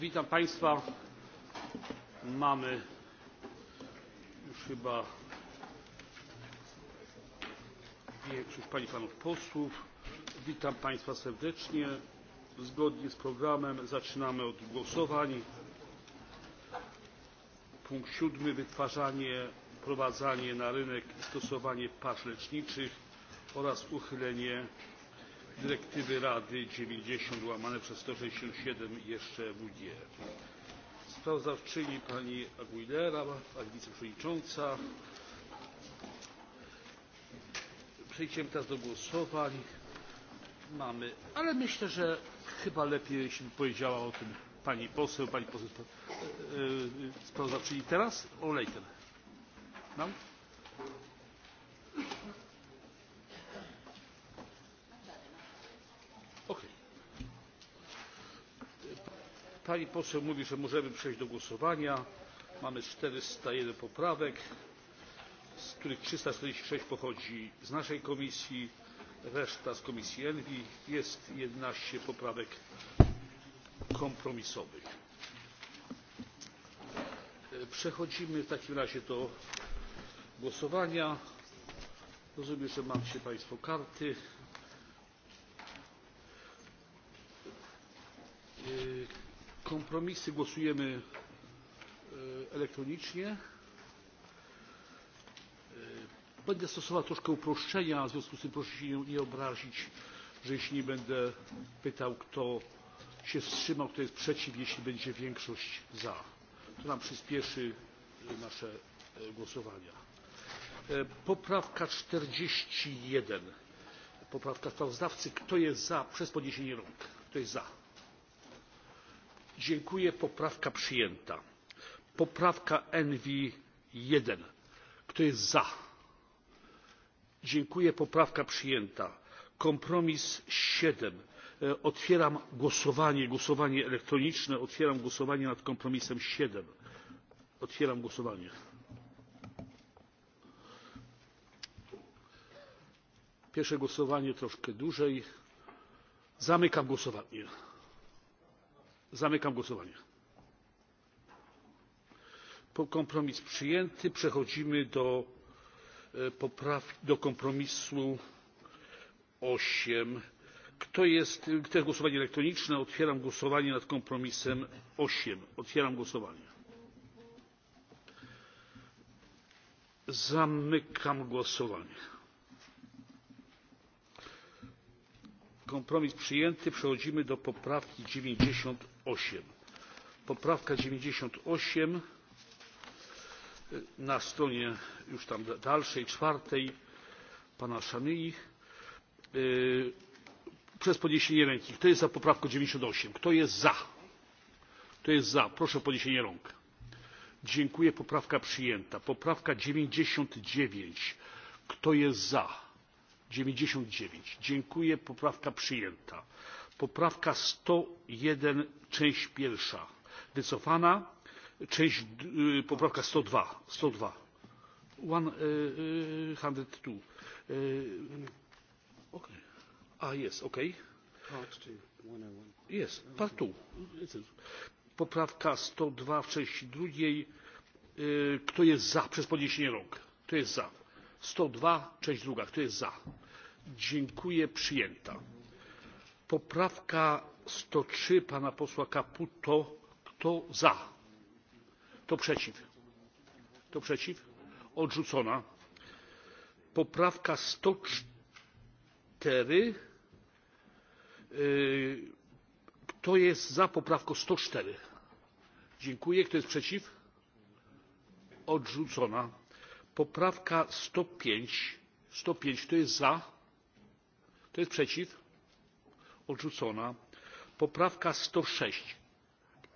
witam państwa mamy już chyba większość pań i panów posłów witam państwa serdecznie zgodnie z programem zaczynamy od głosowań punkt siódmy wytwarzanie wprowadzanie na rynek i stosowanie pasz leczniczych oraz uchylenie dyrektywy Rady 90 łamane przez 167 jeszcze WG. Sprawozdawczyni pani Aguilera, pani wiceprzewodnicząca. Przejdziemy teraz do głosowań. Mamy, ale myślę, że chyba lepiej, jeśli powiedziała o tym pani poseł, pani poseł sprawozdawczyni teraz, o Leighton. Now? pani poseł mówi że możemy przejść do głosowania. mamy czterysta jeden poprawek z których trzysta czterdzieści sześć pochodzi z naszej komisji reszta z komisji envi. jest jedenaście poprawek kompromisowych. przechodzimy w takim razie do głosowania. rozumiem że macie państwo karty. kompromisy głosujemy elektronicznie. Będę stosował troszkę uproszczenia, w związku z tym proszę się nie obrazić, że jeśli nie będę pytał, kto się wstrzymał, kto jest przeciw, jeśli będzie większość za. To nam przyspieszy nasze głosowania. Poprawka czterdzieści jeden. Poprawka sprawozdawcy. Kto jest za? Przez podniesienie rąk. Kto jest za? dziękuję poprawka przyjęta. poprawka envi jeden kto jest za? dziękuję poprawka przyjęta. kompromis siedem otwieram głosowanie głosowanie elektroniczne otwieram głosowanie nad kompromisem siedem otwieram głosowanie. pierwsze głosowanie troszkę dłużej zamykam głosowanie zamykam głosowanie. kompromis przyjęty. przechodzimy do kompromisu osiem to jest głosowanie elektroniczne. otwieram głosowanie nad kompromisem. osiem otwieram głosowanie. zamykam głosowanie. kompromis przyjęty. przechodzimy do poprawki dziewięćdzisiąt osiem poprawka dziewięćdzisiąt osiem na stronie już tam dalszej czwartej pana szanyi przez podniesienie ręki. kto jest za poprawką dziewięćdzisiąt osiem kto jest za? kto jest za? proszę o podniesienie rąk. dziękuję poprawka przyjęta. poprawka dziewięćdzisiąt dziewięć kto jest za? dziewięćdzisiąt dziewięć dziękuję poprawka przyjęta poprawka sto jeden część pierwsza wycofana Część poprawka sto dwa sto dwa A jest, Jest, part poprawka sto dwa w części drugiej kto jest za przez podniesienie rąk kto jest za sto dwa część druga kto jest za dziękuję przyjęta poprawka sto trzy pana posła caputo kto za kto przeciw kto przeciw odrzucona poprawka sto cztery kto jest za poprawką sto cztery dziękuję kto jest przeciw odrzucona poprawka sto pięć sto pięć kto jest za kto jest przeciw odrzucona poprawka sto sześć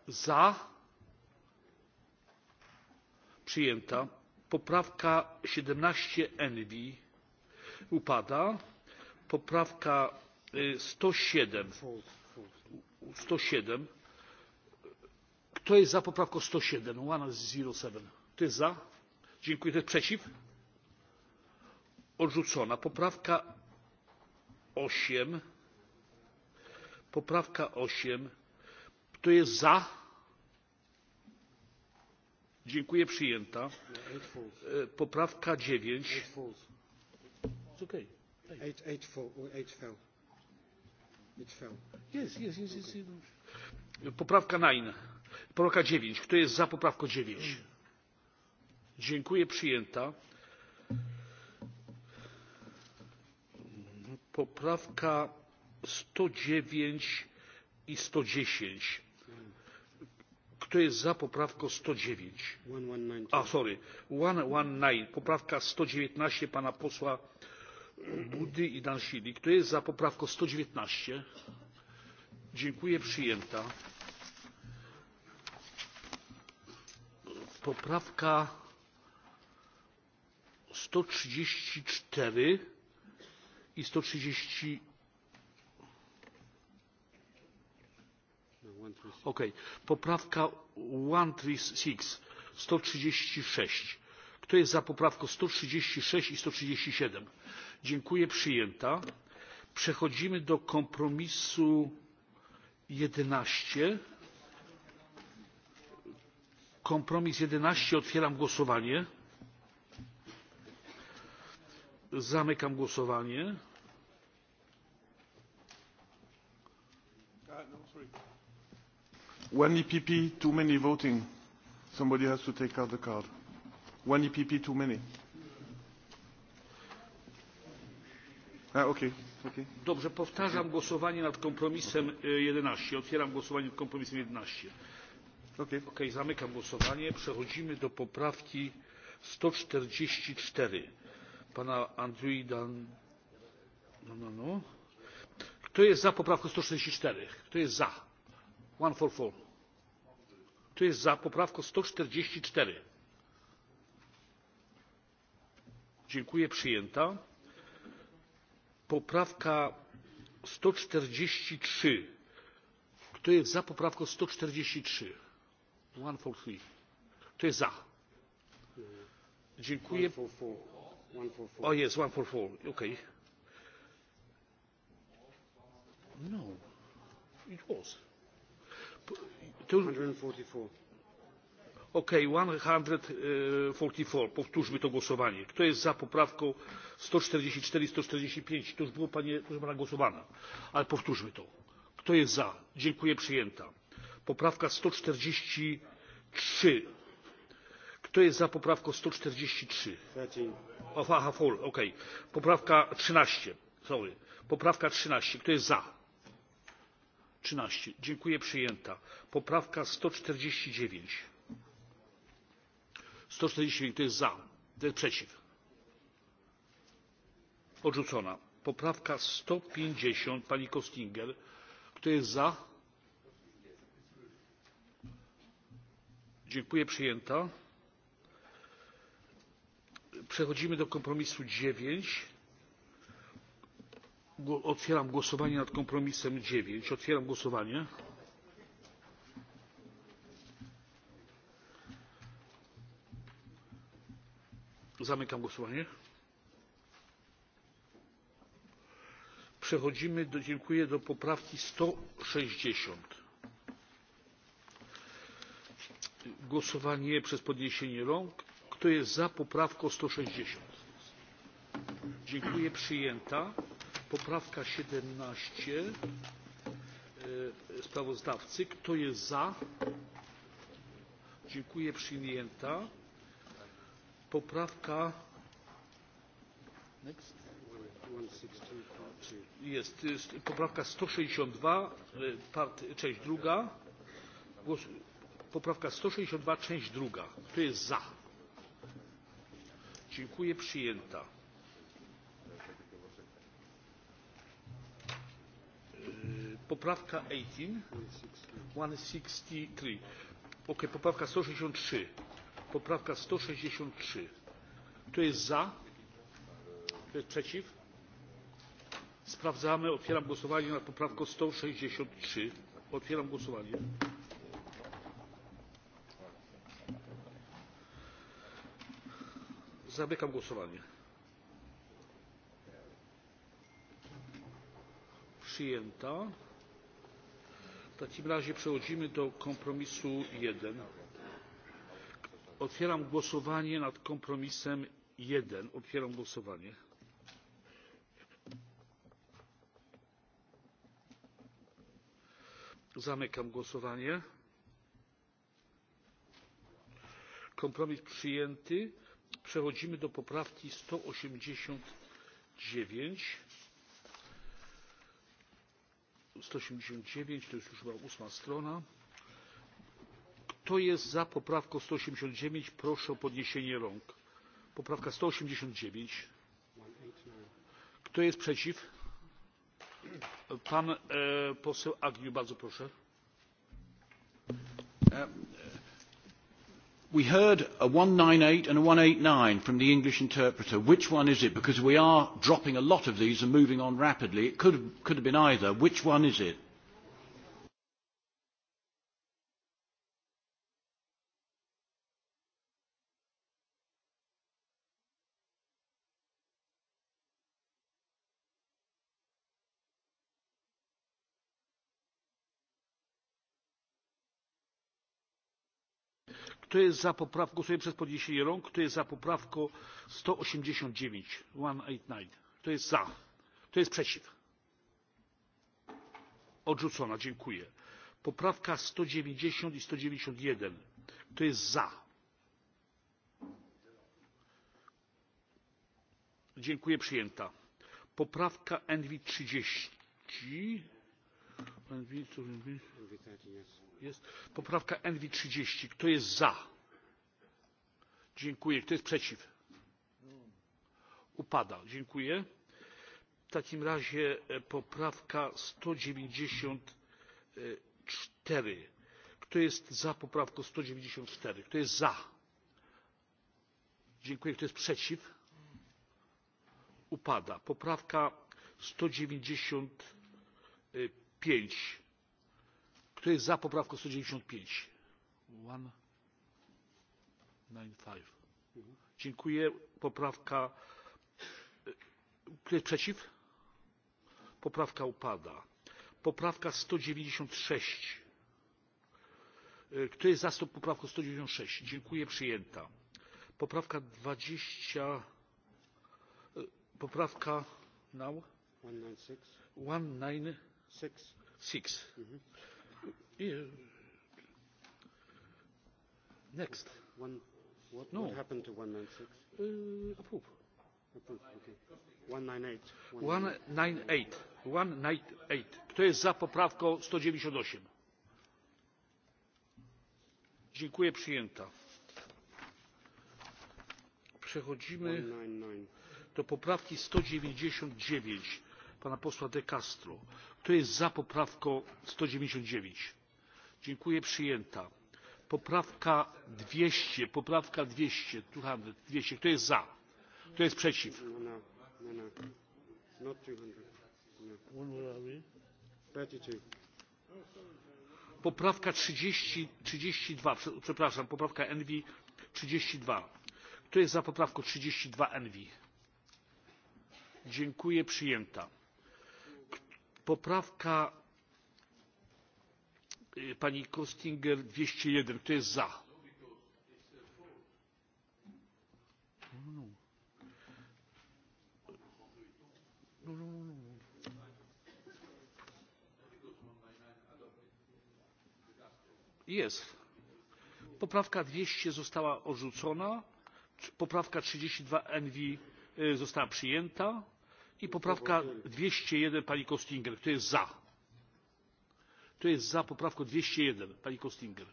za przyjęta poprawka siedemnaście envi upada poprawka sto siedem sto siedem kto jest za poprawką sto siedem one zero seven kto jest za dziękuję kto jest przeciw odrzucona poprawka osiem poprawka osiem kto jest za? dziękuję przyjęta. poprawka dziewięć poprawka nine poprawka dziewięć kto jest za poprawką dziewięć? dziękuję przyjęta. poprawka sto dziewięć i sto dziesięć kto jest za poprawką sto dziewięć sorry one one nine. poprawka sto dziewiętnaście pana posła Budy i dancili kto jest za poprawką sto dziewiętnaście dziękuję przyjęta poprawka sto trzydzieści cztery i sto trzydzieści poprawka sto trzydzieści sześć kto jest za poprawką sto trzydzieści sześć i sto trzydzieści siedem dziękuję przyjęta przechodzimy do kompromisu jedenaście kompromis jedenaście otwieram głosowanie zamykam głosowanie One EPP too many voting. Somebody has to take out the card. One EPP too many. Ah, okay. Okay. Dobrze, powtarzam głosowanie nad kompromisem 11. Otwieram głosowanie nad kompromisem 11. Okay. Okay, zamykam głosowanie. Przechodzimy do poprawki 144 pana Andrzej Dan. No, no, no. Kto jest za poprawką 144? Kto jest za? One for four kto jest za poprawką sto czterdzieści cztery dziękuję przyjęta poprawka sto czterdzieści trzy kto jest za poprawką sto czterdzieści trzy one for three kto jest za dziękuję o jest one for four ok no it was Powtórzmy to głosowanie. Kto jest za poprawką 144 i 145? To już było, panie, proszę pana, głosowane. Ale powtórzmy to. Kto jest za? Dziękuję, przyjęta. Poprawka 143. Kto jest za poprawką 143? Aha, full, okej. Poprawka 13. Sorry. Poprawka 13. Kto jest za? trzynaście dziękuję przyjęta. poprawka sto czterdzieści dziewięć sto czterdzieści dziewięć kto jest za kto jest przeciw? odrzucona. poprawka sto pięćdziesiąt pani Kostinger. kto jest za? dziękuję przyjęta. przechodzimy do kompromisu dziewięć otwieram głosowanie nad kompromisem dziewięć otwieram głosowanie zamykam głosowanie przechodzimy do dziękuję do poprawki sto sześćdziesiąt głosowanie przez podniesienie rąk kto jest za poprawką sto sześćdziesiąt dziękuję przyjęta poprawka siedemnaście sprawozdawcy kto jest za? dziękuję przyjęta. poprawka jest poprawka sto sześćdziesiąt dwa część druga poprawka sto sześćdziesiąt dwa część druga kto jest za? dziękuję przyjęta poprawka 18, 163. Ok, poprawka 163. Poprawka 163. Kto jest za? Kto jest przeciw? Sprawdzamy. Otwieram głosowanie nad poprawką 163. Otwieram głosowanie. Zamykam głosowanie. Przyjęta. W takim razie przechodzimy do kompromisu jeden Otwieram głosowanie nad kompromisem jeden. Otwieram głosowanie. Zamykam głosowanie. Kompromis przyjęty. Przechodzimy do poprawki 189. 189, to jest już chyba ósma strona. Kto jest za poprawką 189? Proszę o podniesienie rąk. Poprawka 189. Kto jest przeciw? Pan poseł Agniu, bardzo proszę we heard a one hundred and ninety eight and a one hundred and eighty nine from the English interpreter. Which one is it? Because we are dropping a lot of these and moving on rapidly. It could have, could have been either. Which one is it? Kto jest za poprawką? głosuję przez podniesienie rąk. Kto jest za poprawką sto osiemdziesiąt dziewięć, eight nine Kto jest za? Kto jest przeciw? Odrzucona. Dziękuję. Poprawka dziewięćdziesiąt i sto jeden. Kto jest za? Dziękuję. Przyjęta. Poprawka envi trzydzieści? jest poprawka envi trzydzieści kto jest za? dziękuję kto jest przeciw? upada dziękuję. w takim razie poprawka sto dziewięćdzisiąt cztery kto jest za poprawką sto dziewięćdzisiąt cztery kto jest za? dziękuję kto jest przeciw? upada. poprawka sto dziewięćdzisiąt pięć Kto jest za poprawką 195? One, nine, five. Dziękuję. Poprawka. Kto jest przeciw? Poprawka upada. Poprawka 196. Kto jest za poprawką 196? Dziękuję. Przyjęta. Poprawka 20. Poprawka now? 196. 196. -hmm. Next. One, what, no. what happened to 196? Uh, approve. Approve, okay. 198. 198. 198. Kto jest za poprawką 198? Dziękuję, przyjęta. Przechodzimy do poprawki 199 pana posła De Castro. Kto jest za poprawką 199? dziękuję przyjęta poprawka dwieście poprawka dwieście dwieście. kto jest za kto jest przeciw poprawka trzydzieści dwa przepraszam poprawka envi trzydzieści dwa kto jest za poprawką trzydzieści dwa envi dziękuję przyjęta poprawka pani kstinger dwieście jeden. Kto jest za? Jest. Poprawka dwieście została odrzucona. Poprawka trzydzieści dwa Envi została przyjęta. I poprawka dwieście jeden pani Kostinger. Kto jest za? Kto jest za poprawką dwieście jeden pani kstinger?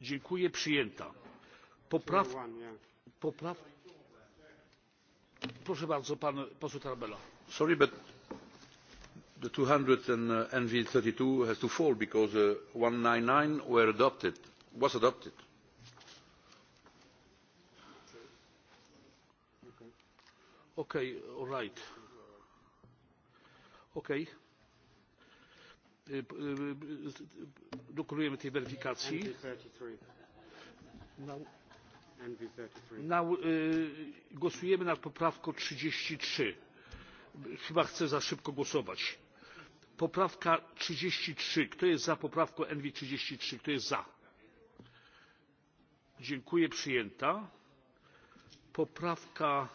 Dziękuję, przyjęta. Poprawka. Proszę bardzo, pan poseł Tarabella. Sorry, but the two hundred and uh, nv two has to fall because one uh, nine were adopted, was adopted. Okay, all right. Okay dokonujemy tej weryfikacji. Głosujemy nad poprawką trzydzieści trzy. Chyba chcę za szybko głosować. Poprawka trzydzieści trzy. Kto jest za poprawką NV trzydzieści trzy? Kto jest za? Dziękuję. Przyjęta. Poprawka.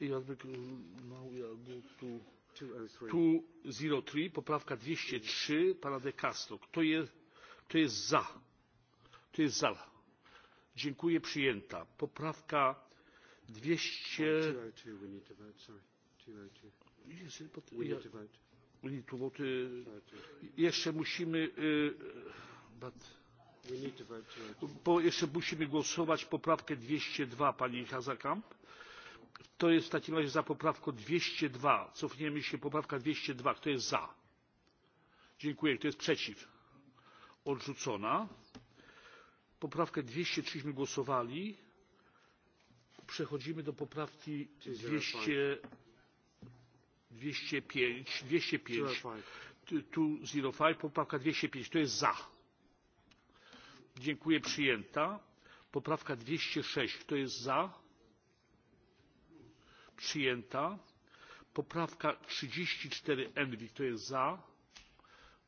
ja, tu two poprawka dwieście trzy pana de castro kto jest za? kto jest za? dziękuję przyjęta. poprawka dwieście jeszcze musimy bo jeszcze musimy głosować poprawkę dwieście dwa pani hazekamp Kto jest w takim razie za poprawką dwieście dwa? Cofniemy się poprawka dwieście dwa. Kto jest za? Dziękuję. Kto jest przeciw? Odrzucona. Poprawkę dwieście trzyśmy głosowali. Przechodzimy do poprawki dwieście dwieście pięć. Dwieście pięć. Tu zero five. Poprawka dwieście pięć. Kto jest za? Dziękuję. Przyjęta. Poprawka dwieście sześć. Kto jest za? przyjęta poprawka trzydzieści cztery envi kto jest za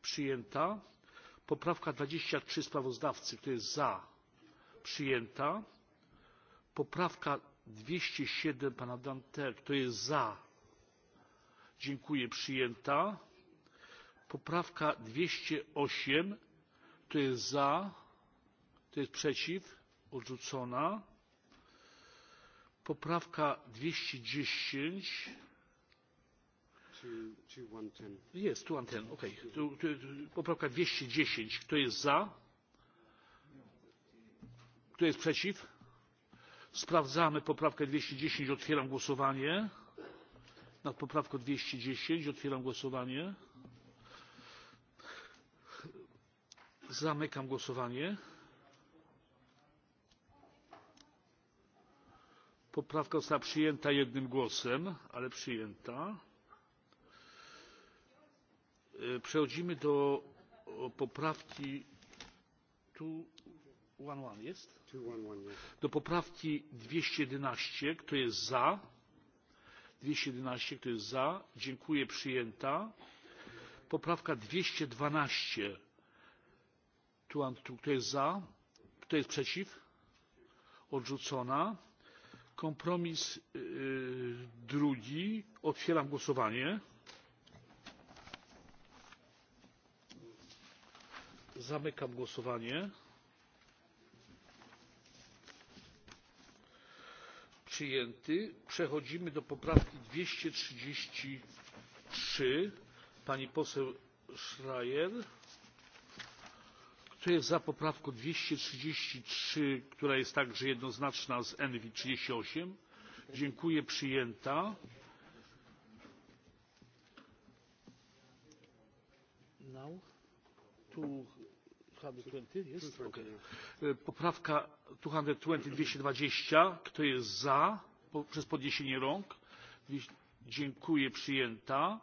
przyjęta poprawka dwadzieścia trzy sprawozdawcy kto jest za przyjęta poprawka dwieście siedem pana dantin kto jest za dziękuję przyjęta poprawka dwieście osiem kto jest za kto jest przeciw odrzucona poprawka dwieście dziesięć jest tu anten okej poprawka dwieście dziesięć kto jest za kto jest przeciw sprawdzamy poprawkę dwieście dziesięć otwieram głosowanie nad poprawką dwieście dziesięć otwieram głosowanie zamykam głosowanie poprawka została przyjęta jednym głosem ale przyjęta. przechodzimy do poprawki do poprawki dwieście jedenaście kto jest za? dwieście jedenaście kto jest za? dziękuję przyjęta. poprawka dwieście dwanaście kto jest za? kto jest przeciw? odrzucona kompromis drugi otwieram głosowanie zamykam głosowanie przyjęty przechodzimy do poprawki dwieście trzydzieści trzy pani poseł schreier głosuję za poprawką dwieście trzydzieści trzy która jest także jednoznaczna z envi trzydzieści osiem dziękuję przyjęta. poprawka dwieście dwadzieścia kto jest za przez podniesienie rąk dziękuję przyjęta.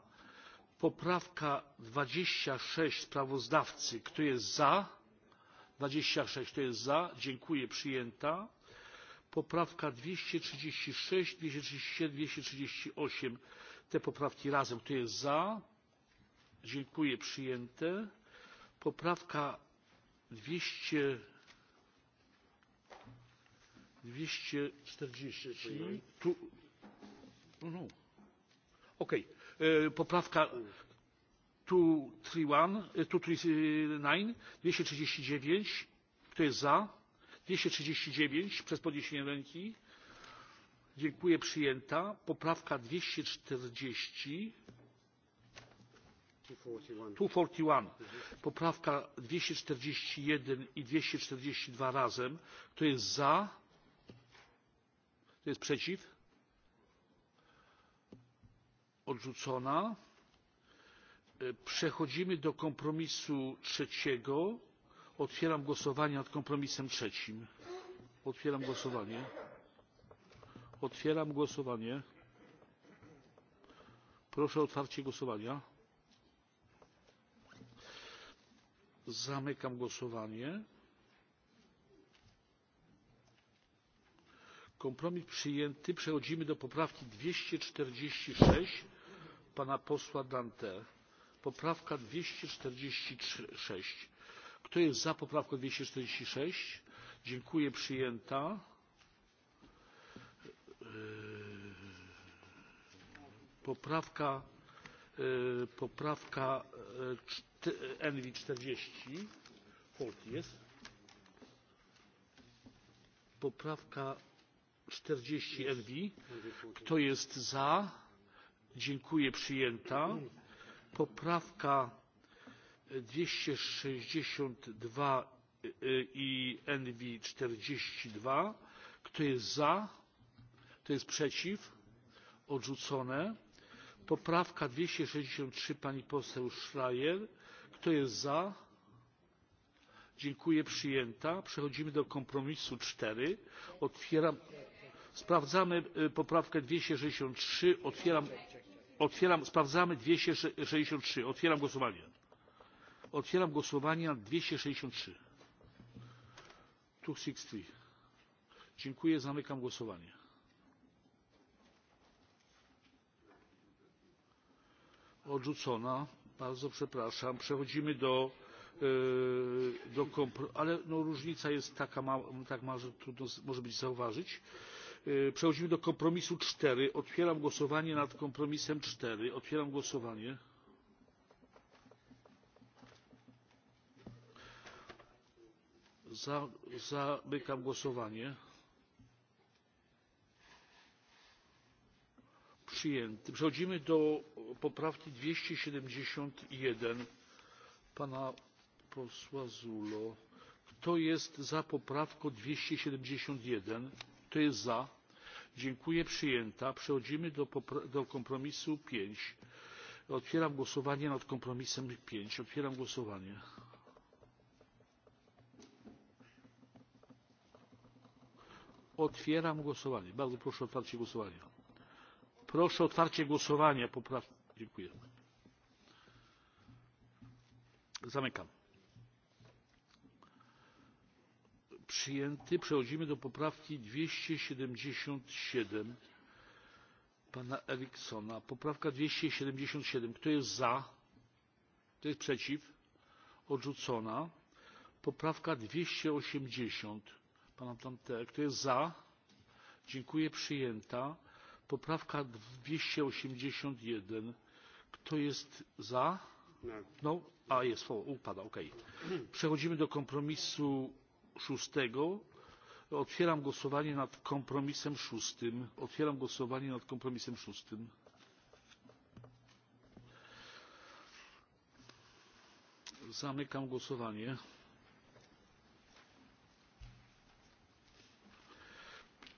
poprawka dwadzieścia sześć sprawozdawcy kto jest za dwadzieścia sześć kto jest za? dziękuję przyjęta. poprawka dwieście trzydzieści sześć dwieście trzydzieści siedem dwieście trzydzieści osiem te poprawki razem kto jest za? dziękuję przyjęte. poprawka dwieście dwieście czterdzieści poprawka nine dwieście trzydzieści dziewięć kto jest za? dwieście trzydzieści dziewięć przez podniesienie ręki. dziękuję przyjęta. poprawka dwieście czterdzieści poprawka dwieście czterdzieści jeden i dwieście czterdzieści dwa razem kto jest za? kto jest przeciw? odrzucona przechodzimy do kompromisu trzeciego. otwieram głosowanie nad kompromisem trzecim. otwieram głosowanie. otwieram głosowanie. proszę o otwarcie głosowania. zamykam głosowanie. kompromis przyjęty. przechodzimy do poprawki dwieście czterdzieści sześć pana posła dantin poprawka dwieście czterdzieści sześć kto jest za poprawką dwieście czterdzieści sześć dziękuję przyjęta poprawka poprawka envi czterdzieści jest poprawka czterdzieści envi kto jest za dziękuję przyjęta poprawka dwieście sześćdziesiąt dwa i envi czterdzieści dwa kto jest za kto jest przeciw odrzucone poprawka dwieście sześćdziesiąt trzy pani poseł schreier kto jest za dziękuję przyjęta przechodzimy do kompromisu cztery otwieram sprawdzamy poprawkę dwieście sześćdziesiąt trzy otwieram otwieram sprawdzamy dwieście sześćdziesiąt trzy otwieram głosowanie otwieram głosowanie nad dwieście sześćdziesiąt trzy dziękuję zamykam głosowanie odrzucona bardzo przepraszam przechodzimy do ale no różnica jest taka mała że trudno może być zauważyć przechodzimy do kompromisu cztery otwieram głosowanie nad kompromisem cztery otwieram głosowanie zamykam głosowanie przyjęty przechodzimy do poprawki dwieście siedemdziesiąt jeden pana posła zullo kto jest za poprawką dwieście siedemdziesiąt jeden kto jest za dziękuję przyjęta. przechodzimy do kompromisu pięć otwieram głosowanie nad kompromisem pięć otwieram głosowanie. otwieram głosowanie bardzo proszę o otwarcie głosowania. proszę o otwarcie głosowania poprawki dziękuję. zamykam. przyjęty. Przechodzimy do poprawki dwieście siedemdziesiąt siedem pana Eriksona. Poprawka dwieście siedemdziesiąt siedem. Kto jest za? Kto jest przeciw? Odrzucona. Poprawka dwieście osiemdziesiąt pana Plante. Kto jest za? Dziękuję. Przyjęta. Poprawka dwieście osiemdziesiąt jeden. Kto jest za? No. A jest, upada, okej. Przechodzimy do kompromisu sześć otwieram głosowanie nad kompromisem szóstym. otwieram głosowanie nad kompromisem szóstym. zamykam głosowanie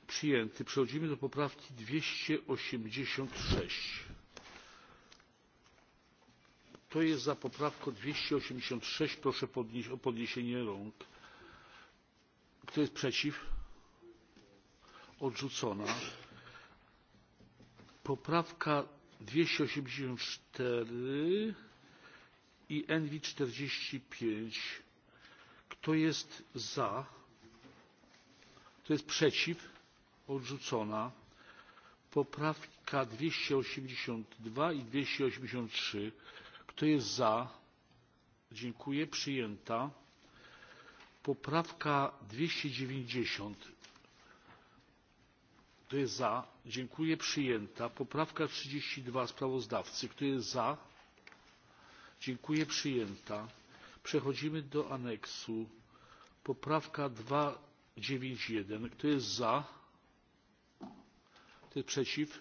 przyjęty. przechodzimy do poprawki dwieście osiemdziesiąt sześć kto jest za poprawką dwieście osiemdziesiąt sześć proszę o podniesienie rąk. Kto jest przeciw? Odrzucona. Poprawka dwieście osiemdziesiąt cztery i nv czterdzieści pięć. Kto jest za? Kto jest przeciw? Odrzucona. Poprawka dwieście osiemdziesiąt i 283 osiemdziesiąt Kto jest za? Dziękuję. Przyjęta Poprawka dwieście Kto jest za? Dziękuję. Przyjęta. Poprawka trzydzieści dwa sprawozdawcy. Kto jest za? Dziękuję. Przyjęta. Przechodzimy do aneksu. Poprawka dwa dziewięć jeden. Kto jest za? Kto jest przeciw?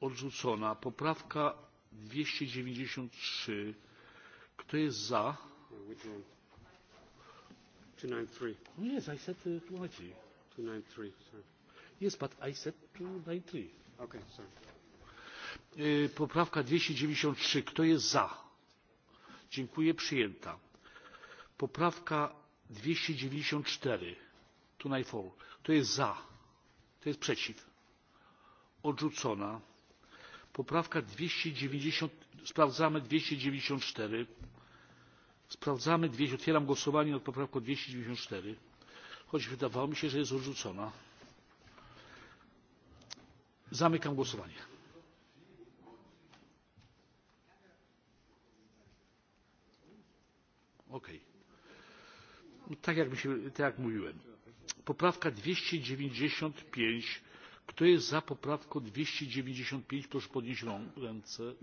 Odrzucona. Poprawka dwieście trzy. Kto jest za? 293. Yes, I said uh, 293. 293, sorry. Yes, but I said 293. Okay, sorry. Yy, Poprawka 293. Kto jest za? Dziękuję, przyjęta. Poprawka 294. 294. Kto jest za? Kto jest przeciw? Odrzucona. Poprawka 290. Sprawdzamy 294. Sprawdzamy, otwieram głosowanie nad poprawką cztery, choć wydawało mi się, że jest odrzucona. Zamykam głosowanie. Ok. Tak jak, się, tak jak mówiłem. Poprawka pięć. Kto jest za poprawką pięć Proszę podnieść ręce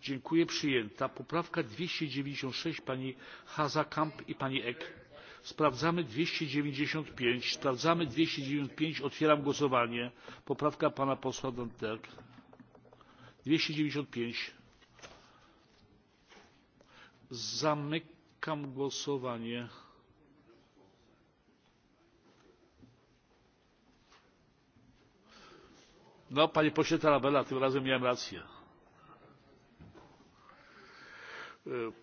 dziękuję przyjęta poprawka dwieście dziewięćdzisiąt sześć pani hazekamp i pani ek sprawdzamy dwieście dziewięćdzisiąt pięć sprawdzamy dwieście dziewięćdzisiąt pięć otwieram głosowanie poprawka pana posła dantin dwieście dziewięćdzisiąt pięć zamykam głosowanie no panie pośle tarabella tym razem miałem rację.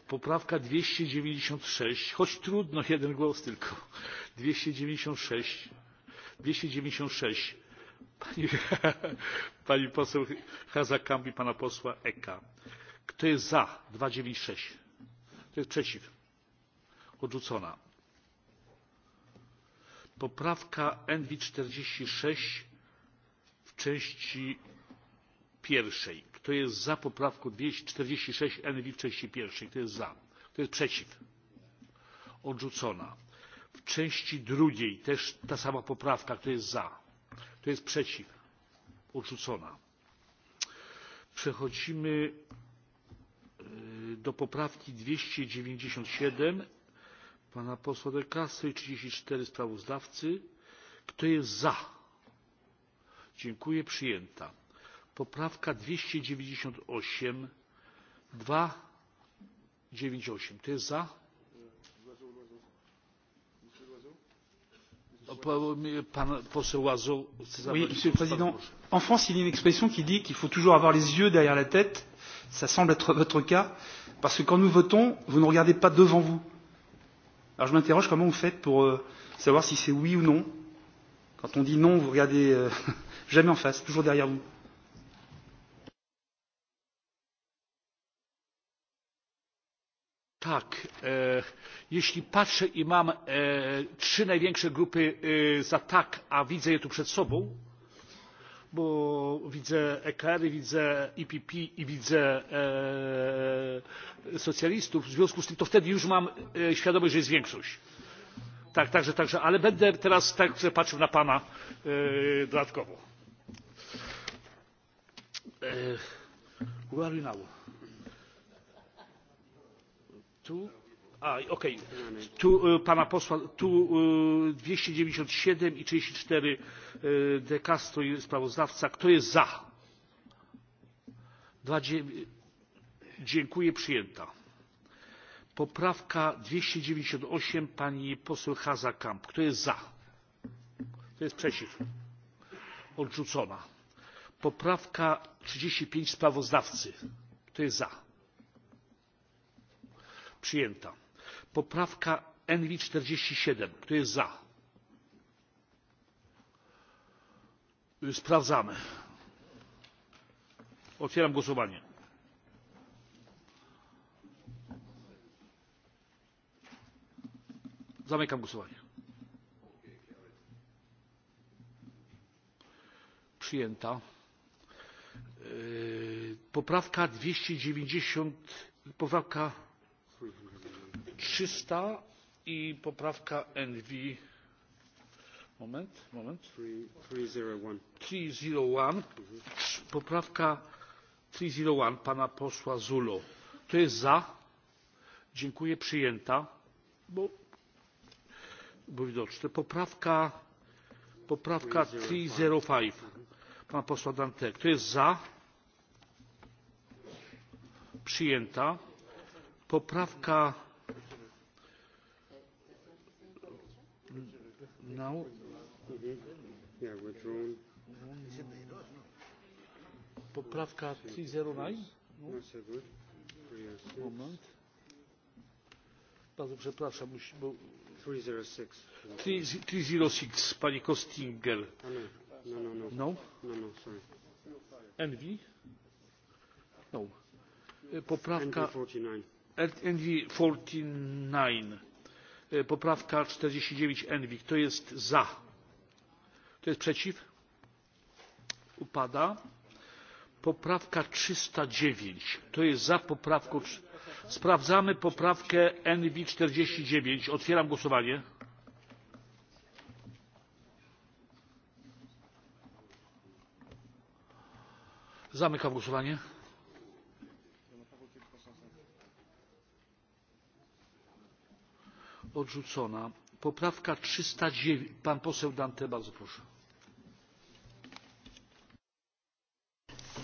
poprawka dwieście dziewięćdzisiąt sześć choć trudno jeden głos tylko dwieście dziewięćdzisiąt sześć dwieście dziewięćdzisiąt sześć pani poseł Hazakambi i pana posła Eka kto jest za dwa dziewięć sześć kto jest przeciw odrzucona poprawka envi czterdzieści sześć w części pierwszej kto jest za poprawką czterdzieści sześć envi w części pierwszej kto jest za kto jest przeciw odrzucona w części drugiej też ta sama poprawka kto jest za kto jest przeciw odrzucona przechodzimy do poprawki dwieście dziewięćdzisiąt siedem pana posła de castro i trzydzieści cztery sprawozdawcy kto jest za dziękuję przyjęta poprawka 298 dziewięćdzisiąt osiem monsieur le président en france il y a une expression qui dit qu'il faut toujours avoir les yeux derrière la tête ça semble être votre cas parce que quand nous votons vous ne regardez pas devant vous. alors je m'interroge comment vous faites pour savoir si c'est oui ou non quand on dit non vous regardez jamais en face toujours derrière vous. tak jeśli patrzę i mam trzy największe grupy za tak a widzę je tu przed sobą bo widzę ekr widzę epp i widzę socjalistów w związku z tym to wtedy już mam świadomość że jest większość. tak także także ale będę teraz także patrzył na pana dodatkowo tu okej tu pana posła tu dwieście dziewięćdzisiąt siedem i trzydzieści cztery de castro i sprawozdawca kto jest za? dziękuję przyjęta. poprawka dwieście dziewięćdzisiąt osiem pani poseł Kamp. kto jest za? kto jest przeciw? odrzucona. poprawka trzydzieści pięć sprawozdawcy kto jest za? przyjęta poprawka envi czterdzieści siedem kto jest za? sprawdzamy otwieram głosowanie zamykam głosowanie przyjęta poprawka dwieście dziewięćdzisiąt poprawka trzysta i poprawka envi moment moment poprawka trzysta jeden pana posła zullo kto jest za? dziękuję przyjęta bo było widoczne poprawka poprawka trzysta pięć pana posła dantin kto jest za? przyjęta poprawka Now. Yeah, withdrawn. Poprawka 309. Moment. Bardzo przepraszam, bo... 306. 306, pani Kostinger. No, no, no. No? No, no, sorry. Envy? No. Poprawka... NV49. NV49 poprawka czterdzieści dziewięć envi kto jest za? kto jest przeciw? upada. poprawka trzysta dziewięć kto jest za poprawką? sprawdzamy poprawkę envi czterdzieści dziewięć otwieram głosowanie. zamykam głosowanie. odrzucona poprawka trzysta dziewięć pan poseł dante bardzo proszę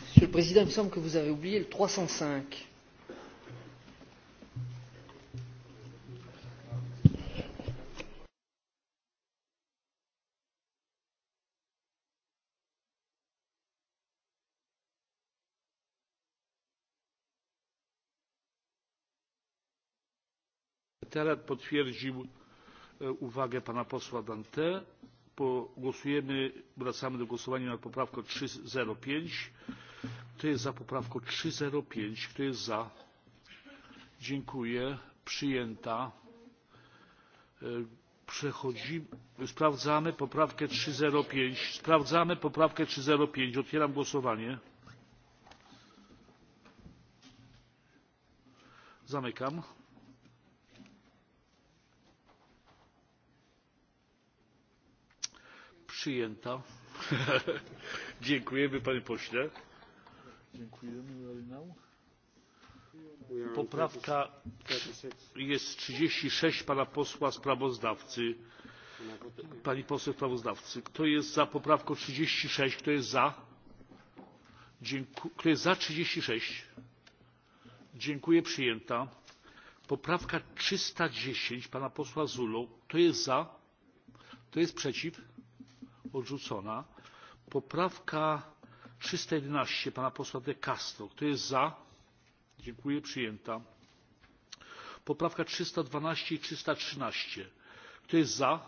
monsieur le président il me semble que vous avez oublié le trois cent cinq sekretariat potwierdził uwagę pana posła dantin. wracamy do głosowania nad poprawką 305. pięć kto jest za poprawką 305? pięć kto jest za? dziękuję przyjęta. Przechodzimy. Sprawdzamy poprawkę 305. Sprawdzamy poprawkę 305. Otwieram głosowanie. Zamykam. Przyjęta. Dziękujemy panie pośle. Poprawka jest trzydzieści sześć pana posła sprawozdawcy. Pani poseł sprawozdawcy. Kto jest za poprawką trzydzieści sześć? Kto jest za? Kto jest za trzydzieści sześć? Dziękuję. Przyjęta. Poprawka trzysta dziesięć pana posła Zulu. Kto jest za? Kto jest przeciw? odrzucona. Poprawka trzysta jedenaście pana posła De Castro. Kto jest za? Dziękuję. Przyjęta. Poprawka trzysta dwanaście i trzysta trzynaście. Kto jest za?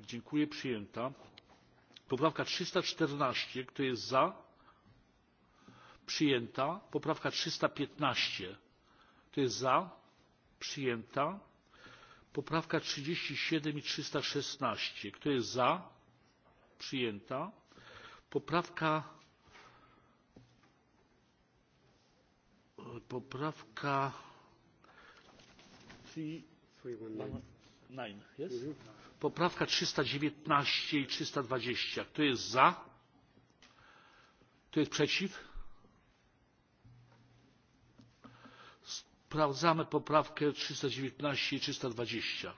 Dziękuję. Przyjęta. Poprawka trzysta czternaście. Kto jest za? Przyjęta. Poprawka trzysta piętnaście. Kto jest za? Przyjęta. Poprawka trzydzieści siedem i trzysta szesnaście. Kto jest za? przyjęta. Poprawka poprawka poprawka trzysta dziewiętnaście i trzysta dwadzieścia kto jest za kto jest przeciw sprawdzamy poprawkę trzysta dziewiętnaście i trzysta dwadzieścia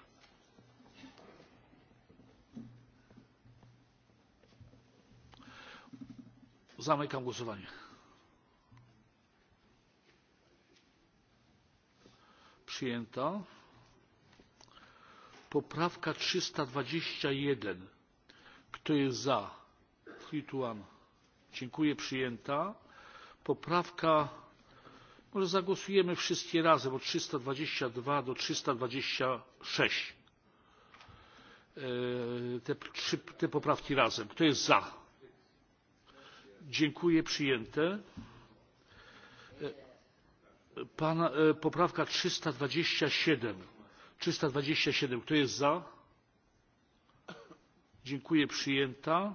Zamykam głosowanie. Przyjęta. Poprawka 321. Kto jest za? Hituan. Dziękuję. Przyjęta. Poprawka. Może zagłosujemy wszystkie razem od 322 do 326. Te, te poprawki razem. Kto jest za? dziękuję przyjęte poprawka trzysta dwadzieścia siedem trzysta dwadzieścia siedem kto jest za? dziękuję przyjęta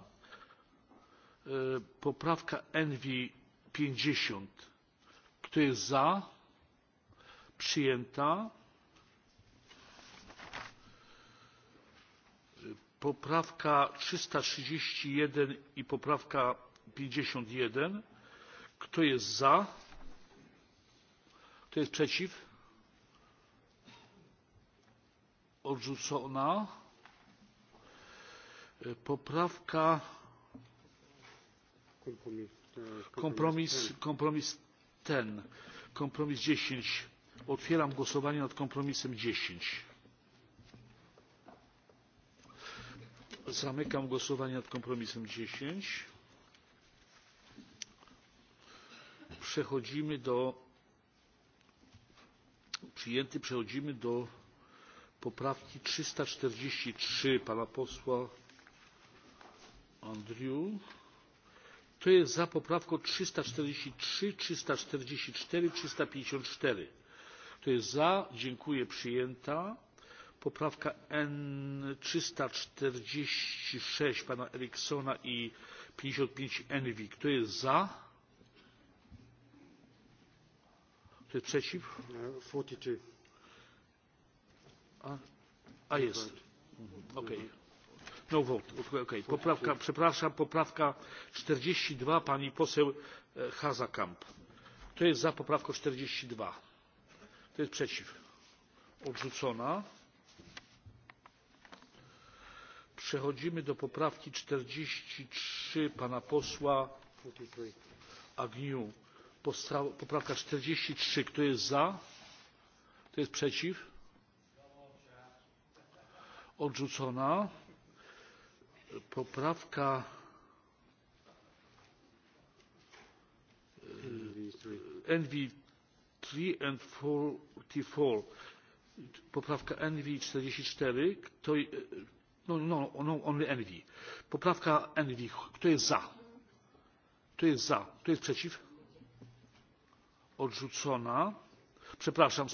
poprawka envi pięćdziesiąt kto jest za? przyjęta poprawka trzysta trzydzieści jeden i poprawka pięćdziesiąt jeden kto jest za kto jest przeciw odrzucona poprawka kompromis kompromis ten kompromis dziesięć otwieram głosowanie nad kompromisem dziesięć zamykam głosowanie nad kompromisem dziesięć przechodzimy do przyjęty przechodzimy do poprawki trzysta czterdzieści trzy pana posła andrieu. To jest za poprawką trzysta czterdzieści trzy trzysta czterdzieści cztery trzysta pięćdziesiąt cztery kto jest za? dziękuję przyjęta. poprawka n trzysta czterdzieści sześć pana eriksona i pięćdziesiąt pięć envi kto jest za? Kto jest przeciw? 42. A, a jest. Okej. No vote. Okay. Poprawka, przepraszam, poprawka 42 pani poseł Hazakamp. Kto jest za poprawką 42? Kto jest przeciw? Odrzucona. Przechodzimy do poprawki 43 pana posła Agniu poprawka czterdzieści trzy kto jest za kto jest przeciw odrzucona poprawka envi three and forty four poprawka envi czterdzieści cztery kto no no no only envi poprawka envi kto jest za kto jest za kto jest przeciw odrzucona przepraszam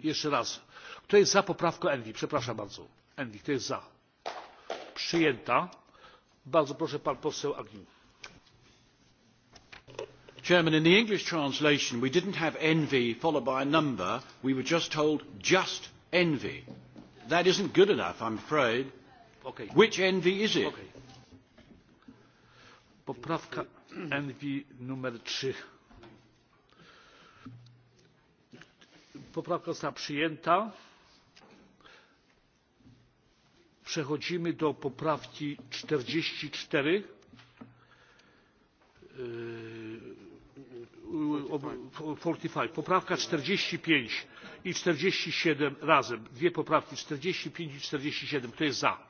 jeszcze raz kto jest za poprawką envi przepraszam bardzo envi kto jest za przyjęta bardzo proszę pan poseł agnew in the english translation we didn't have envy followed by a number we were just told just envy that isn't good enough I'm am afraid which envy is it poprawka envi numer trzy poprawka została przyjęta. przechodzimy do poprawki czterdzieści cztery poprawka czterdzieści pięć i czterdzieści siedem razem dwie poprawki czterdzieści pięć i czterdzieści siedem kto jest za?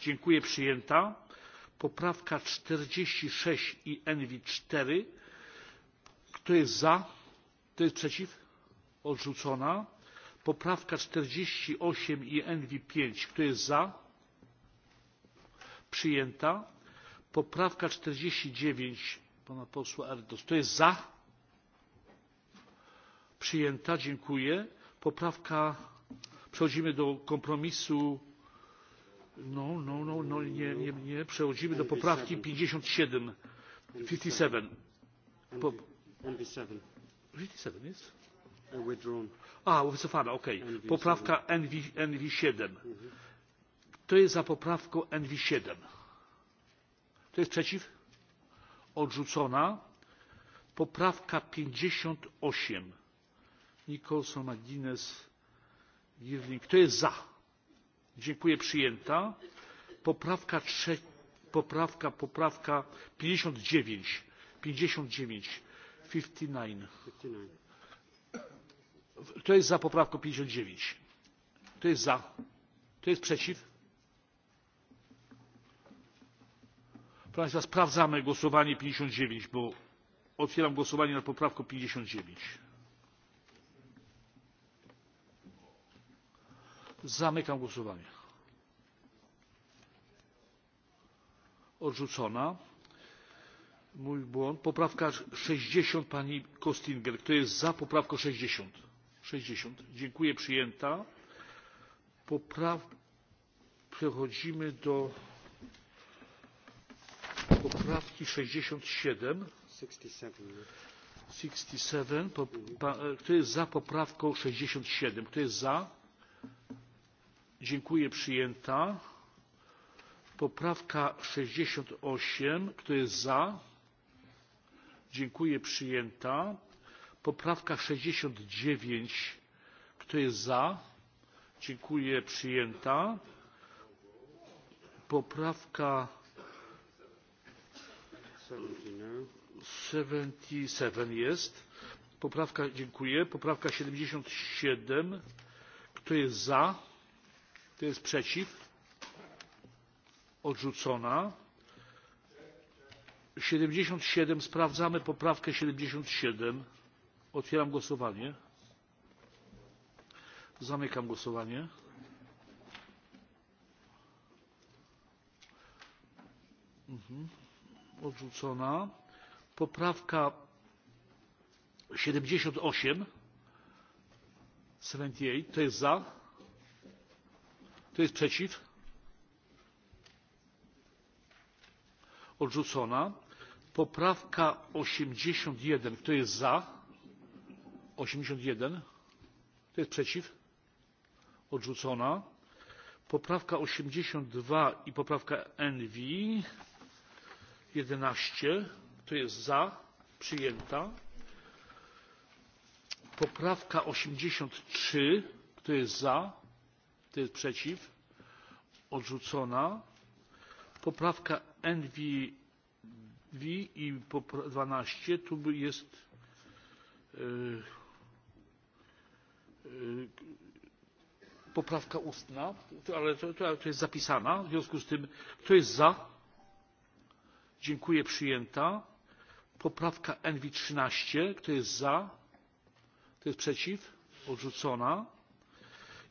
dziękuję przyjęta. poprawka czterdzieści sześć i envi cztery kto jest za? kto jest przeciw? odrzucona poprawka czterdzieści osiem i envi pięć kto jest za przyjęta poprawka czterdzieści dziewięć pana posła erdos kto jest za przyjęta dziękuję poprawka przechodzimy do kompromisu no no no no nie nie nie przechodzimy do poprawki pięćdziesiąt siedem fifty seven fifty seven jest A, wycofana, ok. Poprawka NV7. Kto jest za poprawką NV7? Kto jest przeciw? Odrzucona. Poprawka 58. Nicholson, McGuinness, Girling. Kto jest za? Dziękuję, przyjęta. Poprawka, trze... poprawka, poprawka 59. 59. 59 kto jest za poprawką pięćdziesiąt dziewięć kto jest za kto jest przeciw? proszę państwa sprawdzamy głosowanie pięćdziesiąt dziewięć bo otwieram głosowanie nad poprawką pięćdziesiąt dziewięć zamykam głosowanie odrzucona mój błąd poprawka sześćdziesiąt pani kstinger kto jest za poprawką sześćdziesiąt? sześćdziesiąt dziękuję przyjęta przechodzimy do poprawki sześćdziesiąt siedem kto jest za poprawką sześćdziesiąt siedem kto jest za dziękuję przyjęta poprawka sześćdziesiąt osiem kto jest za dziękuję przyjęta poprawka sześćdziesiąt dziewięć kto jest za? dziękuję przyjęta. poprawka seventy seven jest poprawka dziękuję poprawka siedemdziesiąt siedem kto jest za? kto jest przeciw? odrzucona siedemdziesiąt siedem sprawdzamy poprawkę siedemdziesiąt siedem otwieram głosowanie zamykam głosowanie odrzucona poprawka siedemdziesiąt osiem kto jest za kto jest przeciw odrzucona poprawka osiemdziesiąt jeden kto jest za osiemdziesiąt jeden kto jest przeciw? odrzucona poprawka osiemdziesiąt dwa i poprawka envi jedenaście kto jest za? przyjęta poprawka osiemdziesiąt trzy kto jest za? kto jest przeciw? odrzucona poprawka envi i dwanaście tu jest poprawka ustna ale to jest zapisana w związku z tym kto jest za? dziękuję przyjęta poprawka envi trzynaście kto jest za? kto jest przeciw? odrzucona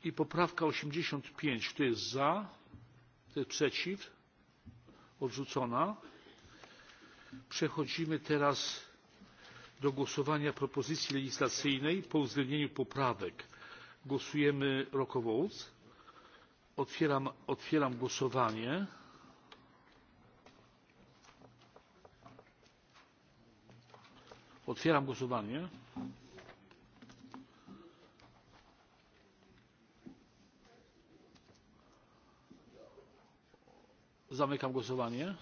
i poprawka osiemdziesiąt pięć kto jest za? kto jest przeciw? odrzucona przechodzimy teraz do głosowania propozycji legislacyjnej po uwzględnieniu poprawek. Głosujemy rokowołc. otwieram głosowanie. Otwieram głosowanie. Zamykam głosowanie.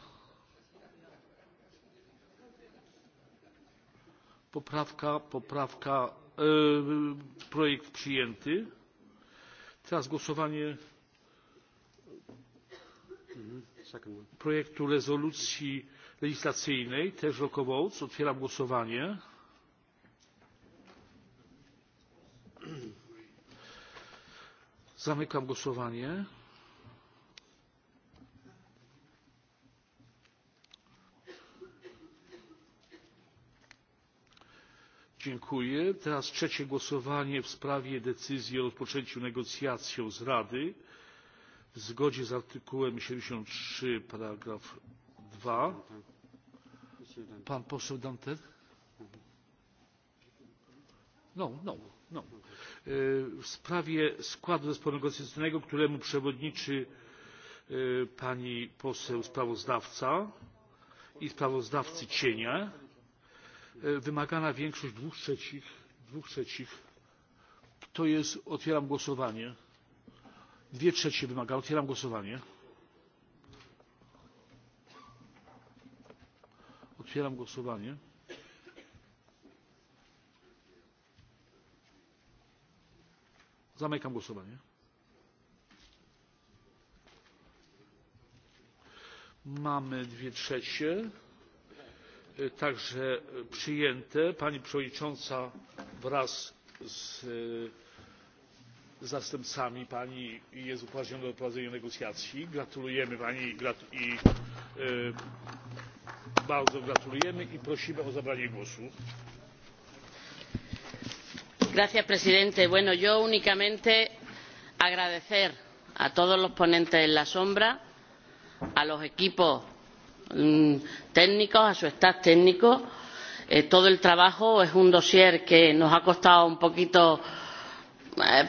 poprawka poprawka projekt przyjęty teraz głosowanie projektu rezolucji legislacyjnej też roll otwieram głosowanie zamykam głosowanie Dziękuję. Teraz trzecie głosowanie w sprawie decyzji o rozpoczęciu negocjacji z Rady w zgodzie z artykułem siedemdziesiąt trzy 2. Pan poseł W sprawie składu zespołu negocjacyjnego, któremu przewodniczy pani poseł sprawozdawca i sprawozdawcy cienia wymagana większość dwóch trzecich. Dwóch trzecich. To jest, otwieram głosowanie. Dwie trzecie wymaga, otwieram głosowanie. Otwieram głosowanie. Zamykam głosowanie. Mamy dwie trzecie także przyjęte. pani przewodnicząca wraz z zastępcami pani jest upoważniona do prowadzenia negocjacji. gratulujemy pani i bardzo gratulujemy i prosimy o zabranie głosu. presidente yo únicamente agradecer a todos los ponentes alternativos a los equipos técnicos a su staff técnico todo el trabajo es un dossier que nos ha costado un poquito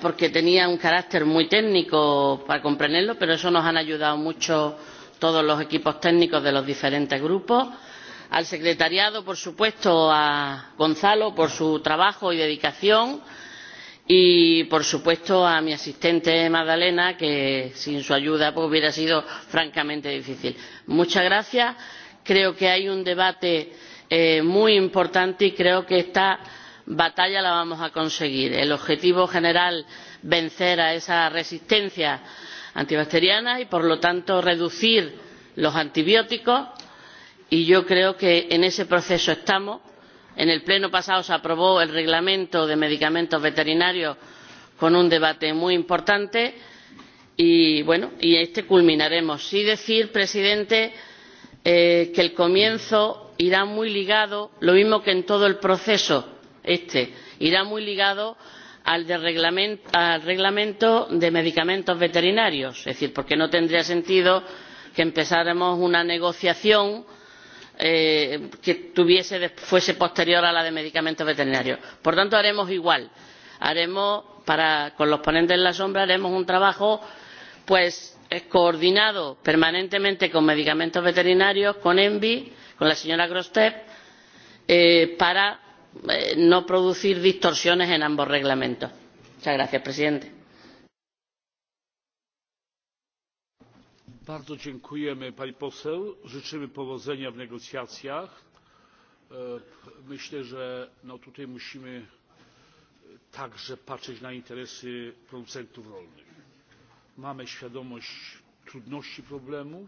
porque tenía un carácter muy técnico para comprenderlo pero eso nos han ayudado mucho todos los equipos técnicos de los diferentes grupos al secretariado por supuesto a gonzalo por su trabajo y dedicación y y por supuesto a mi asistente magdalena que sin su ayuda hubiera sido francamente difícil. muchas gracias creo que hay un debate muy importante y creo que esta batalla la vamos a conseguir. el objetivo general es vencer a esa resistencia antibacteriana y por lo tanto reducir los antibióticos y yo creo que en ese proceso estamos en el pleno pasado se aprobó el reglamento de medicamentos veterinarios con un debate muy importante y este culminaremos. sí decir presidente que el comienzo irá muy ligado lo mismo que en todo el proceso este al reglamento de medicamentos veterinarios es decir porque no tendría sentido que empezáramos una negociación con que fuese posterior a la de medicamentos veterinarios. por tanto haremos igual con los ponentes alternativos haremos un trabajo coordinado permanentemente con medicamentos veterinarios con envi con la señora grossette para no producir distorsiones en ambos reglamentos. muchas gracias señor presidente. Bardzo dziękujemy pani poseł. Życzymy powodzenia w negocjacjach. Myślę, że tutaj musimy także patrzeć na interesy producentów rolnych. Mamy świadomość trudności problemu,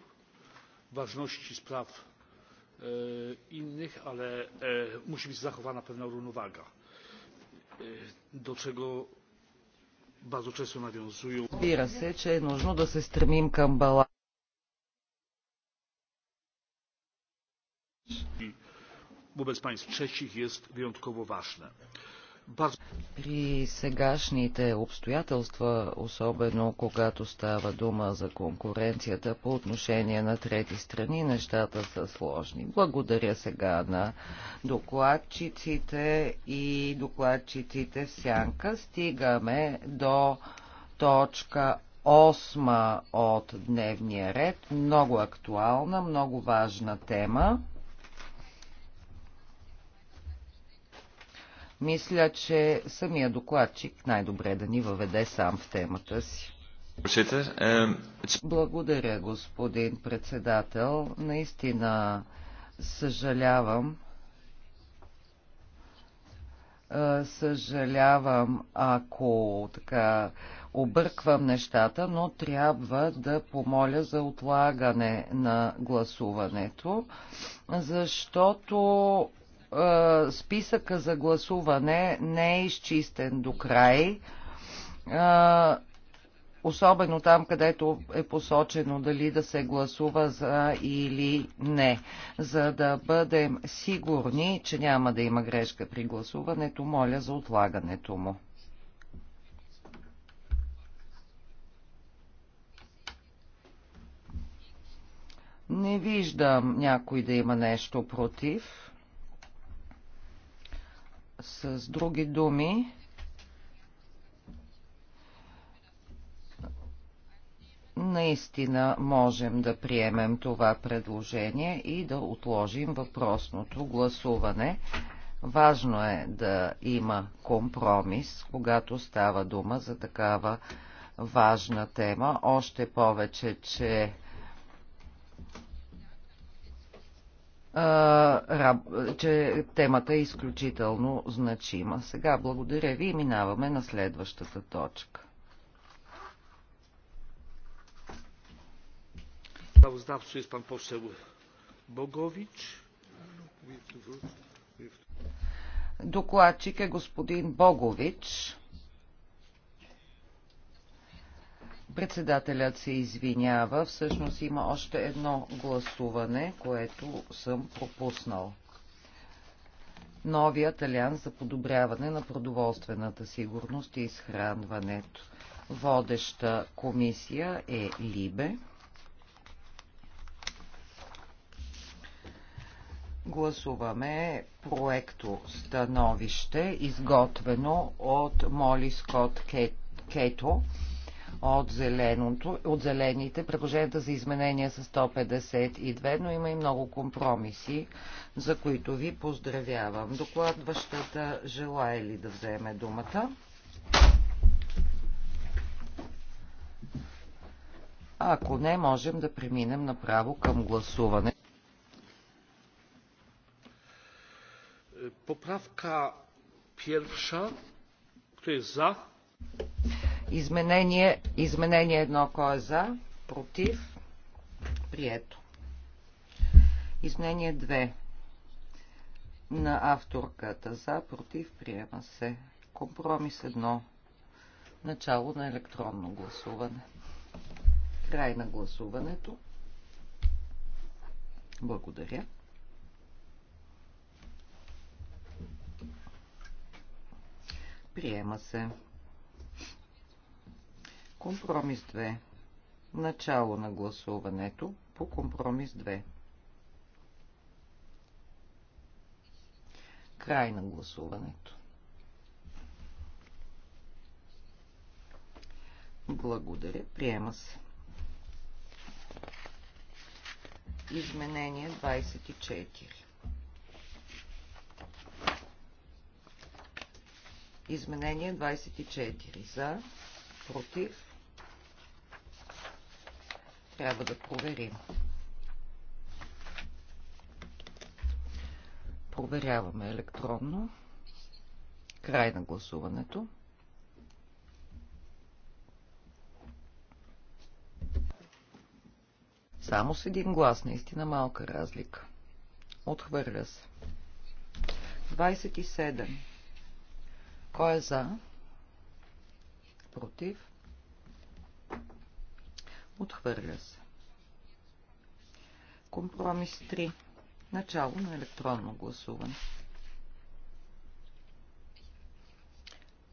ważności spraw innych, ale musi być zachowana pewna równowaga, do czego bardzo często nawiązują. wobec państw trzecich jest wyjątkowo ważne. При сегашните обстоятелства, особено когато става дума за конкуренцията по отношение на трети страни, нещата са сложни. Благодаря сега на докладчиците и докладчиците в сянка. Стигаме до точка 8 от дневния ред. Много актуална, много важна тема. Мисля, че самия докладчик най-добре е да ни въведе сам в темата си. Е, Благодаря, господин председател. Наистина съжалявам. Е, съжалявам, ако така обърквам нещата, но трябва да помоля за отлагане на гласуването, защото е, списъка за гласуване не е изчистен до край, е, особено там, където е посочено дали да се гласува за или не. За да бъдем сигурни, че няма да има грешка при гласуването, моля за отлагането му. Не виждам някой да има нещо против. С други думи, наистина можем да приемем това предложение и да отложим въпросното гласуване. Важно е да има компромис, когато става дума за такава важна тема, още повече, че че темата е изключително значима. Сега благодаря ви и минаваме на следващата точка. Sprawozdawcą е Докладчик е господин Богович. Председателят се извинява. Всъщност има още едно гласуване, което съм пропуснал. Новият алианс за подобряване на продоволствената сигурност и изхранването. Водеща комисия е Либе. Гласуваме проекто становище, изготвено от Моли Скот Кето от, зеленото, от зелените. Предложенията за изменения са 152, но има и много компромиси, за които ви поздравявам. Докладващата желая ли да вземе думата? А ако не, можем да преминем направо към гласуване. Поправка първа. Кто е за? Изменение, изменение едно, кой е за, против, прието. Изменение 2 на авторката за, против, приема се. Компромис 1. Начало на електронно гласуване. Край на гласуването. Благодаря. Приема се. Компромис 2. Начало на гласуването по компромис 2. Край на гласуването. Благодаря. Приема се. Изменение 24. Изменение 24. За, против, трябва да проверим. Проверяваме електронно. Край на гласуването. Само с един глас, наистина малка разлика. Отхвърля се. 27. Кой е за? Против? Отхвърля се. Компромис 3. Начало на електронно гласуване.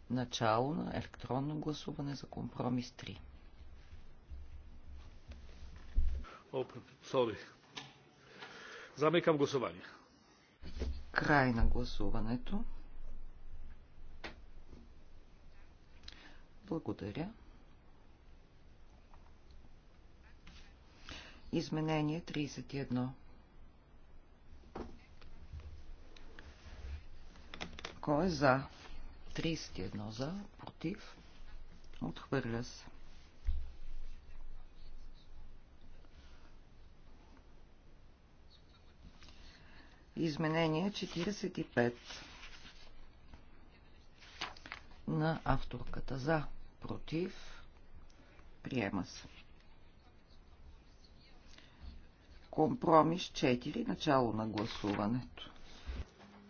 Начало на електронно гласуване за компромис 3. Sorry. Замикам гласуване. Край на гласуването. Благодаря. Изменение 31. Кой е за? 31 за, против, отхвърля се. Изменение 45 на авторката за, против, приема се. Компромис 4. Начало на гласуването.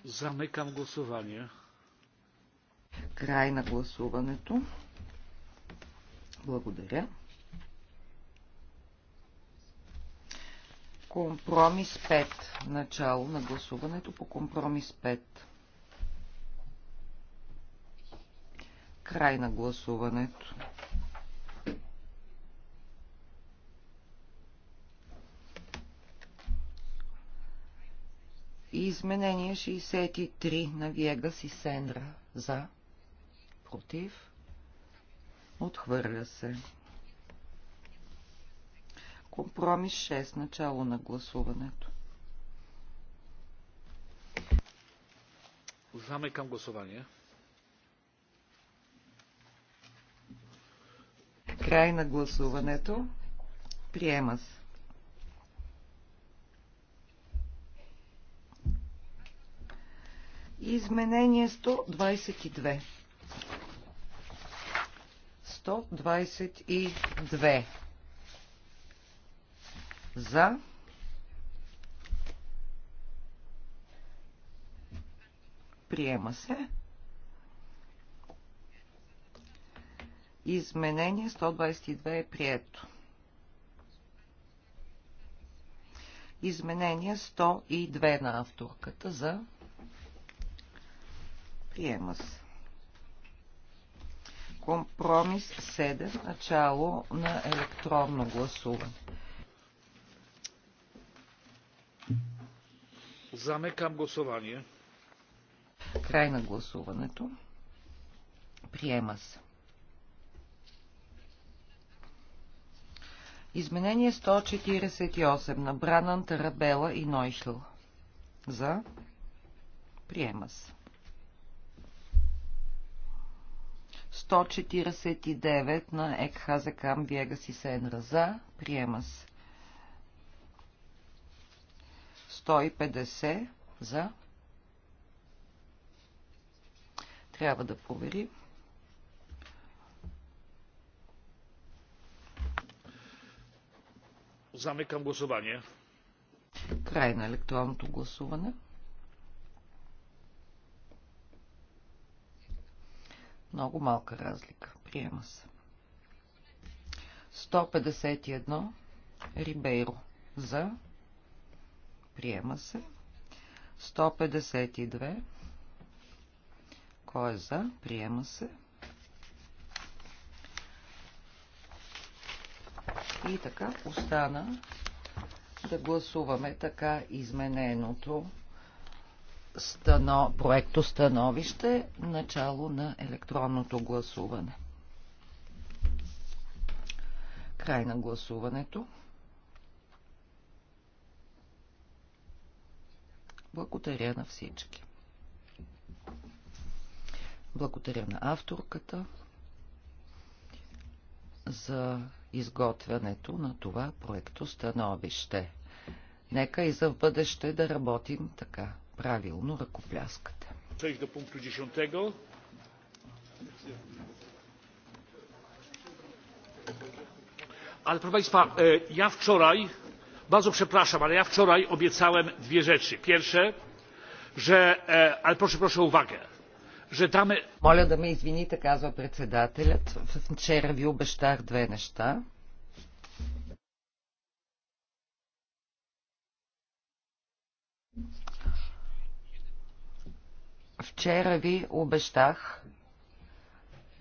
Замекам гласувания. Край на гласуването. Благодаря. Компромис 5. Начало на гласуването по компромис 5. Край на гласуването. Изменение 63 на Виегас и Сендра. За. Против. Отхвърля се. Компромис 6. Начало на гласуването. към гласование. Край на гласуването. Приема се. Изменение 122. 122. За. Приема се. Изменение 122 е прието. Изменение 102 на авторката за Приема се. Компромис 7. Начало на електронно гласуване. Замекам гласование. Край на гласуването. Приема се. Изменение 148 на Бранан, Тарабела и Нойхил. За. Приема се. 149 на Екхаза Кам Вегас и Сенра за. Приема се. 150 за. Трябва да провери. Замикам гласуване. Край на електронното гласуване. Много малка разлика. Приема се. 151 Рибейро за. Приема се. 152. Кой е за? Приема се. И така остана да гласуваме така измененото стано, проекто становище, начало на електронното гласуване. Край на гласуването. Благодаря на всички. Благодаря на авторката за изготвянето на това проекто становище. Нека и за в бъдеще да работим така правилно ръкопляската. Прейдем до 10. ale proszę państwa ja wczoraj bardzo przepraszam ale ja wczoraj obiecałem dwie rzeczy pierwsze że ale proszę proszę o uwagę że damy Моля да ме извините, казва председателят. Вчера ви обещах две неща. Вчера ви обещах,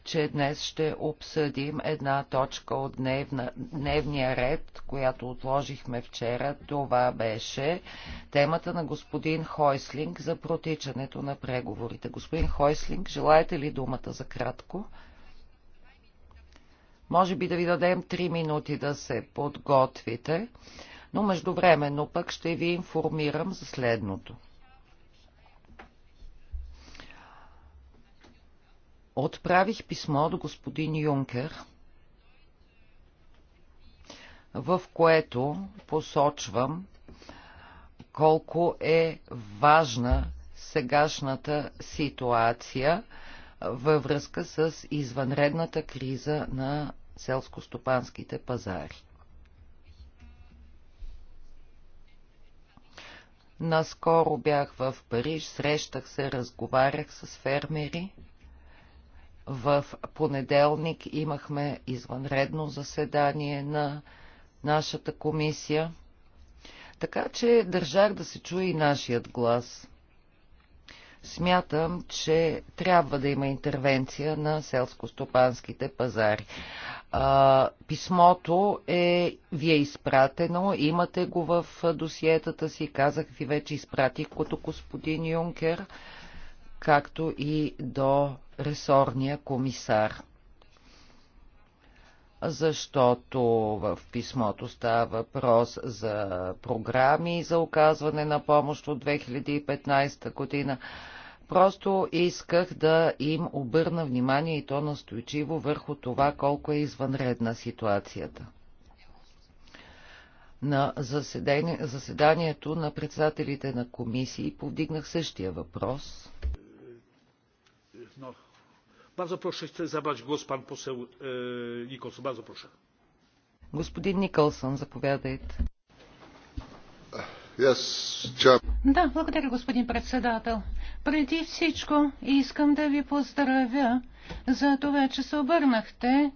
че днес ще обсъдим една точка от дневна, дневния ред, която отложихме вчера. Това беше темата на господин Хойслинг за протичането на преговорите. Господин Хойслинг, желаете ли думата за кратко? Може би да ви дадем 3 минути да се подготвите, но междувременно пък ще ви информирам за следното. отправих писмо до господин Юнкер, в което посочвам колко е важна сегашната ситуация във връзка с извънредната криза на селско-стопанските пазари. Наскоро бях в Париж, срещах се, разговарях с фермери – в понеделник имахме извънредно заседание на нашата комисия, така че държах да се чуе и нашият глас. Смятам, че трябва да има интервенция на селско-стопанските пазари. А, писмото е, ви е изпратено, имате го в досиетата си, казах ви вече изпратих като господин Юнкер. А, както и до ресорния комисар. Защото в писмото става въпрос за програми за оказване на помощ от 2015 година. Просто исках да им обърна внимание и то настойчиво върху това колко е извънредна ситуацията. На заседанието на председателите на комисии повдигнах същия въпрос. Bardzo proszę, chce zabrać głos pan poseł e, Bardzo proszę. Господин Николсон, заповядайте. да, благодаря, господин председател. Преди всичко искам да ви поздравя за това, че се обърнахте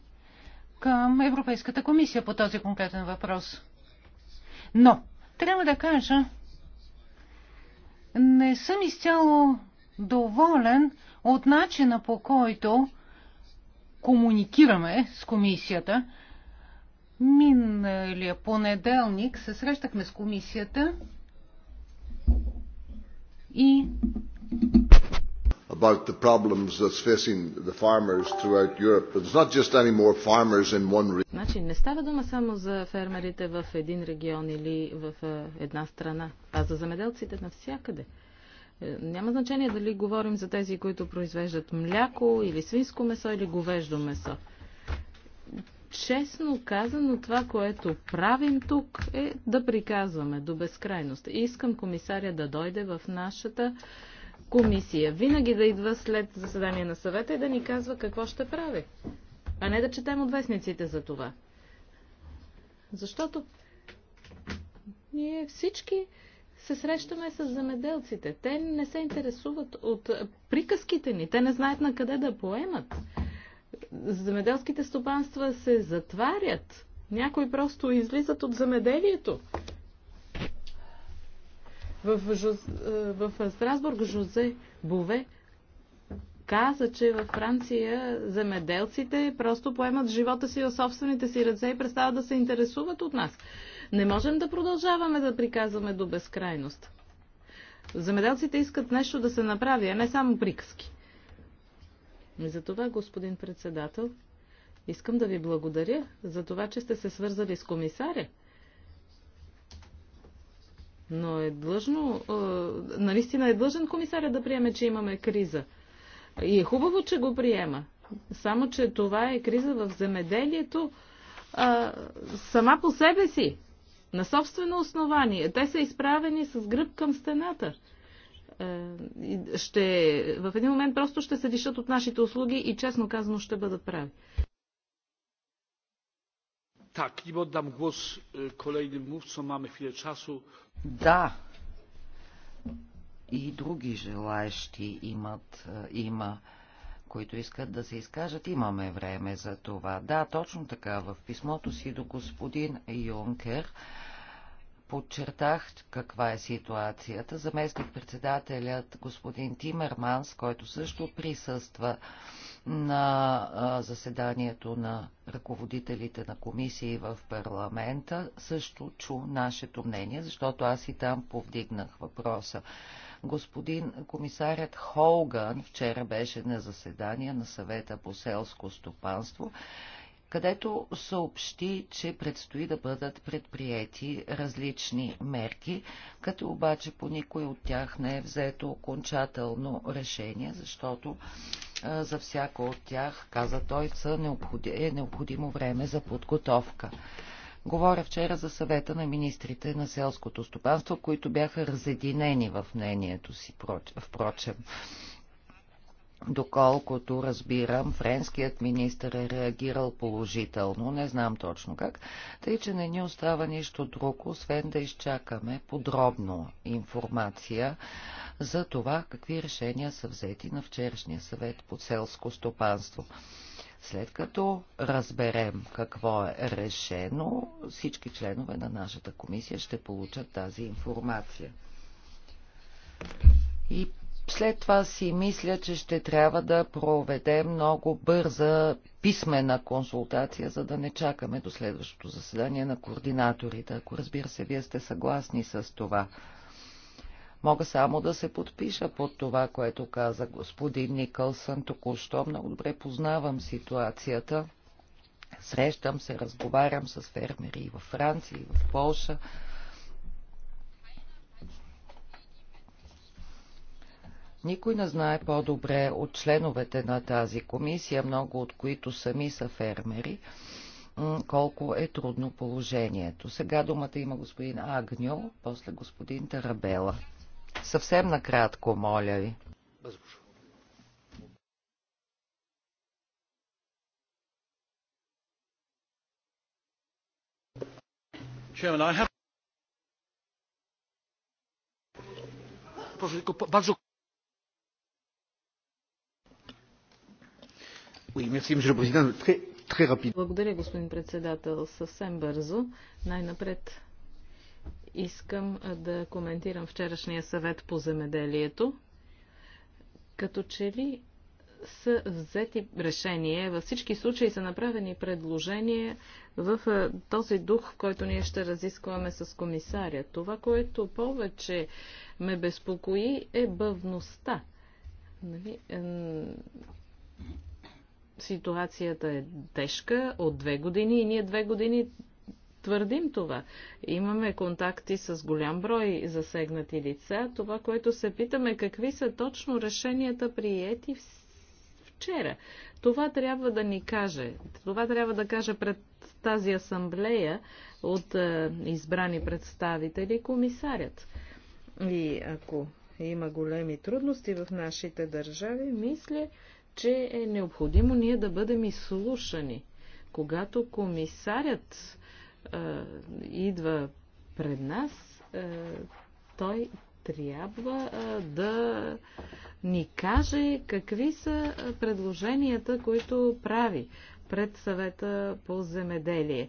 към Европейската комисия по този конкретен въпрос. Но, трябва да кажа, не съм изцяло доволен от начина по който комуникираме с комисията. Миналия понеделник се срещахме с комисията и about the problems that's facing the farmers throughout Europe. But It's not just any more farmers in one region. Значи не става дума само за фермерите в един регион или в една страна, а за земеделците навсякъде. Е, няма значение дали говорим за тези, които произвеждат мляко или свинско месо или говеждо месо. Честно казано, това, което правим тук е да приказваме до безкрайност. Искам комисаря да дойде в нашата комисия. Винаги да идва след заседание на съвета и да ни казва какво ще прави. А не да четем от вестниците за това. Защото ние всички се срещаме с замеделците. Те не се интересуват от приказките ни. Те не знаят на къде да поемат. Замеделските стопанства се затварят. Някои просто излизат от замеделието. В, Жоз... в Страсбург Жозе Бове каза, че във Франция замеделците просто поемат живота си в собствените си ръце и престават да се интересуват от нас. Не можем да продължаваме да приказваме до безкрайност. Замеделците искат нещо да се направи, а не само приказки. И за това, господин председател, искам да ви благодаря за това, че сте се свързали с комисаря. Но е длъжно, е, наистина е длъжен комисаря да приеме, че имаме криза. И е хубаво, че го приема. Само, че това е криза в земеделието а, сама по себе си на собствено основание. Те са изправени с гръб към стената. Е, ще, в един момент просто ще се дишат от нашите услуги и честно казано ще бъдат прави. Так, и oddam глас kolejnym е, mówcom, маме филе часу. Да. И други желаещи имат, е, има които искат да се изкажат, имаме време за това. Да, точно така. В писмото си до господин Юнкер подчертах каква е ситуацията. Заместник председателят господин Тимерманс, който също присъства на заседанието на ръководителите на комисии в парламента, също чу нашето мнение, защото аз и там повдигнах въпроса. Господин комисарят Холган вчера беше на заседание на съвета по селско стопанство където съобщи, че предстои да бъдат предприяти различни мерки, като обаче по никой от тях не е взето окончателно решение, защото за всяко от тях, каза той, е необходимо време за подготовка. Говоря вчера за съвета на министрите на селското стопанство, които бяха разединени в мнението си, впрочем. Доколкото разбирам, френският министр е реагирал положително, не знам точно как, тъй че не ни остава нищо друго, освен да изчакаме подробно информация за това какви решения са взети на вчерашния съвет по селско стопанство. След като разберем какво е решено, всички членове на нашата комисия ще получат тази информация. И след това си мисля, че ще трябва да проведем много бърза писмена консултация, за да не чакаме до следващото заседание на координаторите. Ако разбира се, вие сте съгласни с това. Мога само да се подпиша под това, което каза господин Никълсън току-що. Много добре познавам ситуацията. Срещам се, разговарям с фермери и във Франция, и в Польша. Никой не знае по-добре от членовете на тази комисия, много от които сами са фермери, колко е трудно положението. Сега думата има господин Агньо, после господин Тарабела. Съвсем накратко, моля ви. Благодаря, господин председател. Съвсем бързо. Най-напред Искам да коментирам вчерашния съвет по земеделието. Като че ли са взети решения, във всички случаи са направени предложения в този дух, в който ние ще разискваме с комисаря. Това, което повече ме безпокои е бъвността. Нали? Ситуацията е тежка от две години и ние две години твърдим това. Имаме контакти с голям брой засегнати лица. Това, което се питаме, какви са точно решенията приети вчера. Това трябва да ни каже. Това трябва да каже пред тази асамблея от е, избрани представители комисарят. И ако има големи трудности в нашите държави, мисля, че е необходимо ние да бъдем изслушани. Когато комисарят идва пред нас, той трябва да ни каже какви са предложенията, които прави пред съвета по земеделие.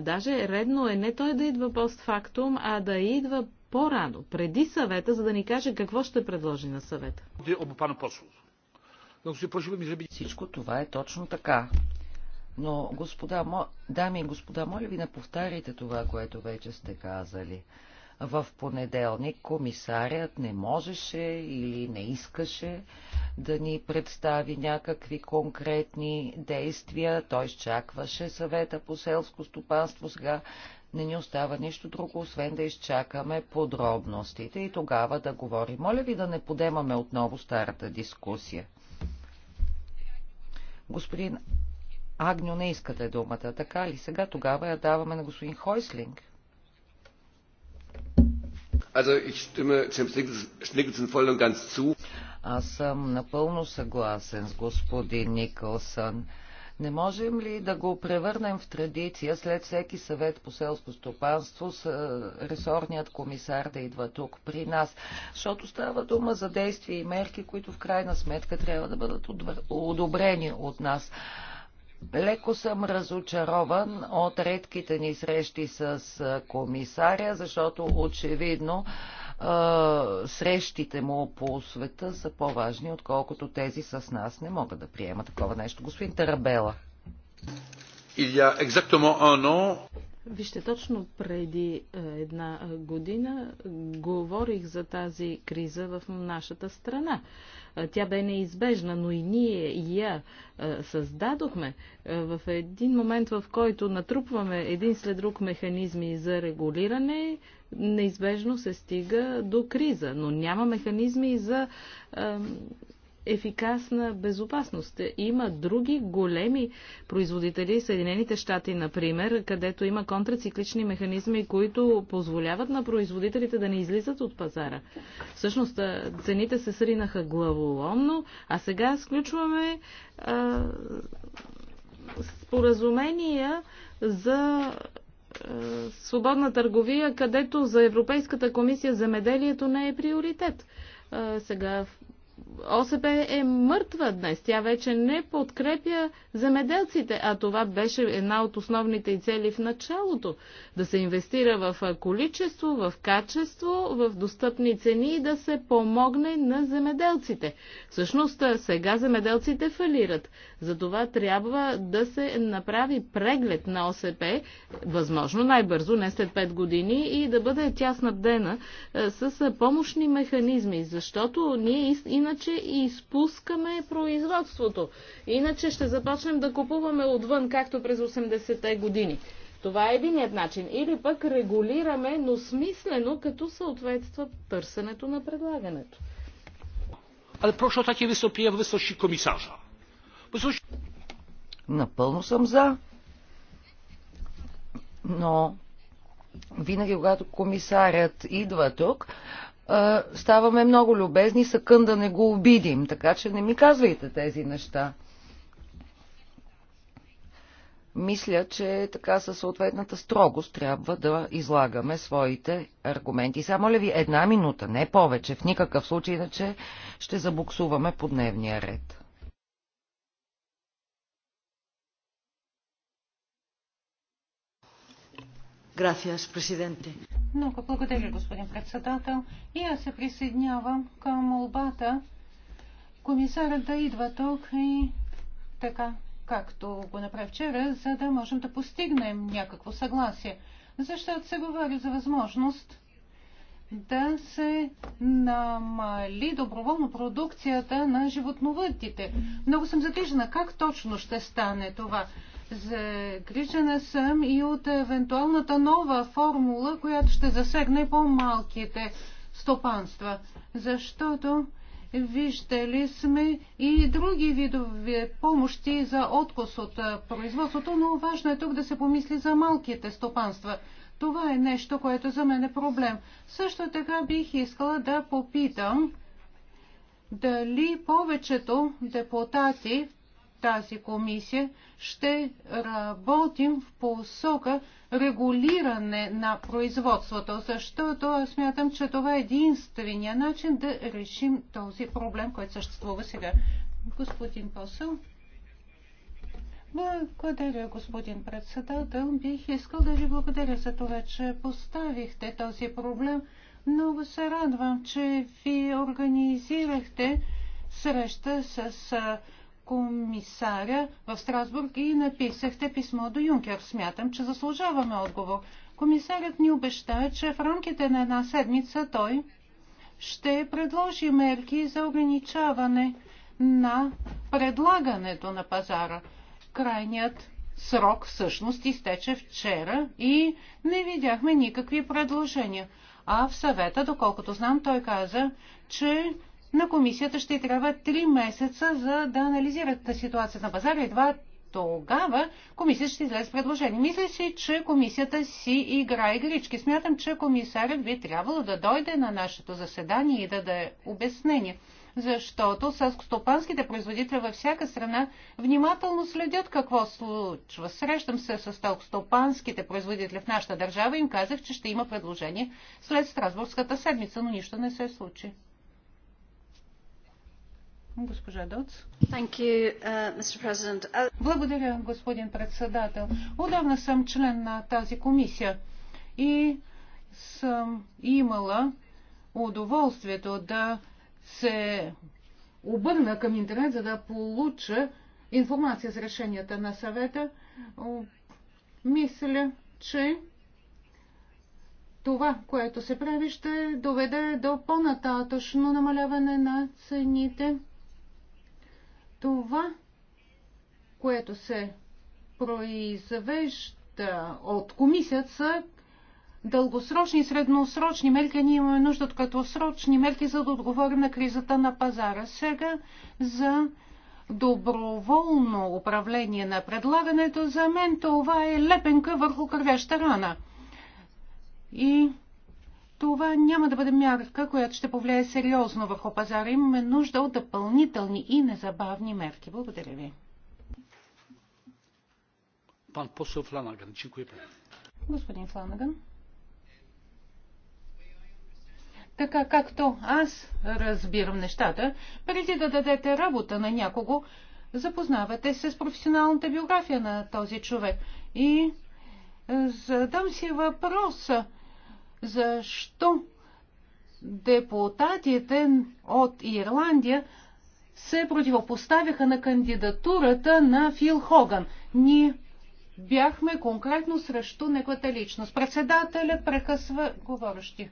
Даже редно е не той да идва постфактум, а да идва по-рано, преди съвета, за да ни каже какво ще предложи на съвета. Всичко това е точно така. Но, господа, дами и господа, моля ви не повтаряйте това, което вече сте казали. В понеделник комисарят не можеше или не искаше да ни представи някакви конкретни действия. Той изчакваше съвета по селско стопанство. Сега не ни остава нищо друго, освен да изчакаме подробностите и тогава да говорим. Моля ви да не подемаме отново старата дискусия. Господин Агньо не искате думата, така ли? Сега тогава я даваме на господин Хойслинг. Also ich stimme Schniggelsen voll und ganz zu. Аз съм напълно съгласен с господин Никълсън. Не можем ли да го превърнем в традиция след всеки съвет по селско стопанство с ресорният комисар да идва тук при нас? Защото става дума за действия и мерки, които в крайна сметка трябва да бъдат одобрени от нас. Леко съм разочарован от редките ни срещи с комисаря, защото очевидно срещите му по света са по-важни, отколкото тези с нас. Не мога да приема такова нещо. Господин Тарабела. Il y a exactement un an... Вижте, точно преди е, една е, година говорих за тази криза в нашата страна. Е, тя бе неизбежна, но и ние я създадохме в един момент, в който натрупваме един след друг механизми за регулиране, неизбежно се стига до криза, но няма механизми за ефикасна безопасност. Има други големи производители, Съединените щати, например, където има контрациклични механизми, които позволяват на производителите да не излизат от пазара. Всъщност цените се сринаха главоломно, а сега сключваме а, споразумения за а, свободна търговия, където за Европейската комисия земеделието не е приоритет сега ОСП е мъртва днес. Тя вече не подкрепя земеделците, а това беше една от основните и цели в началото. Да се инвестира в количество, в качество, в достъпни цени и да се помогне на земеделците. Всъщност сега земеделците фалират. Затова трябва да се направи преглед на ОСП, възможно най-бързо, не след 5 години, и да бъде тя снабдена е, с помощни механизми, защото ние иначе изпускаме производството. Иначе ще започнем да купуваме отвън, както през 80-те години. Това е единият начин. Или пък регулираме, но смислено, като съответства търсенето на предлагането. Ale proszę o takie wystąpienia komisarza. Напълно съм за. Но винаги, когато комисарят идва тук, ставаме много любезни, съкън да не го обидим. Така че не ми казвайте тези неща. Мисля, че така със съответната строгост трябва да излагаме своите аргументи. Само ли ви една минута, не повече, в никакъв случай, иначе ще забуксуваме по дневния ред. Gracias, Много благодаря, господин председател. И аз се присъединявам към молбата комисара да идва тук и така, както го направи вчера, за да можем да постигнем някакво съгласие. Защото се говори за възможност да се намали доброволно продукцията на животновъдите. Много съм загрижена как точно ще стане това. Загрижена съм и от евентуалната нова формула, която ще засегне по-малките стопанства, защото виждали сме и други видове помощи за откос от производството, но важно е тук да се помисли за малките стопанства. Това е нещо, което за мен е проблем. Също така бих искала да попитам дали повечето депутати в тази комисия ще работим в посока регулиране на производството, защото аз смятам, че това е единствения начин да решим този проблем, който съществува сега. Господин посъл. Благодаря, господин председател. Бих искал да ви благодаря за това, че поставихте този проблем. Много се радвам, че ви организирахте среща с комисаря в Страсбург и написахте писмо до Юнкер. Смятам, че заслужаваме отговор. Комисарят ни обеща, че в рамките на една седмица той ще предложи мерки за ограничаване на предлагането на пазара. Крайният срок всъщност изтече вчера и не видяхме никакви предложения. А в съвета, доколкото знам, той каза, че на комисията ще трябва 3 месеца за да анализират ситуацията на пазара. Едва тогава комисията ще излезе с предложение. Мисля си, че комисията си игра игрички. Смятам, че комисарят би трябвало да дойде на нашето заседание и да даде обяснение. Защото селскостопанските производители във всяка страна внимателно следят какво случва. Срещам се с селскостопанските производители в нашата държава и им казах, че ще има предложение след Страсбургската седмица, но нищо не се случи. Госпожа Доц. You, uh, uh, Благодаря, господин председател. Отдавна съм член на тази комисия и съм имала удоволствието да се обърна към интернет, за да получа информация за решенията на съвета. Мисля, че това, което се прави, ще доведе до по-нататъчно намаляване на цените. Това, което се произвежда от комисията, са дългосрочни и средносрочни мерки. Ние имаме нужда от краткосрочни мерки, за да отговорим на кризата на пазара. Сега за доброволно управление на предлагането, за мен това е лепенка върху кървяща рана. И това няма да бъде мярка, която ще повлияе сериозно върху пазара. Имаме нужда от допълнителни и незабавни мерки. Благодаря ви. Пан посол Фланаган, Господин Фланаган. Така както аз разбирам нещата, преди да дадете работа на някого, запознавате се с професионалната биография на този човек. И е, задам си въпроса защо депутатите от Ирландия се противопоставяха на кандидатурата на Фил Хоган. Ние бяхме конкретно срещу неговата личност. Председателя прекъсва говорещи.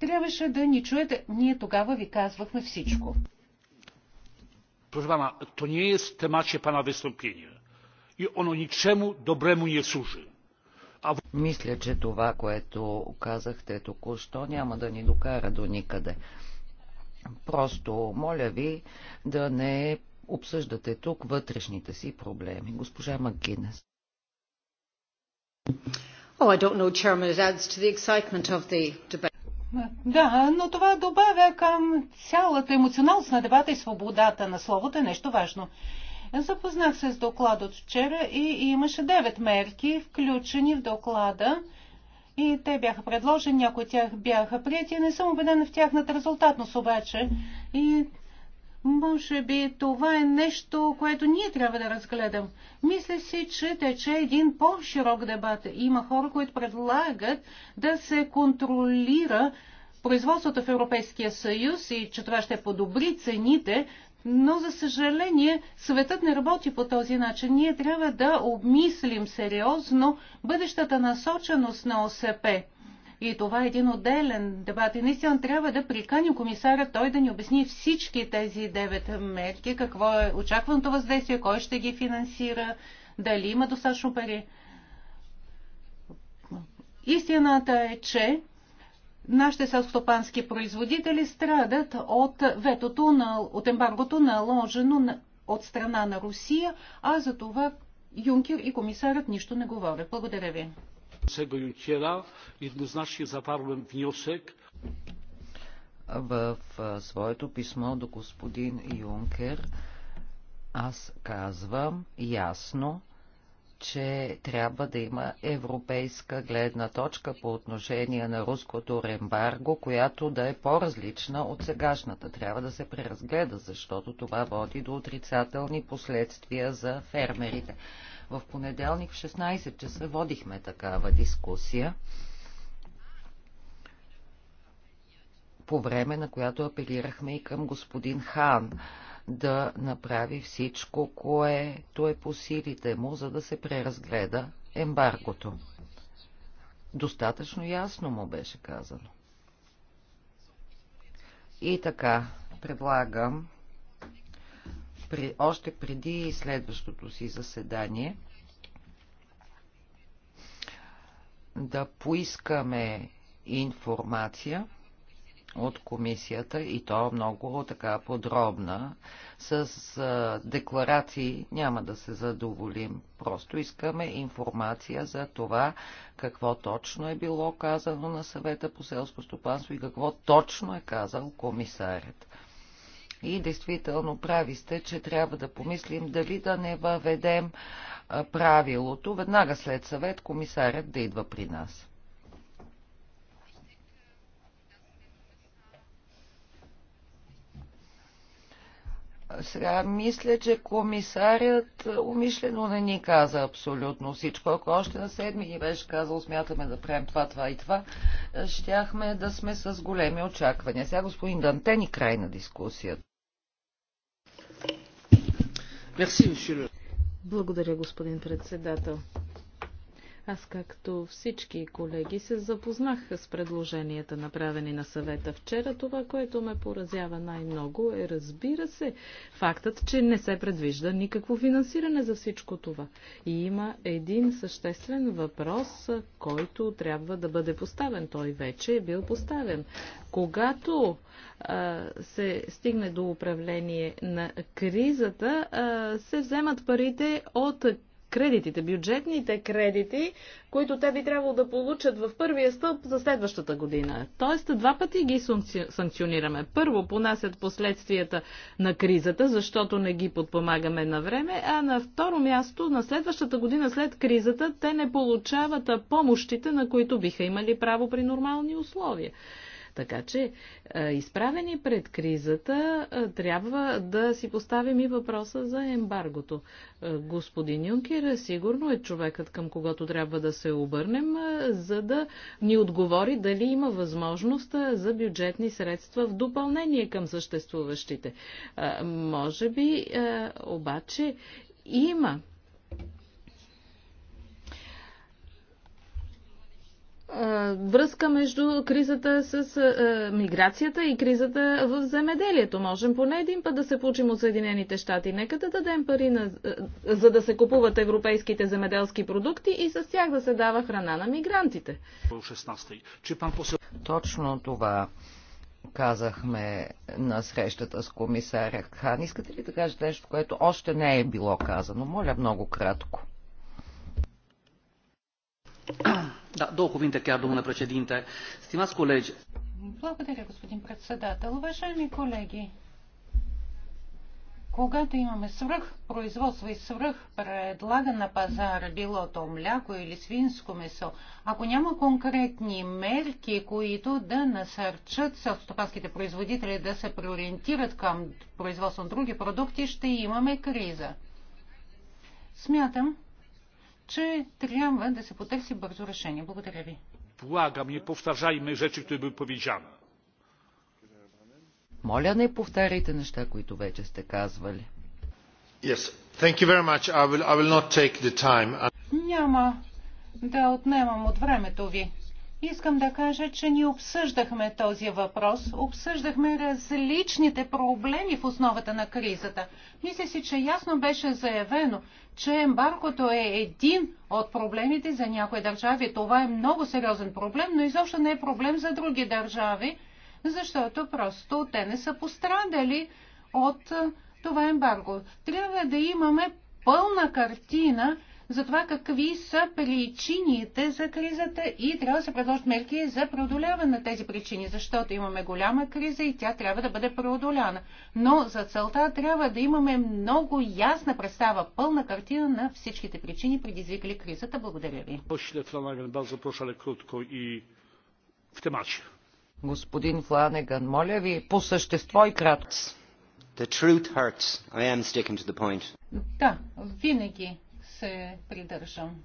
Трябваше да ни чуете. Ние тогава ви казвахме всичко. Proszę то не е тема, че пана и оно ничему добрему не служи. Мисля, че това, което казахте току-що, няма да ни докара до никъде. Просто, моля ви, да не обсъждате тук вътрешните си проблеми. Госпожа Макгинес. Oh, I don't know, Chairman. It adds to the excitement of the debate. Да, но това добавя към цялата емоционалност на дебата и свободата на словото е нещо важно. Запознах се с доклад от вчера и имаше 9 мерки, включени в доклада. И те бяха предложени, някои от тях бяха прияти. Не съм убедена в тяхната резултатност обаче. И може би това е нещо, което ние трябва да разгледам. Мисля си, че тече един по-широк дебат. Има хора, които предлагат да се контролира производството в Европейския съюз и че това ще подобри цените, но, за съжаление, светът не работи по този начин. Ние трябва да обмислим сериозно бъдещата насоченост на ОСП. И това е един отделен дебат. И наистина трябва да приканим комисаря той да ни обясни всички тези девет мерки, какво е очакваното въздействие, кой ще ги финансира, дали има достатъчно пари. Истината е, че Нашите селскостопански производители страдат от ветото, на, от ембаргото наложено на, от страна на Русия, а за това Юнкер и комисарът нищо не говорят. Благодаря ви. Сега Юнкера еднозначно запарвам внесък. В своето писмо до господин Юнкер аз казвам ясно, че трябва да има европейска гледна точка по отношение на руското рембарго, която да е по-различна от сегашната. Трябва да се преразгледа, защото това води до отрицателни последствия за фермерите. В понеделник в 16 часа водихме такава дискусия, по време на която апелирахме и към господин Хан да направи всичко, което е по силите му, за да се преразгледа ембаргото. Достатъчно ясно му беше казано. И така, предлагам при, още преди следващото си заседание да поискаме информация от комисията и то много така подробна. С а, декларации няма да се задоволим. Просто искаме информация за това какво точно е било казано на съвета по селско стопанство и какво точно е казал комисарят. И действително прави сте, че трябва да помислим дали да не въведем правилото веднага след съвет комисарят да идва при нас. Сега мисля, че комисарят умишлено не ни каза абсолютно всичко. Ако още на седми ни беше казал, смятаме да правим това, това и това, щяхме да сме с големи очаквания. Сега господин Дантен и край на дискусията. Благодаря, господин председател. Аз, както всички колеги, се запознах с предложенията, направени на съвета вчера. Това, което ме поразява най-много е, разбира се, фактът, че не се предвижда никакво финансиране за всичко това. И има един съществен въпрос, който трябва да бъде поставен. Той вече е бил поставен. Когато а, се стигне до управление на кризата, а, се вземат парите от кредитите, бюджетните кредити, които те би трябвало да получат в първия стълб за следващата година. Тоест, два пъти ги санкционираме. Първо, понасят последствията на кризата, защото не ги подпомагаме на време, а на второ място, на следващата година след кризата, те не получават помощите, на които биха имали право при нормални условия. Така че, изправени пред кризата, трябва да си поставим и въпроса за ембаргото. Господин Юнкер сигурно е човекът, към когото трябва да се обърнем, за да ни отговори дали има възможност за бюджетни средства в допълнение към съществуващите. Може би, обаче, има връзка между кризата с а, миграцията и кризата в земеделието. Можем поне един път да се получим от Съединените щати. Нека да дадем пари, на, а, за да се купуват европейските земеделски продукти и с тях да се дава храна на мигрантите. Точно това казахме на срещата с комисаря Хан. Искате ли да кажете нещо, което още не е било казано? Моля много кратко. Da, două cuvinte chiar, domnule președinte. Stimați colegi. Благодаря, господин председател. Уважаеми колеги, когато имаме свръх, производство и свръх предлага на пазара, било то мляко или свинско месо, ако няма конкретни мерки, които да насърчат селстопанските производители да се приориентират към производство на други продукти, ще имаме криза. Смятам, че трябва да се потърси бързо решение. Благодаря ви. Благам, не повтаряйме речи, които бе повиджана. Моля, не повтаряйте неща, които вече сте казвали. Yes. Thank you very much. I will, I will not take the time. Няма да отнемам от времето ви искам да кажа, че ние обсъждахме този въпрос, обсъждахме различните проблеми в основата на кризата. Мисля си, че ясно беше заявено, че ембаркото е един от проблемите за някои държави. Това е много сериозен проблем, но изобщо не е проблем за други държави, защото просто те не са пострадали от това ембарго. Трябва да имаме пълна картина за това какви са причините за кризата и трябва да се предложат мерки за преодоляване на тези причини, защото имаме голяма криза и тя трябва да бъде преодоляна. Но за целта трябва да имаме много ясна представа, пълна картина на всичките причини, предизвикали кризата. Благодаря ви. Господин Фланеган, моля ви, по същество и кратко. The truth hurts. I am sticking to the point. Да, винаги се придържам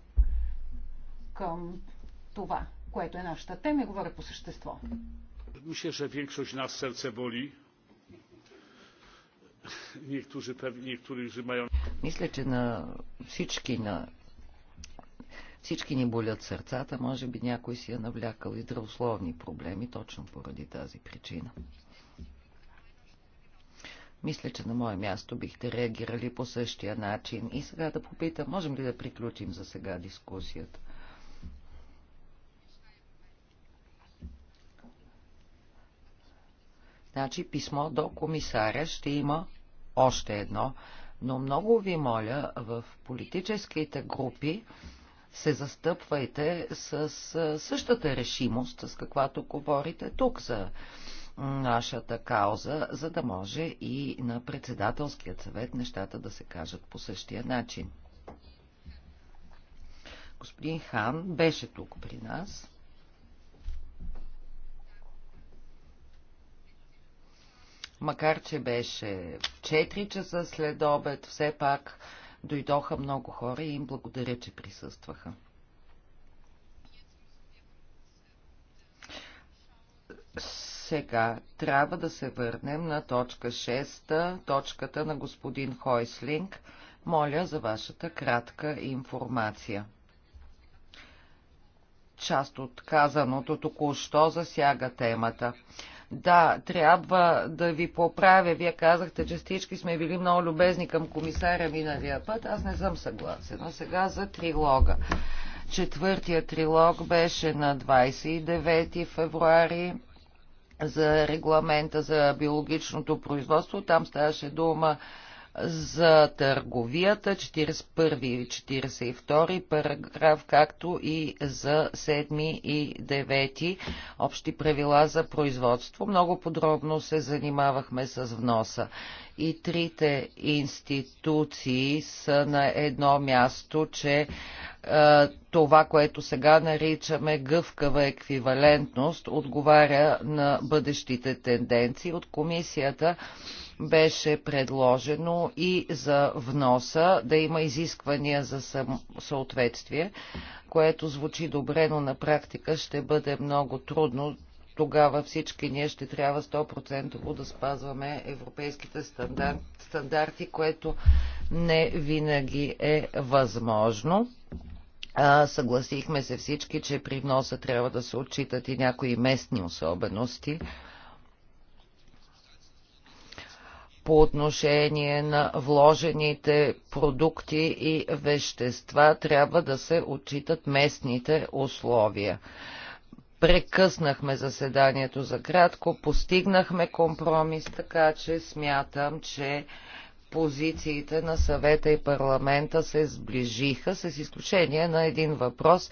към това, което е нашата тема и говоря по същество. Мисля, че większość нас сърце боли. Niektórzy pewnie, niektórzy mają... Мисля, че на всички, на всички ни болят сърцата. Може би някой си е навлякал и здравословни проблеми точно поради тази причина. Мисля, че на мое място бихте реагирали по същия начин. И сега да попитам, можем ли да приключим за сега дискусията? Значи писмо до комисаря ще има още едно, но много ви моля в политическите групи се застъпвайте с същата решимост, с каквато говорите тук за нашата кауза, за да може и на председателският съвет нещата да се кажат по същия начин. Господин Хан беше тук при нас. Макар, че беше в 4 часа след обед, все пак дойдоха много хора и им благодаря, че присъстваха. С сега трябва да се върнем на точка 6, точката на господин Хойслинг. Моля за вашата кратка информация. Част от казаното току-що засяга темата. Да, трябва да ви поправя. Вие казахте, че всички сме били много любезни към комисаря миналия път. Аз не съм съгласен. А сега за трилога. Четвъртия трилог беше на 29 февруари за регламента за биологичното производство. Там ставаше дума за търговията, 41 и 42 параграф, както и за 7 и 9 общи правила за производство. Много подробно се занимавахме с вноса и трите институции са на едно място, че е, това, което сега наричаме гъвкава еквивалентност, отговаря на бъдещите тенденции. От комисията беше предложено и за вноса да има изисквания за съответствие, което звучи добре, но на практика ще бъде много трудно тогава всички ние ще трябва 100% да спазваме европейските стандарт, стандарти, което не винаги е възможно. А, съгласихме се всички, че при вноса трябва да се отчитат и някои местни особености по отношение на вложените продукти и вещества трябва да се отчитат местните условия. Прекъснахме заседанието за кратко, постигнахме компромис, така че смятам, че позициите на съвета и парламента се сближиха, с изключение на един въпрос,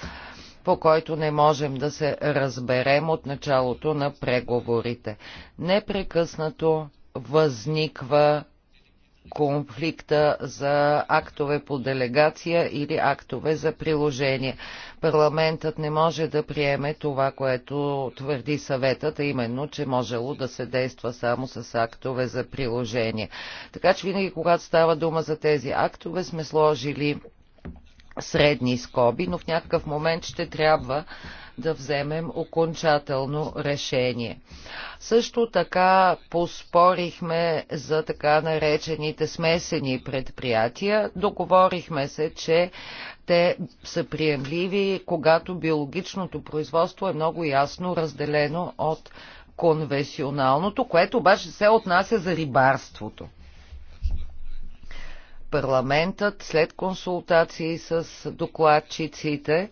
по който не можем да се разберем от началото на преговорите. Непрекъснато възниква конфликта за актове по делегация или актове за приложение. Парламентът не може да приеме това, което твърди съветът, а именно, че можело да се действа само с актове за приложение. Така че винаги, когато става дума за тези актове, сме сложили средни скоби, но в някакъв момент ще трябва да вземем окончателно решение. Също така поспорихме за така наречените смесени предприятия. Договорихме се, че те са приемливи, когато биологичното производство е много ясно разделено от конвенционалното, което обаче се отнася за рибарството парламентът след консултации с докладчиците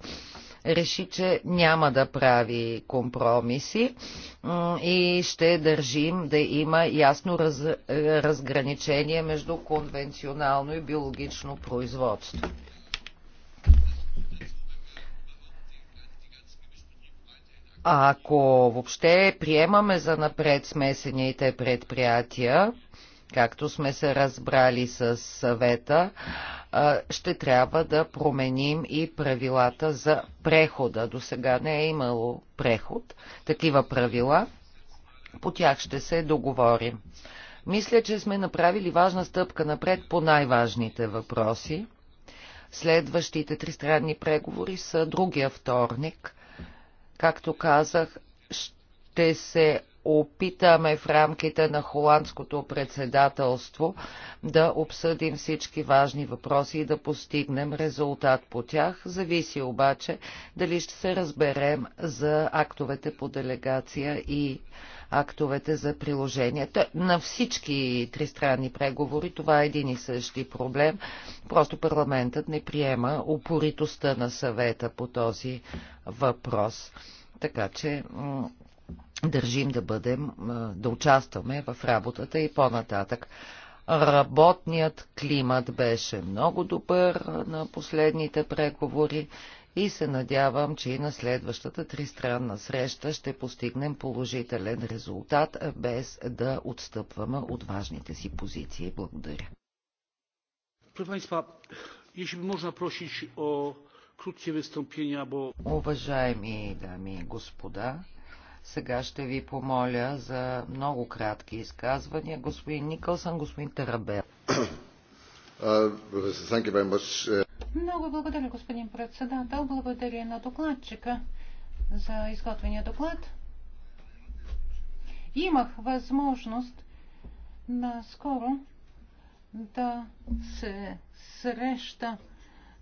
реши, че няма да прави компромиси и ще държим да има ясно раз, разграничение между конвенционално и биологично производство. Ако въобще приемаме за напред смесените предприятия, както сме се разбрали с съвета, ще трябва да променим и правилата за прехода. До сега не е имало преход. Такива правила, по тях ще се договорим. Мисля, че сме направили важна стъпка напред по най-важните въпроси. Следващите тристранни преговори са другия вторник. Както казах, ще се опитаме в рамките на холандското председателство да обсъдим всички важни въпроси и да постигнем резултат по тях. Зависи обаче дали ще се разберем за актовете по делегация и актовете за приложение. На всички тристранни преговори това е един и същи проблем. Просто парламентът не приема упоритостта на съвета по този въпрос. Така че държим да бъдем, да участваме в работата и по-нататък. Работният климат беше много добър на последните преговори и се надявам, че и на следващата тристранна среща ще постигнем положителен резултат, без да отстъпваме от важните си позиции. Благодаря. Уважаеми дами и господа, сега ще ви помоля за много кратки изказвания. Господин Никълсън, господин Тарабел. Много благодаря, господин председател. Благодаря на докладчика за изготвения доклад. Имах възможност наскоро да се среща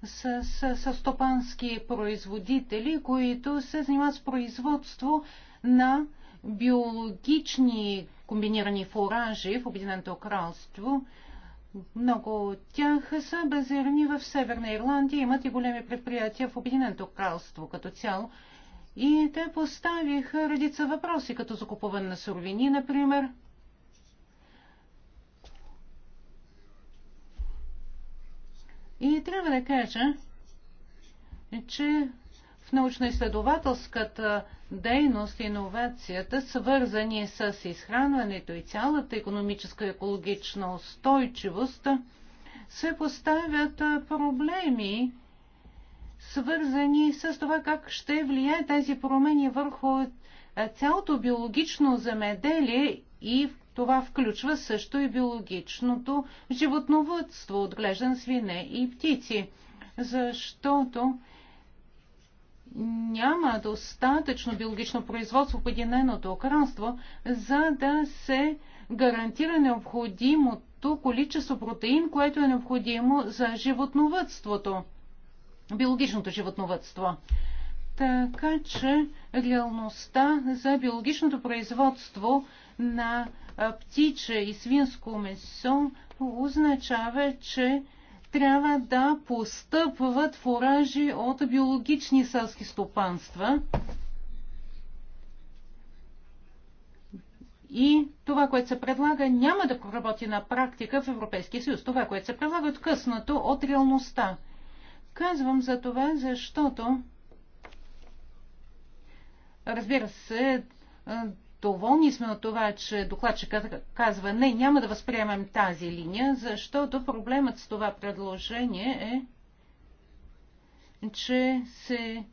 с, с, с стопански производители, които се занимават с производство на биологични комбинирани фуражи в Обединеното кралство. Много от тях са базирани в Северна Ирландия, имат и големи предприятия в Обединеното кралство като цяло. И те поставиха редица въпроси, като закупуване на суровини, например. И трябва да кажа, че в научно-изследователската дейност и иновацията, свързани с изхранването и цялата економическа и екологична устойчивост, се поставят проблеми, свързани с това как ще влияе тези промени върху цялото биологично земеделие и това включва също и биологичното животновътство, отглеждан свине и птици. Защото няма достатъчно биологично производство в Единеното кралство, за да се гарантира необходимото количество протеин, което е необходимо за животновътството, биологичното животновътство. Така че реалността за биологичното производство на птиче и свинско месо означава, че трябва да постъпват фуражи от биологични селски стопанства. И това, което се предлага, няма да проработи на практика в Европейския съюз. Това, което се предлага, е откъснато от реалността. Казвам за това, защото, разбира се, доволни сме от това, че докладчикът казва не, няма да възприемем тази линия, защото проблемът с това предложение е, че се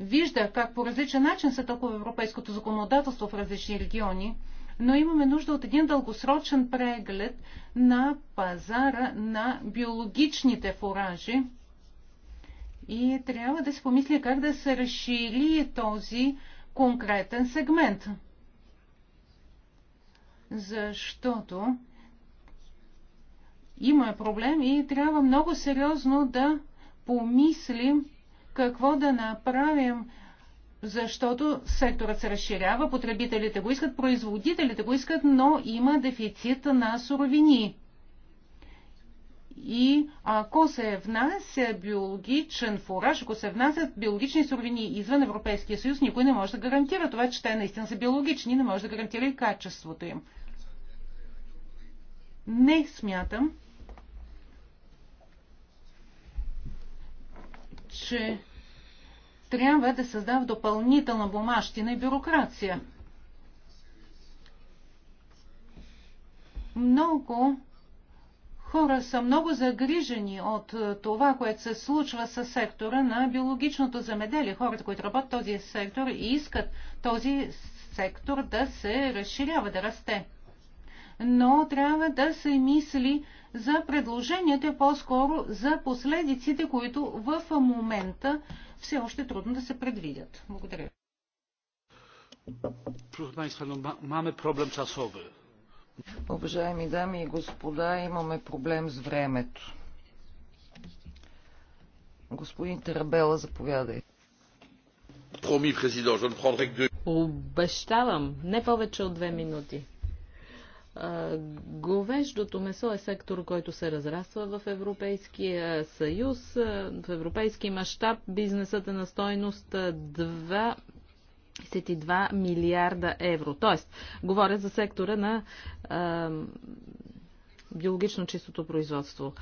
вижда как по различен начин се толкова европейското законодателство в различни региони, но имаме нужда от един дългосрочен преглед на пазара на биологичните фуражи и трябва да се помисли как да се разшири този конкретен сегмент. Защото има проблем и трябва много сериозно да помислим какво да направим, защото секторът се разширява, потребителите го искат, производителите го искат, но има дефицит на суровини. И ако се внася биологичен фураж, ако се внасят биологични суровини извън Европейския съюз, никой не може да гарантира това, че те наистина са биологични, не може да гарантира и качеството им. Не смятам, че трябва да създава допълнителна бумащина и бюрокрация. Много хора са много загрижени от е, това, което се случва с сектора на биологичното замеделие. Хората, които работят този сектор и искат този сектор да се разширява, да расте. Но трябва да се мисли за предложенията, по-скоро за последиците, които в момента все още е трудно да се предвидят. Благодаря. Proszę Państwa, no, mamy problem czasowy. Уважаеми дами и господа, имаме проблем с времето. Господин Тарабела, заповядай. Проми, президент, Обещавам, не повече от две минути. Говеждото месо е сектор, който се разраства в Европейския съюз. В европейски мащаб бизнесът е на стойност 32 милиарда евро. Тоест, говоря за сектора на а, биологично чистото производство.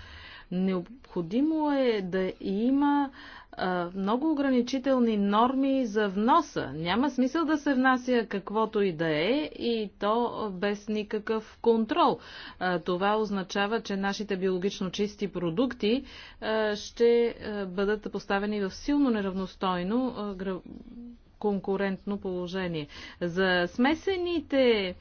Необходимо е да има а, много ограничителни норми за вноса. Няма смисъл да се внася каквото и да е и то без никакъв контрол. А, това означава, че нашите биологично чисти продукти а, ще а, бъдат поставени в силно неравностойно а, конкурентно положение. За смесените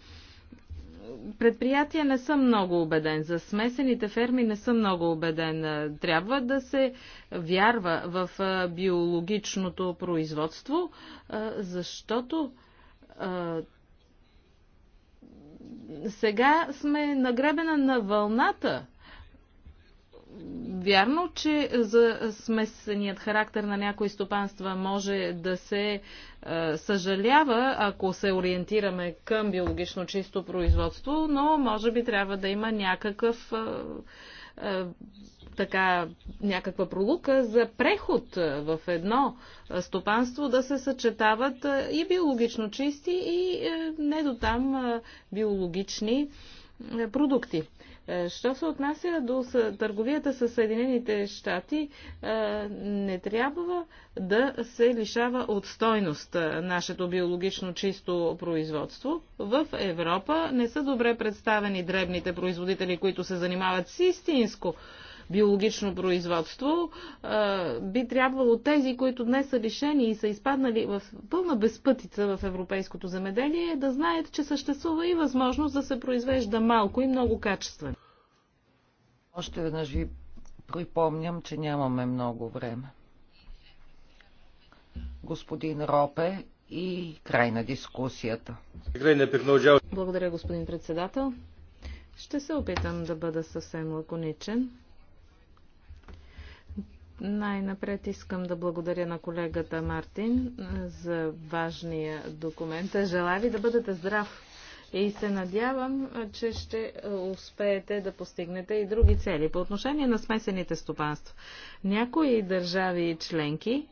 предприятия не съм много убеден. За смесените ферми не съм много убеден. Трябва да се вярва в биологичното производство, защото сега сме нагребена на вълната Вярно, че за смесеният характер на някои стопанства може да се е, съжалява, ако се ориентираме към биологично чисто производство, но може би трябва да има някакъв е, е, така някаква пролука за преход в едно стопанство да се съчетават и биологично чисти и не до там биологични продукти. Е, що се отнася до търговията с Съединените щати, е, не трябва да се лишава от стойност е, нашето биологично чисто производство. В Европа не са добре представени дребните производители, които се занимават с истинско биологично производство, би трябвало тези, които днес са лишени и са изпаднали в пълна безпътица в европейското земеделие, да знаят, че съществува и възможност да се произвежда малко и много качествено. Още веднъж ви припомням, че нямаме много време. Господин Ропе и край на дискусията. Благодаря, господин председател. Ще се опитам да бъда съвсем лаконичен. Най-напред искам да благодаря на колегата Мартин за важния документ. Желая ви да бъдете здрав и се надявам, че ще успеете да постигнете и други цели. По отношение на смесените стопанства, някои държави и членки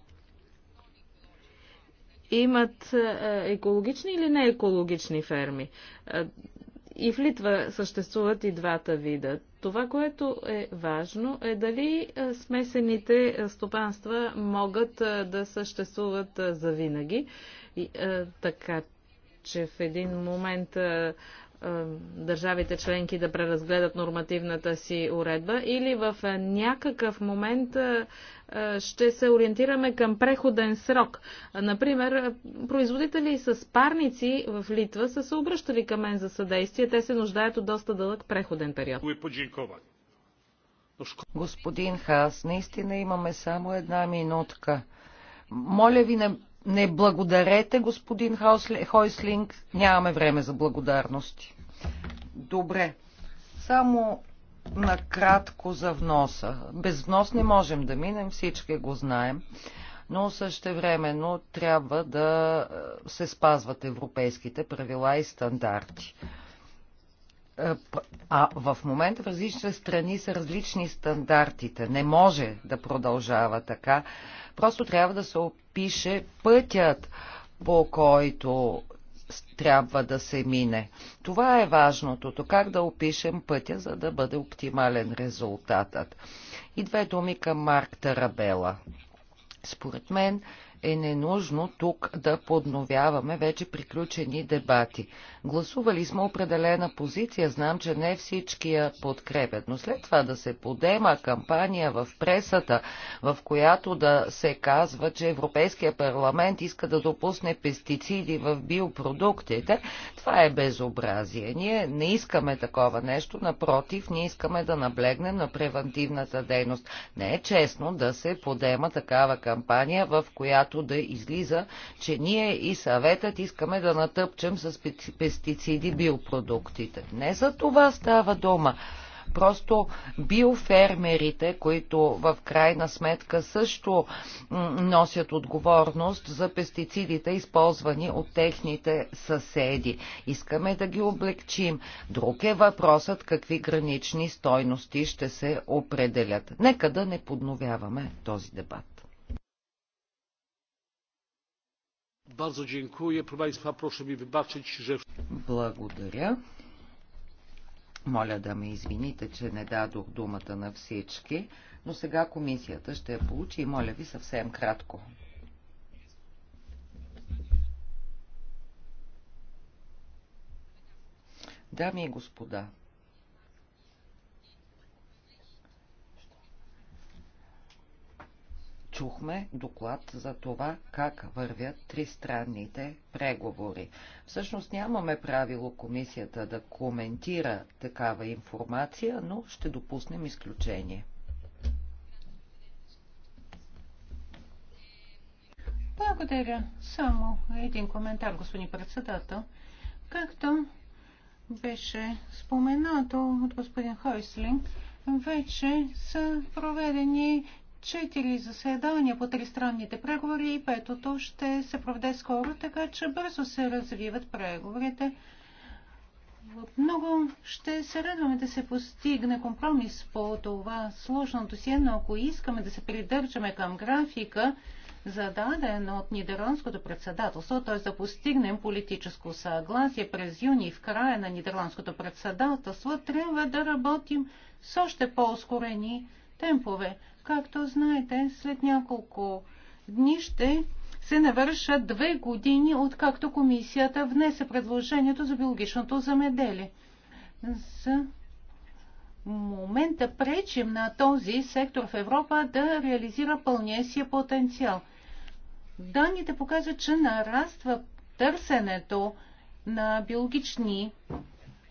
имат екологични или неекологични ферми. И в Литва съществуват и двата вида. Това, което е важно, е дали е, смесените е, стопанства могат е, да съществуват завинаги. И, така че в един момент държавите членки да преразгледат нормативната си уредба или в някакъв момент е, ще се ориентираме към преходен срок. Например, производители с парници в Литва са се обръщали към мен за съдействие. Те се нуждаят от доста дълъг преходен период. Господин Хас, наистина имаме само една минутка. Моля ви, не, не благодарете, господин Хойслинг. Нямаме време за благодарности. Добре. Само накратко за вноса. Без внос не можем да минем, всички го знаем, но същевременно трябва да е, се спазват европейските правила и стандарти. Е, а в момента в различни страни са различни стандартите. Не може да продължава така. Просто трябва да се опише пътят, по който трябва да се мине. Това е важното, как да опишем пътя, за да бъде оптимален резултатът. И две думи към Марк Тарабела. Според мен е ненужно тук да подновяваме вече приключени дебати. Гласували сме определена позиция, знам, че не всички я подкрепят, но след това да се подема кампания в пресата, в която да се казва, че Европейския парламент иска да допусне пестициди в биопродуктите, това е безобразие. Ние не искаме такова нещо, напротив, ние искаме да наблегнем на превентивната дейност. Не е честно да се подема такава кампания, в която да излиза, че ние и съветът искаме да натъпчем с пестициди пестициди, биопродуктите. Не за това става дума. Просто биофермерите, които в крайна сметка също носят отговорност за пестицидите, използвани от техните съседи. Искаме да ги облегчим. Друг е въпросът какви гранични стойности ще се определят. Нека да не подновяваме този дебат. Bardzo dziękuję. Proszę Państwa, proszę mi wybaczyć, że... Благодаря. Моля да ме извините, че не дадох думата на всички, но сега комисията ще я получи и моля ви съвсем кратко. Дами и господа, чухме доклад за това как вървят тристранните преговори. Всъщност нямаме правило комисията да коментира такава информация, но ще допуснем изключение. Благодаря. Само един коментар, господин председател. Както беше споменато от господин Хойслинг, вече са проведени четири заседания по тристранните преговори и петото ще се проведе скоро, така че бързо се развиват преговорите. Много ще се радваме да се постигне компромис по това сложно досие, но ако искаме да се придържаме към графика, зададен от Нидерландското председателство, т.е. да постигнем политическо съгласие през юни в края на Нидерландското председателство, трябва да работим с още по-ускорени темпове. Както знаете, след няколко дни ще се навършат две години, откакто комисията внесе предложението за биологичното замеделие. За момента пречим на този сектор в Европа да реализира пълния си потенциал. Данните показват, че нараства търсенето на биологични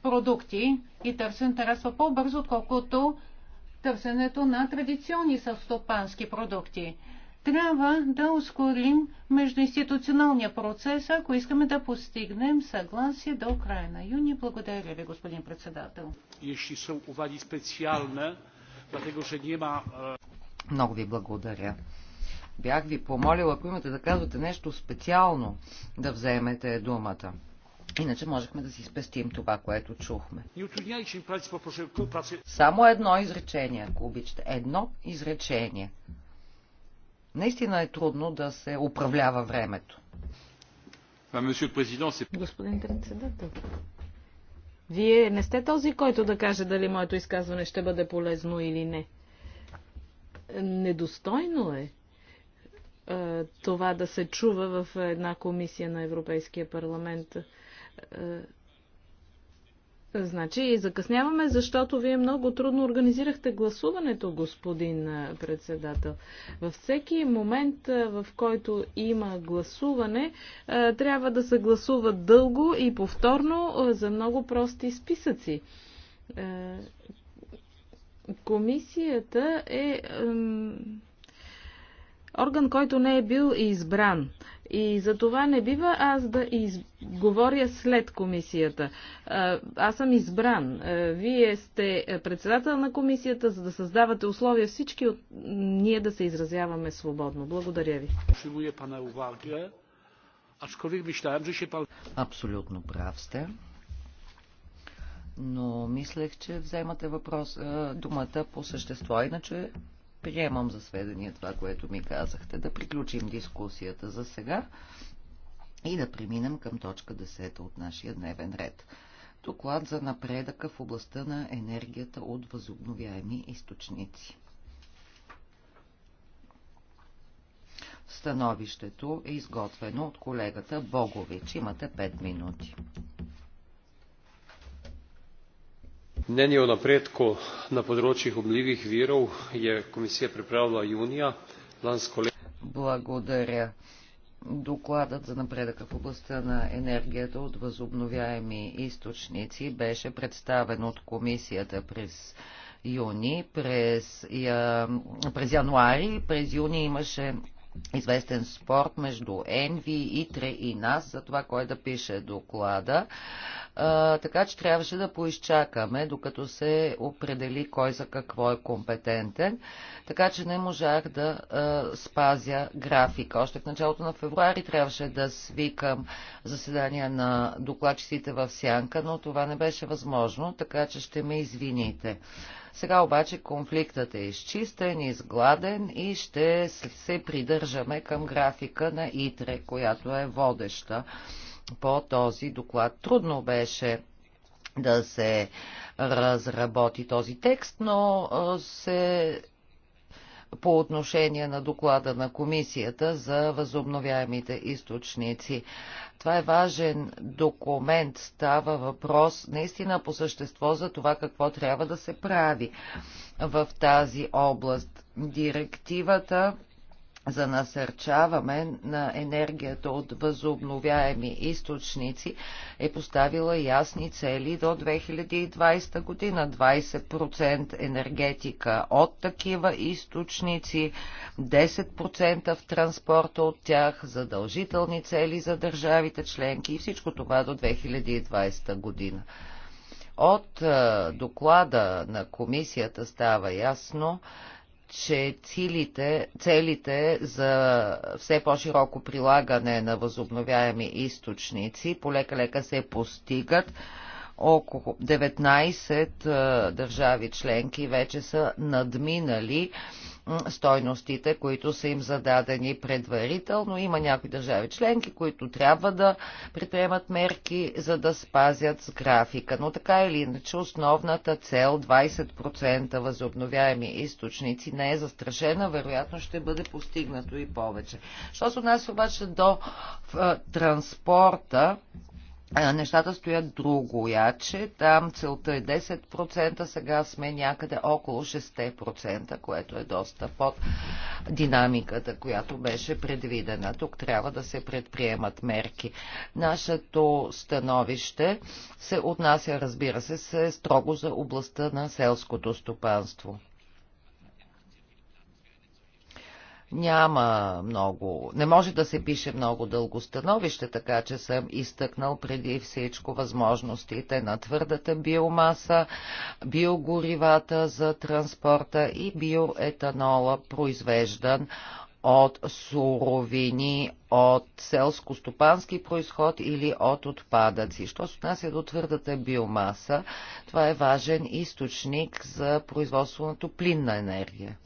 продукти и търсенето нараства по-бързо, отколкото търсенето на традиционни съвстопански продукти. Трябва да ускорим междуинституционалния процес, ако искаме да постигнем съгласие до края на юни. Благодаря ви, господин председател. E, Много ви благодаря. Бях ви помолила, ако имате да казвате нещо специално, да вземете думата. Иначе можехме да си спестим това, което чухме. Само едно изречение, ако обичате. Едно изречение. Наистина е трудно да се управлява времето. Господин председател, вие не сте този, който да каже дали моето изказване ще бъде полезно или не. Недостойно е това да се чува в една комисия на Европейския парламент. Е, е, значи закъсняваме, защото вие много трудно организирахте гласуването, господин е, председател. Във всеки момент, в който има гласуване, трябва да се гласува дълго и повторно за много прости списъци. Комисията е орган, който не е бил избран. И за това не бива аз да из... говоря след комисията. Аз съм избран. Вие сте председател на комисията, за да създавате условия всички от... ние да се изразяваме свободно. Благодаря ви. Абсолютно прав сте. Но мислех, че вземате въпрос, думата по същество. Иначе приемам за сведение това, което ми казахте. Да приключим дискусията за сега и да преминем към точка 10 от нашия дневен ред. Доклад за напредъка в областта на енергията от възобновяеми източници. Становището е изготвено от колегата Богович. Имате 5 минути. mnenje o napredku na področjih obnovljivih virov je komisija pripravila junija lansko leto. Благодаря. Докладът за напредъка в областта на енергията от възобновяеми източници беше представен от комисията през юни, през, я, през януари, през юни имаше известен спорт между Енви, Итре и нас за това, кой да пише доклада. А, така че трябваше да поизчакаме, докато се определи кой за какво е компетентен. Така че не можах да а, спазя графика. Още в началото на февруари трябваше да свикам заседания на докладчиците в Сянка, но това не беше възможно, така че ще ме извините. Сега обаче конфликтът е изчистен, изгладен и ще се придържаме към графика на ИТРЕ, която е водеща по този доклад. Трудно беше да се разработи този текст, но се по отношение на доклада на комисията за възобновяемите източници. Това е важен документ, става въпрос наистина по същество за това какво трябва да се прави в тази област. Директивата за насърчаване на енергията от възобновяеми източници е поставила ясни цели до 2020 година. 20% енергетика от такива източници, 10% в транспорта от тях, задължителни цели за държавите членки и всичко това до 2020 година. От доклада на комисията става ясно, че целите, целите за все по-широко прилагане на възобновяеми източници полека-лека се постигат. Около 19 държави членки вече са надминали стойностите, които са им зададени предварително. Има някои държави членки, които трябва да предприемат мерки, за да спазят с графика. Но така или иначе основната цел 20% възобновяеми източници не е застрашена, вероятно ще бъде постигнато и повече. Що се отнася обаче до транспорта, нещата стоят друго яче. Там целта е 10%, сега сме някъде около 6%, което е доста под динамиката, която беше предвидена. Тук трябва да се предприемат мерки. Нашето становище се отнася, разбира се, се е строго за областта на селското стопанство. Няма много, не може да се пише много дълго становище, така че съм изтъкнал преди всичко възможностите на твърдата биомаса, биогоривата за транспорта и биоетанола, произвеждан от суровини, от селско-стопански происход или от отпадъци. Що се отнася до твърдата биомаса, това е важен източник за производство на топлинна енергия.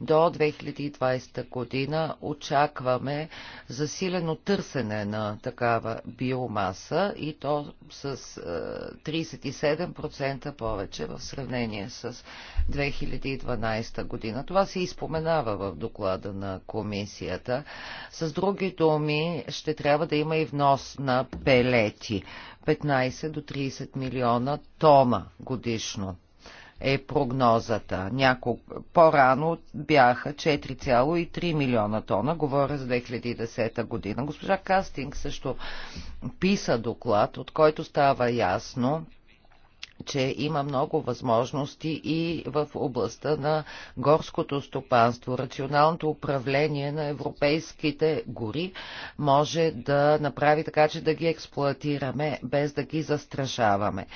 До 2020 година очакваме засилено търсене на такава биомаса и то с 37% е, повече в сравнение с 2012 година. Това се изпоменава в доклада на комисията. С други думи, ще трябва да има и внос на пелети. 15 до 30 милиона тона годишно е прогнозата. Няколко, по-рано бяха 4,3 милиона тона, говоря за 2010 година. Госпожа Кастинг също писа доклад, от който става ясно, че има много възможности и в областта на горското стопанство. Рационалното управление на европейските гори може да направи така, че да ги експлуатираме без да ги застрашаваме.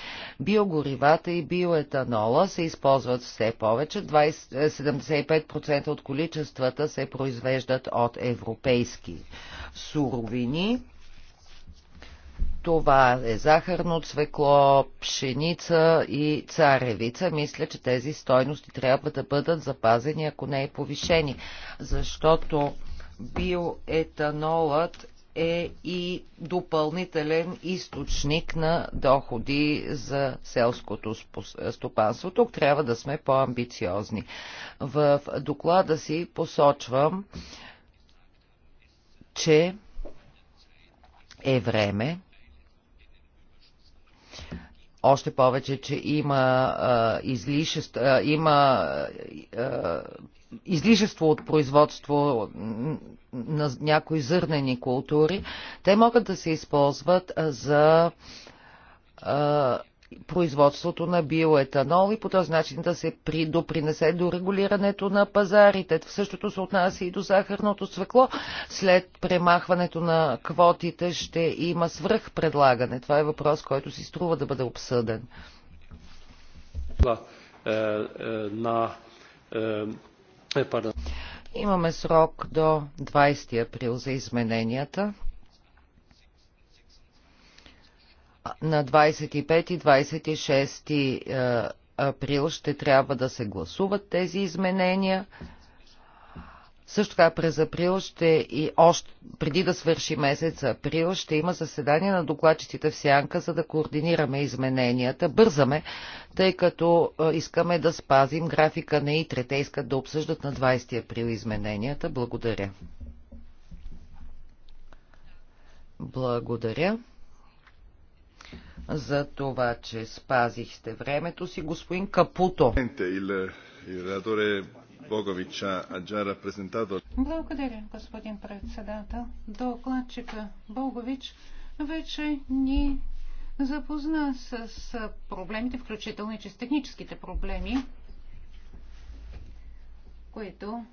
Биогоривата и биоетанола се използват все повече. 20, 75% от количествата се произвеждат от европейски суровини това е захарно цвекло, пшеница и царевица. Мисля, че тези стойности трябва да бъдат запазени, ако не е повишени, защото биоетанолът е и допълнителен източник на доходи за селското стопанство. Тук трябва да сме по-амбициозни. В доклада си посочвам, че е време още повече, че има, а, излишество, а, има а, излишество от производство на някои зърнени култури. Те могат да се използват за а, производството на биоетанол и по този начин да се допринесе до регулирането на пазарите. В същото се отнася и до захарното свекло. След премахването на квотите ще има свръхпредлагане. Това е въпрос, който си струва да бъде обсъден. Е, е, е, Имаме срок до 20 април за измененията. на 25 и 26 е, април ще трябва да се гласуват тези изменения. Също така през април ще и още преди да свърши месец април ще има заседание на докладчиците в Сянка, за да координираме измененията. Бързаме, тъй като е, искаме да спазим графика на ИТРЕ. Те искат да обсъждат на 20 април измененията. Благодаря. Благодаря за това, че спазихте времето си. Господин Капуто. Благодаря, господин председател. Докладчика Богович вече ни запозна с проблемите, включително и с техническите проблеми, които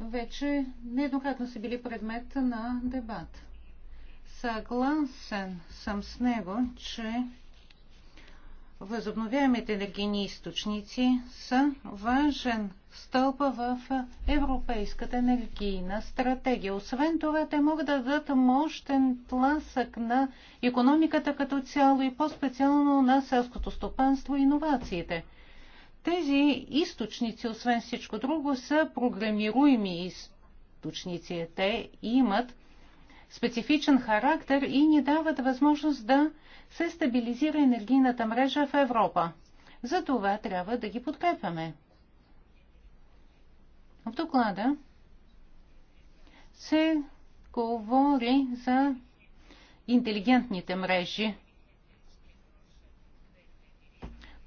вече нееднократно са били предмет на дебат. Съгласен съм с него, че възобновяемите енергийни източници са важен стълб в Европейската енергийна стратегия. Освен това, те могат да дадат мощен тласък на економиката като цяло и по-специално на селското стопанство и иновациите. Тези източници, освен всичко друго, са програмируеми източници. Те имат специфичен характер и ни дават възможност да се стабилизира енергийната мрежа в Европа. За това трябва да ги подкрепяме. В доклада се говори за интелигентните мрежи,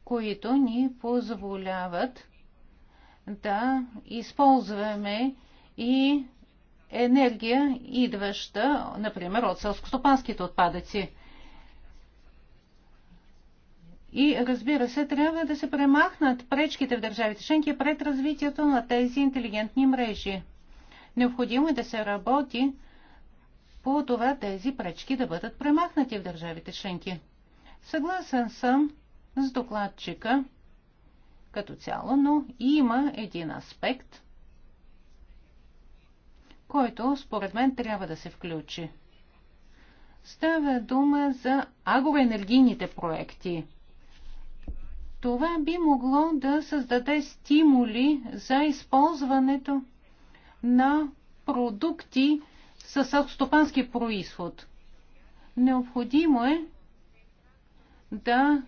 които ни позволяват да използваме и енергия, идваща, например, от селскостопанските отпадъци. И разбира се, трябва да се премахнат пречките в държавите членки пред развитието на тези интелигентни мрежи. Необходимо е да се работи по това тези пречки да бъдат премахнати в държавите членки. Съгласен съм с докладчика като цяло, но има един аспект – който според мен трябва да се включи. Става дума за агроенергийните проекти. Това би могло да създаде стимули за използването на продукти с селскостопански происход. Необходимо е да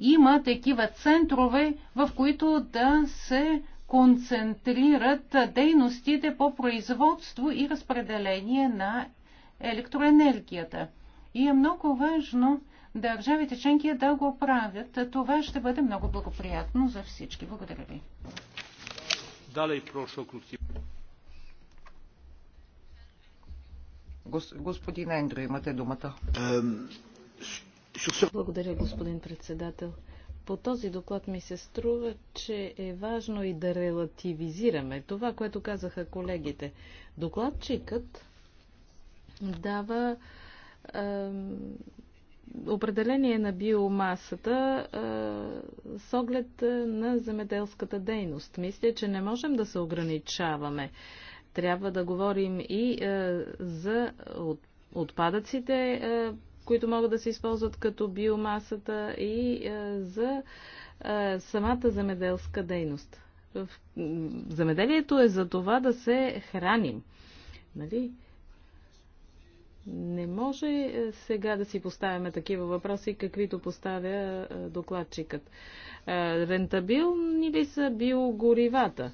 има такива центрове, в които да се концентрират дейностите по производство и разпределение на електроенергията. И е много важно държавите членки да го правят. Това ще бъде много благоприятно за всички. Благодаря ви. Господин Ендро, имате думата. Благодаря, господин председател. По този доклад ми се струва, че е важно и да релативизираме това, което казаха колегите. Докладчикът дава е, определение на биомасата е, с оглед на земеделската дейност. Мисля, че не можем да се ограничаваме. Трябва да говорим и е, за отпадъците. Е, които могат да се използват като биомасата и е, за е, самата замеделска дейност. Замеделието е за това да се храним. Нали? Не може е, сега да си поставяме такива въпроси, каквито поставя докладчикът. Рентабилни ли са биогоривата?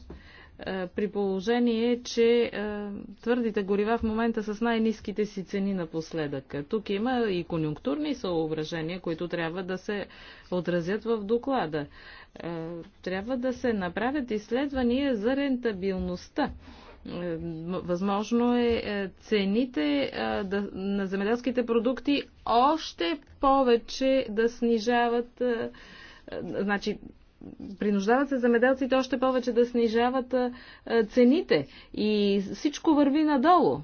Е, при положение, че е, твърдите горива в момента са с най-низките си цени напоследък. Тук има и конюнктурни съображения, които трябва да се отразят в доклада. Е, трябва да се направят изследвания за рентабилността. Възможно е цените на земеделските продукти още повече да снижават значи принуждават се замеделците още повече да снижават цените и всичко върви надолу.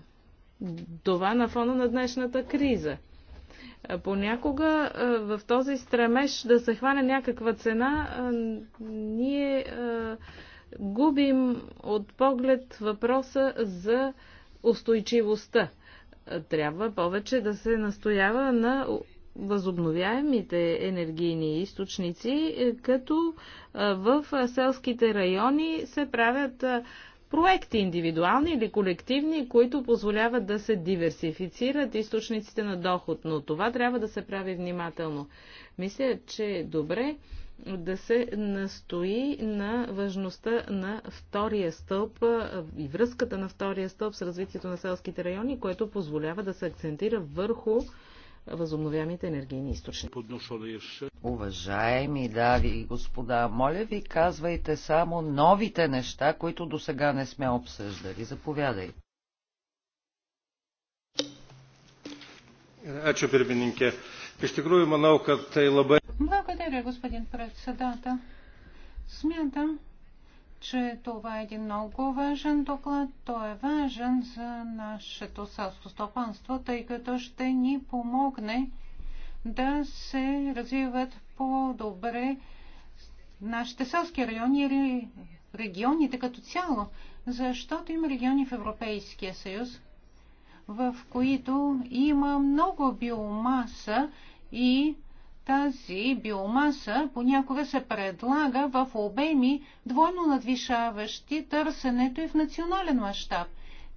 Това на фона на днешната криза. Понякога в този стремеж да се хване някаква цена, ние губим от поглед въпроса за устойчивостта. Трябва повече да се настоява на възобновяемите енергийни източници, е, като е, в селските райони се правят е, проекти, индивидуални или колективни, които позволяват да се диверсифицират източниците на доход, но това трябва да се прави внимателно. Мисля, че е добре да се настои на важността на втория стълб и връзката на втория стълб с развитието на селските райони, което позволява да се акцентира върху възобновяемите енергийни източници. Уважаеми дави и господа, моля ви казвайте само новите неща, които до сега не сме обсъждали. Заповядай. Ačiū pirmininkė. Iš tikrųjų, manau, kad tai labai. Благодаря, господин председател. Смятам, че това е един много важен доклад. Той е важен за нашето селско стопанство, тъй като ще ни помогне да се развиват по-добре нашите селски райони или регионите като цяло, защото има региони в Европейския съюз, в които има много биомаса и тази биомаса понякога се предлага в обеми двойно надвишаващи търсенето и в национален мащаб.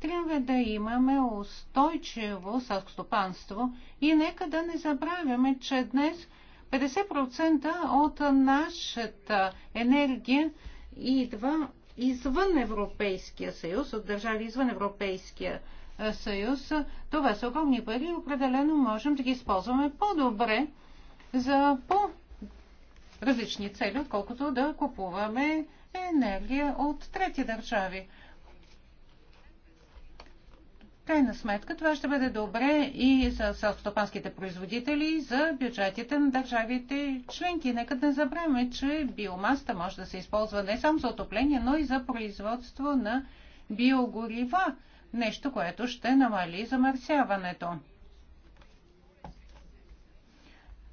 Трябва да имаме устойчиво селскостопанство и нека да не забравяме, че днес 50% от нашата енергия идва извън Европейския съюз, от държави извън Европейския съюз. Това са огромни пари и определено можем да ги използваме по-добре за по-различни цели, отколкото да купуваме енергия от трети държави. Крайна сметка това ще бъде добре и за селскостопанските производители, и за бюджетите на държавите членки. Нека да не забравяме, че биомаста може да се използва не само за отопление, но и за производство на биогорива, нещо, което ще намали замърсяването.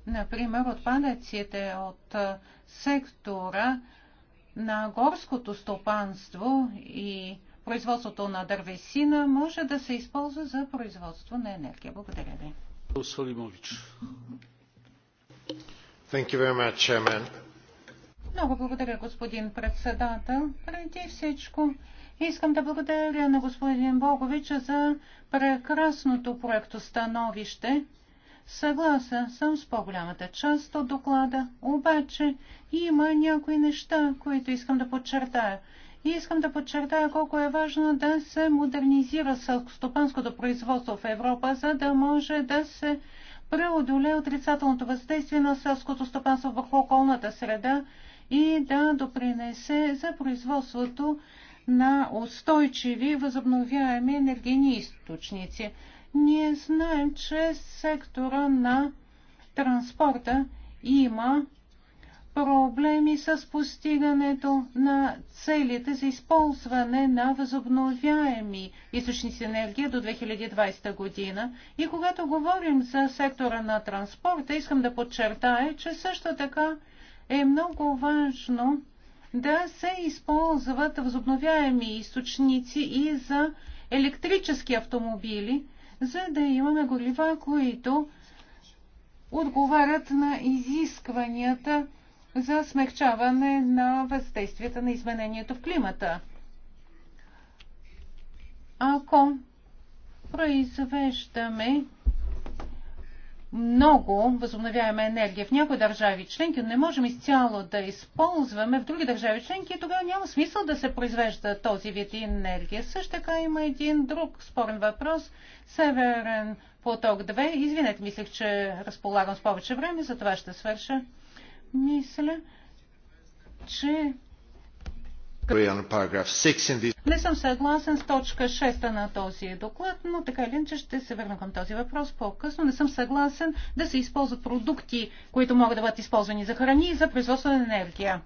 Например, отпадъците от сектора на горското стопанство и производството на дървесина може да се използва за производство на енергия. Благодаря ви. Much, Много благодаря, господин председател. Преди всичко искам да благодаря на господин Богович за прекрасното проекто становище Съгласен съм с по-голямата част от доклада, обаче има някои неща, които искам да подчертая. И искам да подчертая колко е важно да се модернизира селскостопанското производство в Европа, за да може да се преодолее отрицателното въздействие на селското стопанство върху околната среда и да допринесе за производството на устойчиви възобновяеми енергийни източници. Ние знаем, че сектора на транспорта има проблеми с постигането на целите за използване на възобновяеми източници енергия до 2020 година. И когато говорим за сектора на транспорта, искам да подчертая, че също така е много важно да се използват възобновяеми източници и за електрически автомобили – за да имаме горива, които отговарят на изискванията за смягчаване на въздействията на изменението в климата. Ако произвеждаме много възобновяема енергия в някои държави членки, но не можем изцяло да използваме в други държави членки тогава няма смисъл да се произвежда този вид енергия. Също така има един друг спорен въпрос. Северен поток 2. Извинете, мислех, че разполагам с повече време, за това ще свърша. Мисля, че не съм съгласен с точка 6 на този доклад, но така или иначе ще се върна към този въпрос по-късно. Не съм съгласен да се използват продукти, които могат да бъдат използвани за храни и за производство на енергия.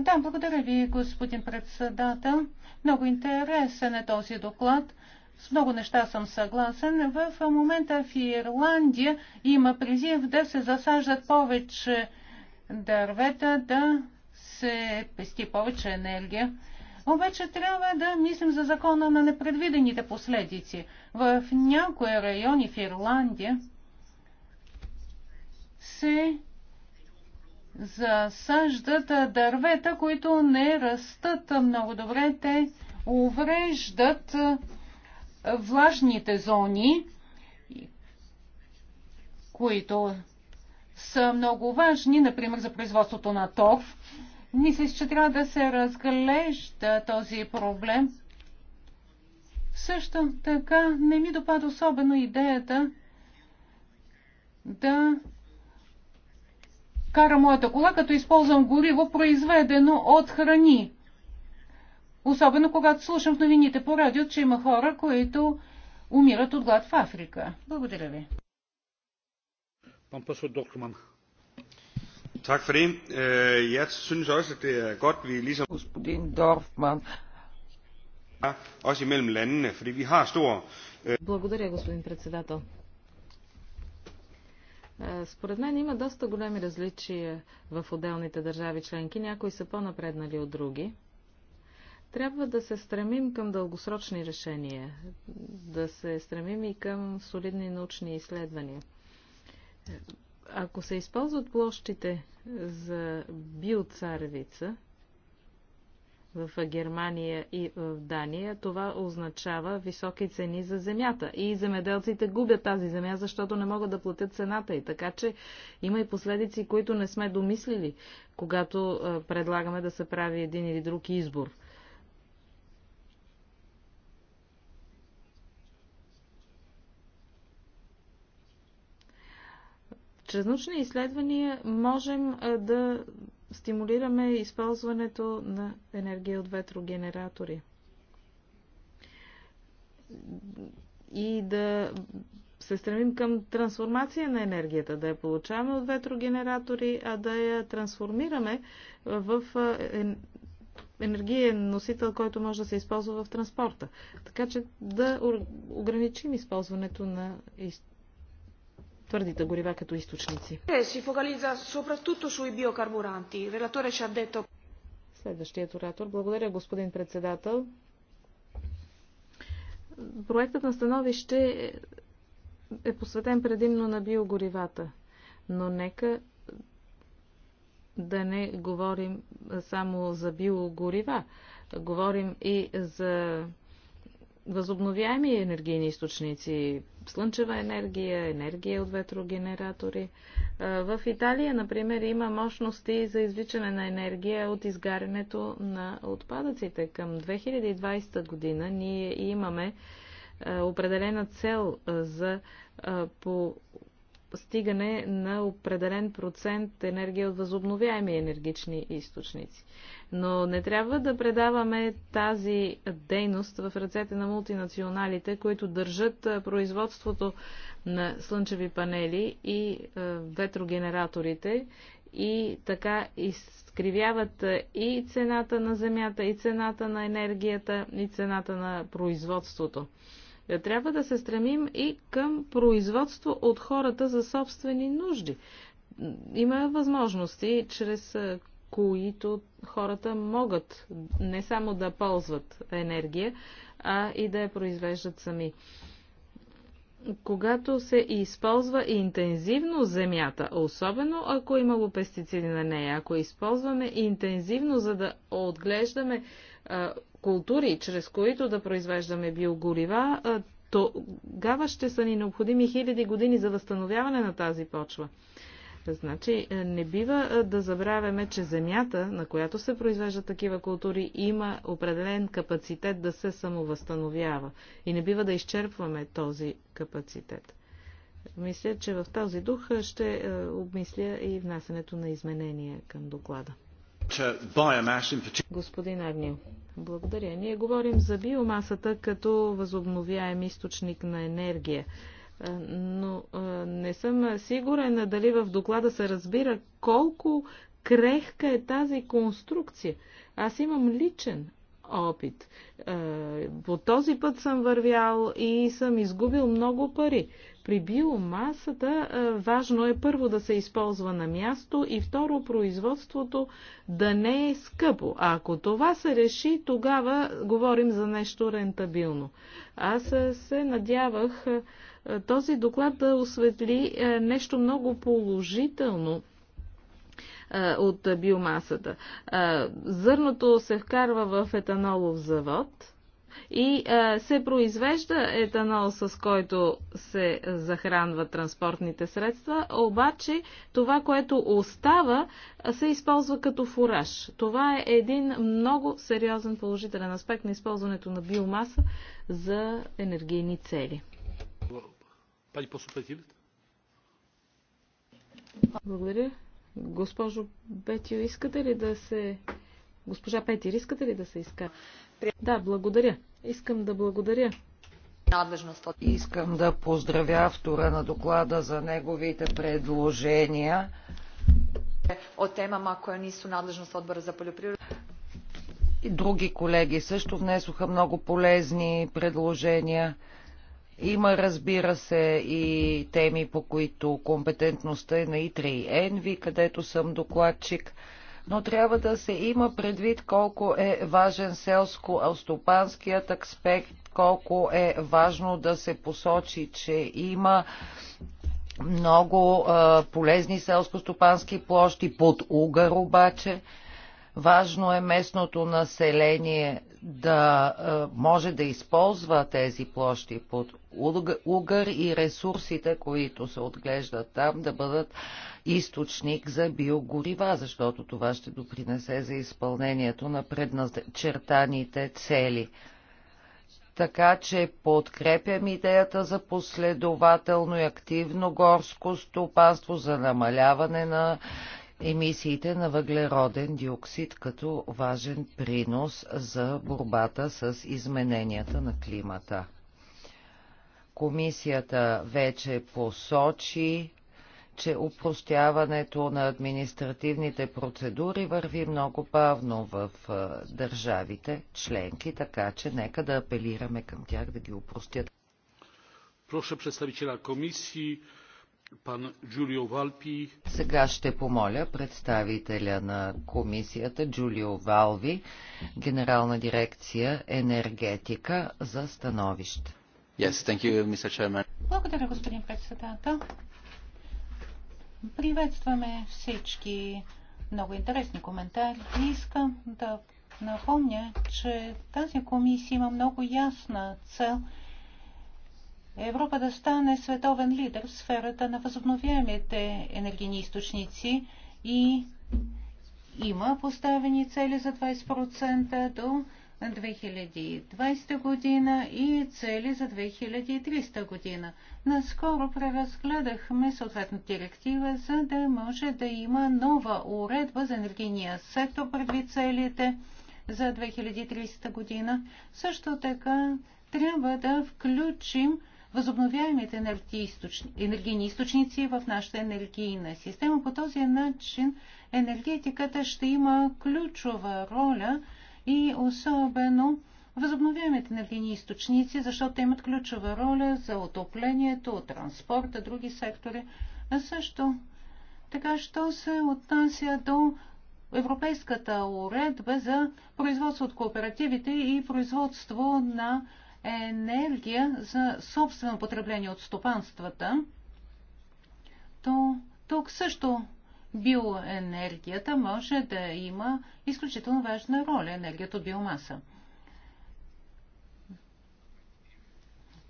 Да, благодаря ви, господин председател. Много интересен е този доклад. С много неща съм съгласен. В момента в Ирландия има призив да се засаждат повече дървета, да се пести повече енергия. Обаче трябва да мислим за закона на непредвидените последици. В някои райони в Ирландия се засаждат дървета, които не растат много добре. Те увреждат влажните зони, които са много важни, например, за производството на торф. Мисля, че трябва да се разглежда този проблем. Също така не ми допада особено идеята да кара моята кола, като използвам гориво, произведено от храни. Особено когато слушам в новините по радио, че има хора, които умират от глад в Африка. Благодаря ви. Пан доктор Ман. Tak for det. Øh, jeg synes også, at det er godt, vi ligesom... Господин Дорфман. Også imellem landene, fordi vi har stor... Øh- Благодаря, господин председател. Е, според мен има доста големи различия в отделните държави членки. Някои са по-напреднали от други. Трябва да се стремим към дългосрочни решения, да се стремим и към солидни научни изследвания. Ако се използват площите за биоцаревица в Германия и в Дания, това означава високи цени за земята. И земеделците губят тази земя, защото не могат да платят цената и. Така че има и последици, които не сме домислили, когато предлагаме да се прави един или друг избор. Чрез научни изследвания можем да стимулираме използването на енергия от ветрогенератори и да се стремим към трансформация на енергията, да я получаваме от ветрогенератори, а да я трансформираме в енергиен носител, който може да се използва в транспорта. Така че да ограничим използването на твърдите горива като източници. Е, Следващият оратор. Благодаря, господин председател. Проектът на становище е посветен предимно на биогоривата, но нека да не говорим само за биогорива. Говорим и за възобновяеми енергийни източници, слънчева енергия, енергия от ветрогенератори. В Италия, например, има мощности за извичане на енергия от изгарянето на отпадъците. Към 2020 година ние имаме определена цел за по постигане на определен процент енергия от възобновяеми енергични източници. Но не трябва да предаваме тази дейност в ръцете на мултинационалите, които държат производството на слънчеви панели и ветрогенераторите и така изкривяват и цената на земята, и цената на енергията, и цената на производството. Трябва да се стремим и към производство от хората за собствени нужди. Има възможности, чрез които хората могат не само да ползват енергия, а и да я произвеждат сами. Когато се използва интензивно земята, особено ако имало пестициди на нея, ако използваме интензивно, за да отглеждаме а, култури, чрез които да произвеждаме биогорива, тогава ще са ни необходими хиляди години за възстановяване на тази почва. Значи е, не бива е, да забравяме, че земята, на която се произвеждат такива култури, има определен капацитет да се самовъзстановява. И не бива да изчерпваме този капацитет. Мисля, че в този дух ще е, обмисля и внасянето на изменения към доклада. Uh, Господин Агнил, благодаря. Ние говорим за биомасата като възобновяем източник на енергия е, но е, не съм сигурен дали в доклада се разбира колко крехка е тази конструкция. Аз имам личен опит. Е, по този път съм вървял и съм изгубил много пари. При биомасата важно е първо да се използва на място и второ производството да не е скъпо. А ако това се реши, тогава говорим за нещо рентабилно. Аз се надявах този доклад да осветли нещо много положително от биомасата. Зърното се вкарва в етанолов завод и е, се произвежда етанол, с който се захранват транспортните средства, обаче това, което остава, се използва като фураж. Това е един много сериозен положителен аспект на използването на биомаса за енергийни цели. Пани по Благодаря. Госпожо Петио, искате ли да се... Госпожа Петир, искате ли да се изкаже? Да, благодаря. Искам да благодаря Искам да поздравя автора на доклада за неговите предложения. От темама, кои ни са надлежност отбора за полиоприрода. И други колеги също внесоха много полезни предложения. Има, разбира се, и теми, по които компетентността е на ИТРА и ЕНВИ, където съм докладчик но трябва да се има предвид колко е важен селско-алстопанският аспект, колко е важно да се посочи, че има много а, полезни селско-стопански площи под угар обаче Важно е местното население да е, може да използва тези площи под угър и ресурсите, които се отглеждат там, да бъдат източник за биогорива, защото това ще допринесе за изпълнението на предначертаните цели. Така че подкрепям идеята за последователно и активно горско стопанство, за намаляване на емисиите на въглероден диоксид като важен принос за борбата с измененията на климата. Комисията вече посочи, че упростяването на административните процедури върви много бавно в държавите членки, така че нека да апелираме към тях да ги упростят. Прошу представителя комисии сега ще помоля представителя на комисията Джулио Валви, генерална дирекция енергетика за становище. Yes, thank you, Mr. Chairman. Благодаря, господин председател. Приветстваме всички много интересни коментари. Искам да напомня, че тази комисия има много ясна цел – Европа да стане световен лидер в сферата на възобновяемите енергийни източници и има поставени цели за 20% до 2020 година и цели за 2300 година. Наскоро преразгледахме съответна директива, за да може да има нова уредба за енергийния сектор преди целите за 2300 година. Също така трябва да включим възобновяемите енергийни източници в нашата енергийна система. По този начин енергетиката ще има ключова роля и особено възобновяемите енергийни източници, защото имат ключова роля за отоплението, транспорта, други сектори. А също така, що се отнася до европейската уредба за производство от кооперативите и производство на енергия за собствено потребление от стопанствата, то тук също биоенергията може да има изключително важна роля, енергията от биомаса.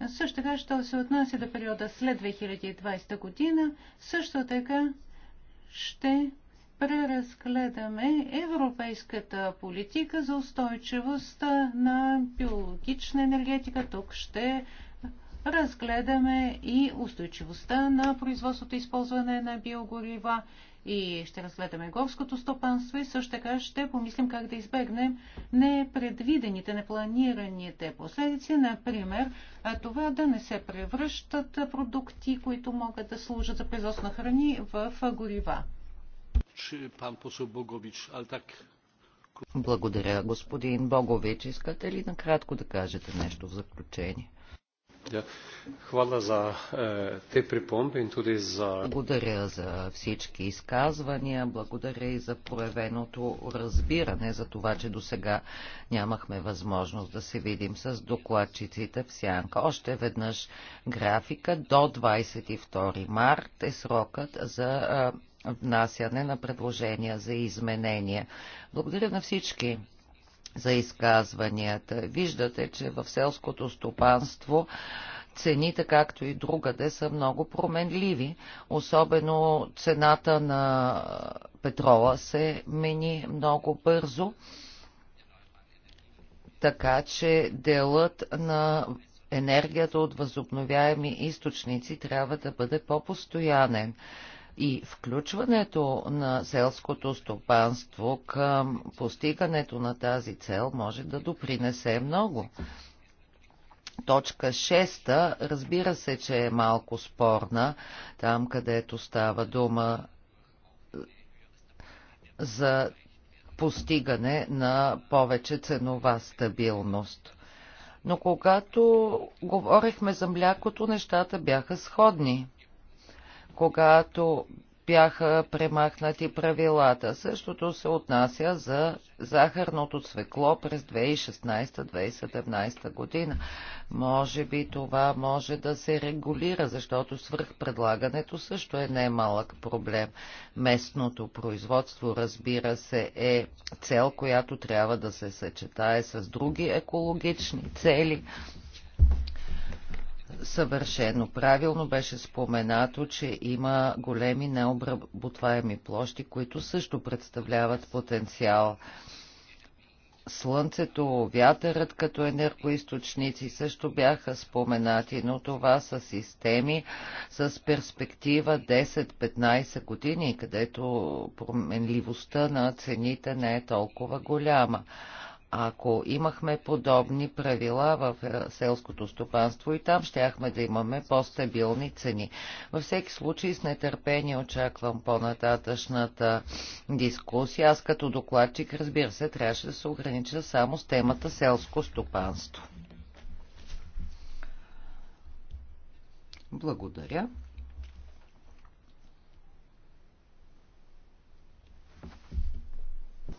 Също така, що се отнася до периода след 2020 година, също така ще преразгледаме европейската политика за устойчивост на биологична енергетика. Тук ще разгледаме и устойчивостта на производството и използване на биогорива и ще разгледаме горското стопанство и също така ще помислим как да избегнем непредвидените, непланираните последици, например това да не се превръщат продукти, които могат да служат за производство на храни в горива. Благодаря, господин Богович. Искате ли накратко да кажете нещо в заключение? Хвала за е, те и туди за... Благодаря за всички изказвания, благодаря и за проявеното разбиране за това, че до сега нямахме възможност да се видим с докладчиците в Сянка. Още веднъж графика до 22 март е срокът за е, внасяне на предложения за изменения. Благодаря на всички за изказванията. Виждате, че в селското стопанство цените, както и другаде, са много променливи. Особено цената на петрола се мени много бързо. Така че делът на енергията от възобновяеми източници трябва да бъде по-постоянен. И включването на селското стопанство към постигането на тази цел може да допринесе много. Точка 6, разбира се, че е малко спорна, там където става дума за постигане на повече ценова стабилност. Но когато говорихме за млякото, нещата бяха сходни – когато бяха премахнати правилата. Същото се отнася за захарното цвекло през 2016-2017 година. Може би това може да се регулира, защото свръхпредлагането също е немалък проблем. Местното производство, разбира се, е цел, която трябва да се съчетае с други екологични цели – съвършено. Правилно беше споменато, че има големи необработваеми площи, които също представляват потенциал. Слънцето, вятърът като енергоисточници също бяха споменати, но това са системи с перспектива 10-15 години, където променливостта на цените не е толкова голяма. Ако имахме подобни правила в е, селското стопанство и там щяхме да имаме по-стабилни цени. Във всеки случай с нетърпение очаквам по-нататъчната дискусия. Аз като докладчик, разбира се, трябваше да се огранича само с темата селско стопанство. Благодаря.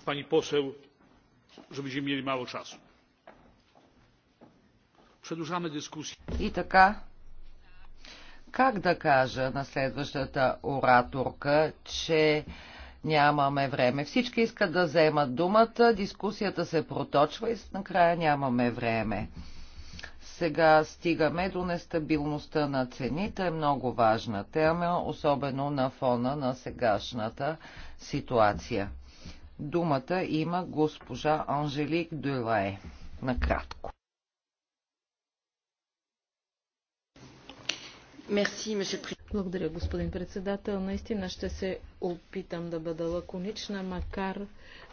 Пани Посел że będziemy mieli mało czasu. Przedłużamy dyskusję. I така, как да кажа на следващата ораторка, че нямаме време. Всички искат да вземат думата, дискусията се проточва и накрая нямаме време. Сега стигаме до нестабилността на цените. Е много важна тема, особено на фона на сегашната ситуация. Думата има госпожа Анжелик Дюлае. Накратко. Благодаря, господин председател. Наистина ще се опитам да бъда лаконична, макар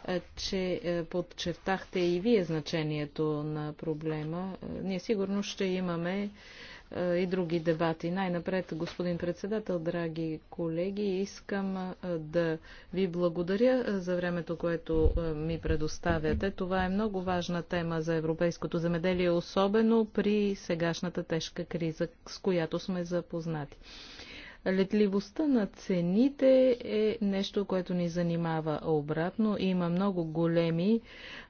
е, че е, подчертахте и вие значението на проблема. Е, ние сигурно ще имаме е, и други дебати. Най-напред, господин председател, драги колеги, искам е, да ви благодаря е, за времето, което ми предоставяте. Това е много важна тема за европейското земеделие, особено при сегашната тежка криза, с която сме запознати. Летливостта на цените е нещо, което ни занимава обратно. Има много големи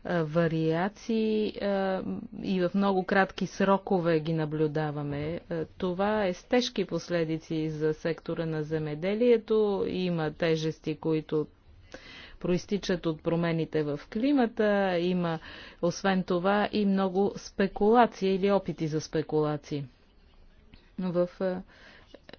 а, вариации а, и в много кратки срокове ги наблюдаваме. А, това е с тежки последици за сектора на земеделието. Има тежести, които проистичат от промените в климата. Има, освен това, и много спекулация или опити за спекулации. В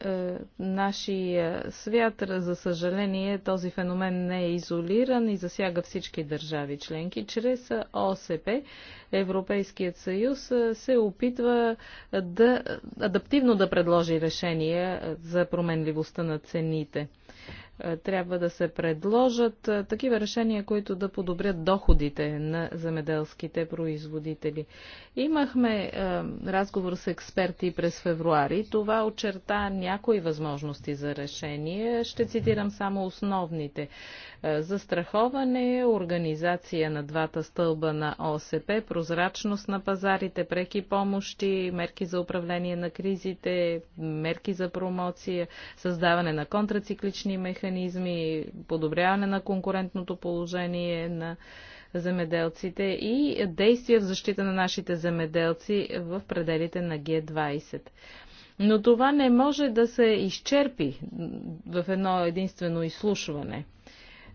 е, нашия свят, за съжаление, този феномен не е изолиран и засяга всички държави членки. Чрез ОСП Европейският съюз е, се опитва да адаптивно да предложи решения за променливостта на цените. Е, трябва да се предложат е, такива решения, които да подобрят доходите на замеделските производители. Имахме е, разговор с експерти през февруари. Това очерта някои възможности за решение. Ще цитирам само основните. Е, застраховане, организация на двата стълба на ОСП, прозрачност на пазарите, преки помощи, мерки за управление на кризите, мерки за промоция, създаване на контрациклични механизми, подобряване на конкурентното положение на земеделците и действия в защита на нашите земеделци в пределите на Г20. Но това не може да се изчерпи в едно единствено изслушване –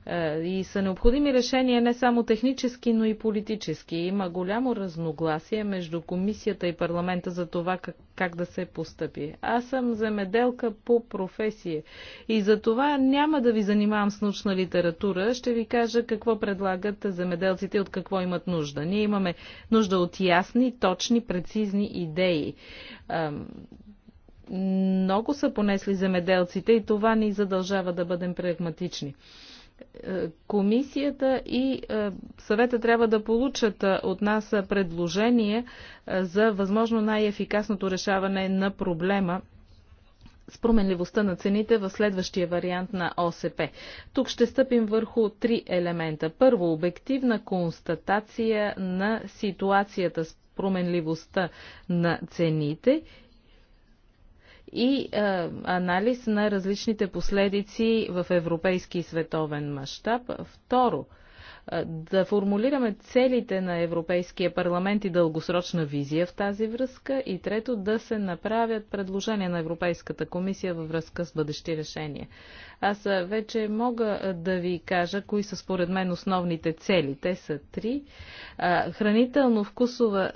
е, и са необходими решения не само технически, но и политически. Има голямо разногласие между комисията и парламента за това как, как да се постъпи. Аз съм земеделка по професия и за това няма да ви занимавам с научна литература. Ще ви кажа какво предлагат земеделците и от какво имат нужда. Ние имаме нужда от ясни, точни, прецизни идеи много са понесли земеделците и това ни задължава да бъдем прагматични. Е, комисията и е, съвета трябва да получат е, от нас предложение за възможно най-ефикасното решаване на проблема с променливостта на цените в следващия вариант на ОСП. Тук ще стъпим върху три елемента. Първо, обективна констатация на ситуацията с променливостта на цените и а, е, анализ на различните последици в европейски и световен мащаб. Второ, да формулираме целите на Европейския парламент и дългосрочна визия в тази връзка и трето да се направят предложения на Европейската комисия във връзка с бъдещи решения. Аз вече мога да ви кажа кои са според мен основните цели. Те са три. Хранително вкусова,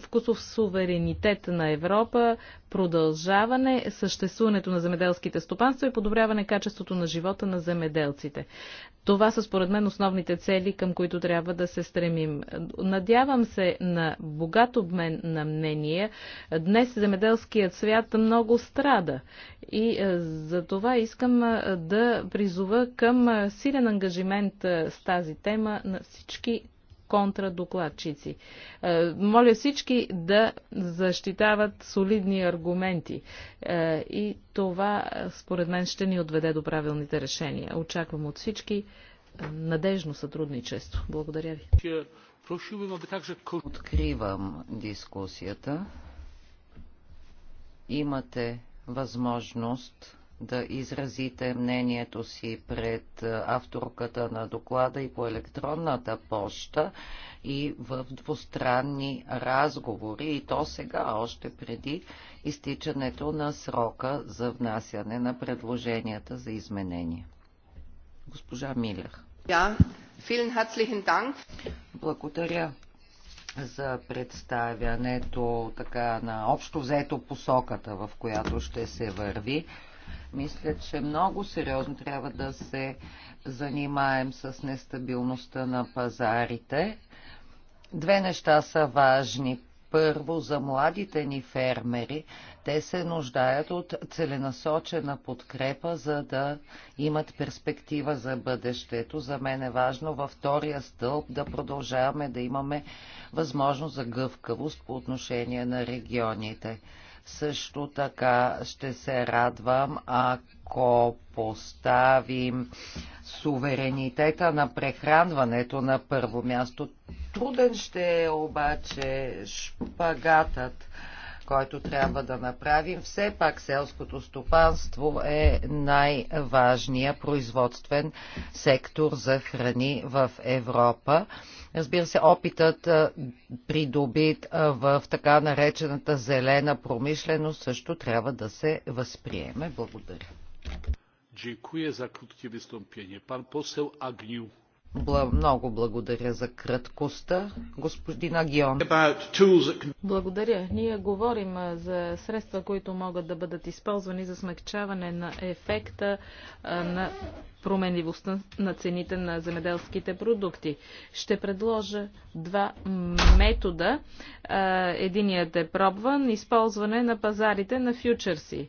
вкусов суверенитет на Европа, продължаване съществуването на земеделските стопанства и подобряване качеството на живота на земеделците. Това са според мен основните основните цели, към които трябва да се стремим. Надявам се на богат обмен на мнения. Днес земеделският свят много страда и е, за това искам е, да призова към е, силен ангажимент с тази тема на всички контрадокладчици. Моля всички да защитават солидни аргументи. И това, според мен, ще ни отведе до правилните решения. Очаквам от всички надежно сътрудничество. Благодаря ви. Откривам дискусията. Имате възможност да изразите мнението си пред авторката на доклада и по електронната поща и в двустранни разговори, и то сега, още преди изтичането на срока за внасяне на предложенията за изменения. Госпожа Милер. Благодаря за представянето така на общо взето посоката, в която ще се върви. Мисля, че много сериозно трябва да се занимаем с нестабилността на пазарите. Две неща са важни. Първо, за младите ни фермери те се нуждаят от целенасочена подкрепа, за да имат перспектива за бъдещето. За мен е важно във втория стълб да продължаваме да имаме възможност за гъвкавост по отношение на регионите. Също така ще се радвам, ако поставим суверенитета на прехранването на първо място. Труден ще е обаче шпагатът който трябва да направим. Все пак селското стопанство е най-важният производствен сектор за храни в Европа. Разбира се, опитът придобит в така наречената зелена промишленост също трябва да се възприеме. Благодаря. Dziękuję za krótkie wystąpienie. Pan poseł Agniu. Бла, много благодаря за краткостта, господин Агион. Благодаря. Ние говорим за средства, които могат да бъдат използвани за смягчаване на ефекта на променливостта на цените на земеделските продукти. Ще предложа два метода. Единият е пробван, използване на пазарите на фьючерси.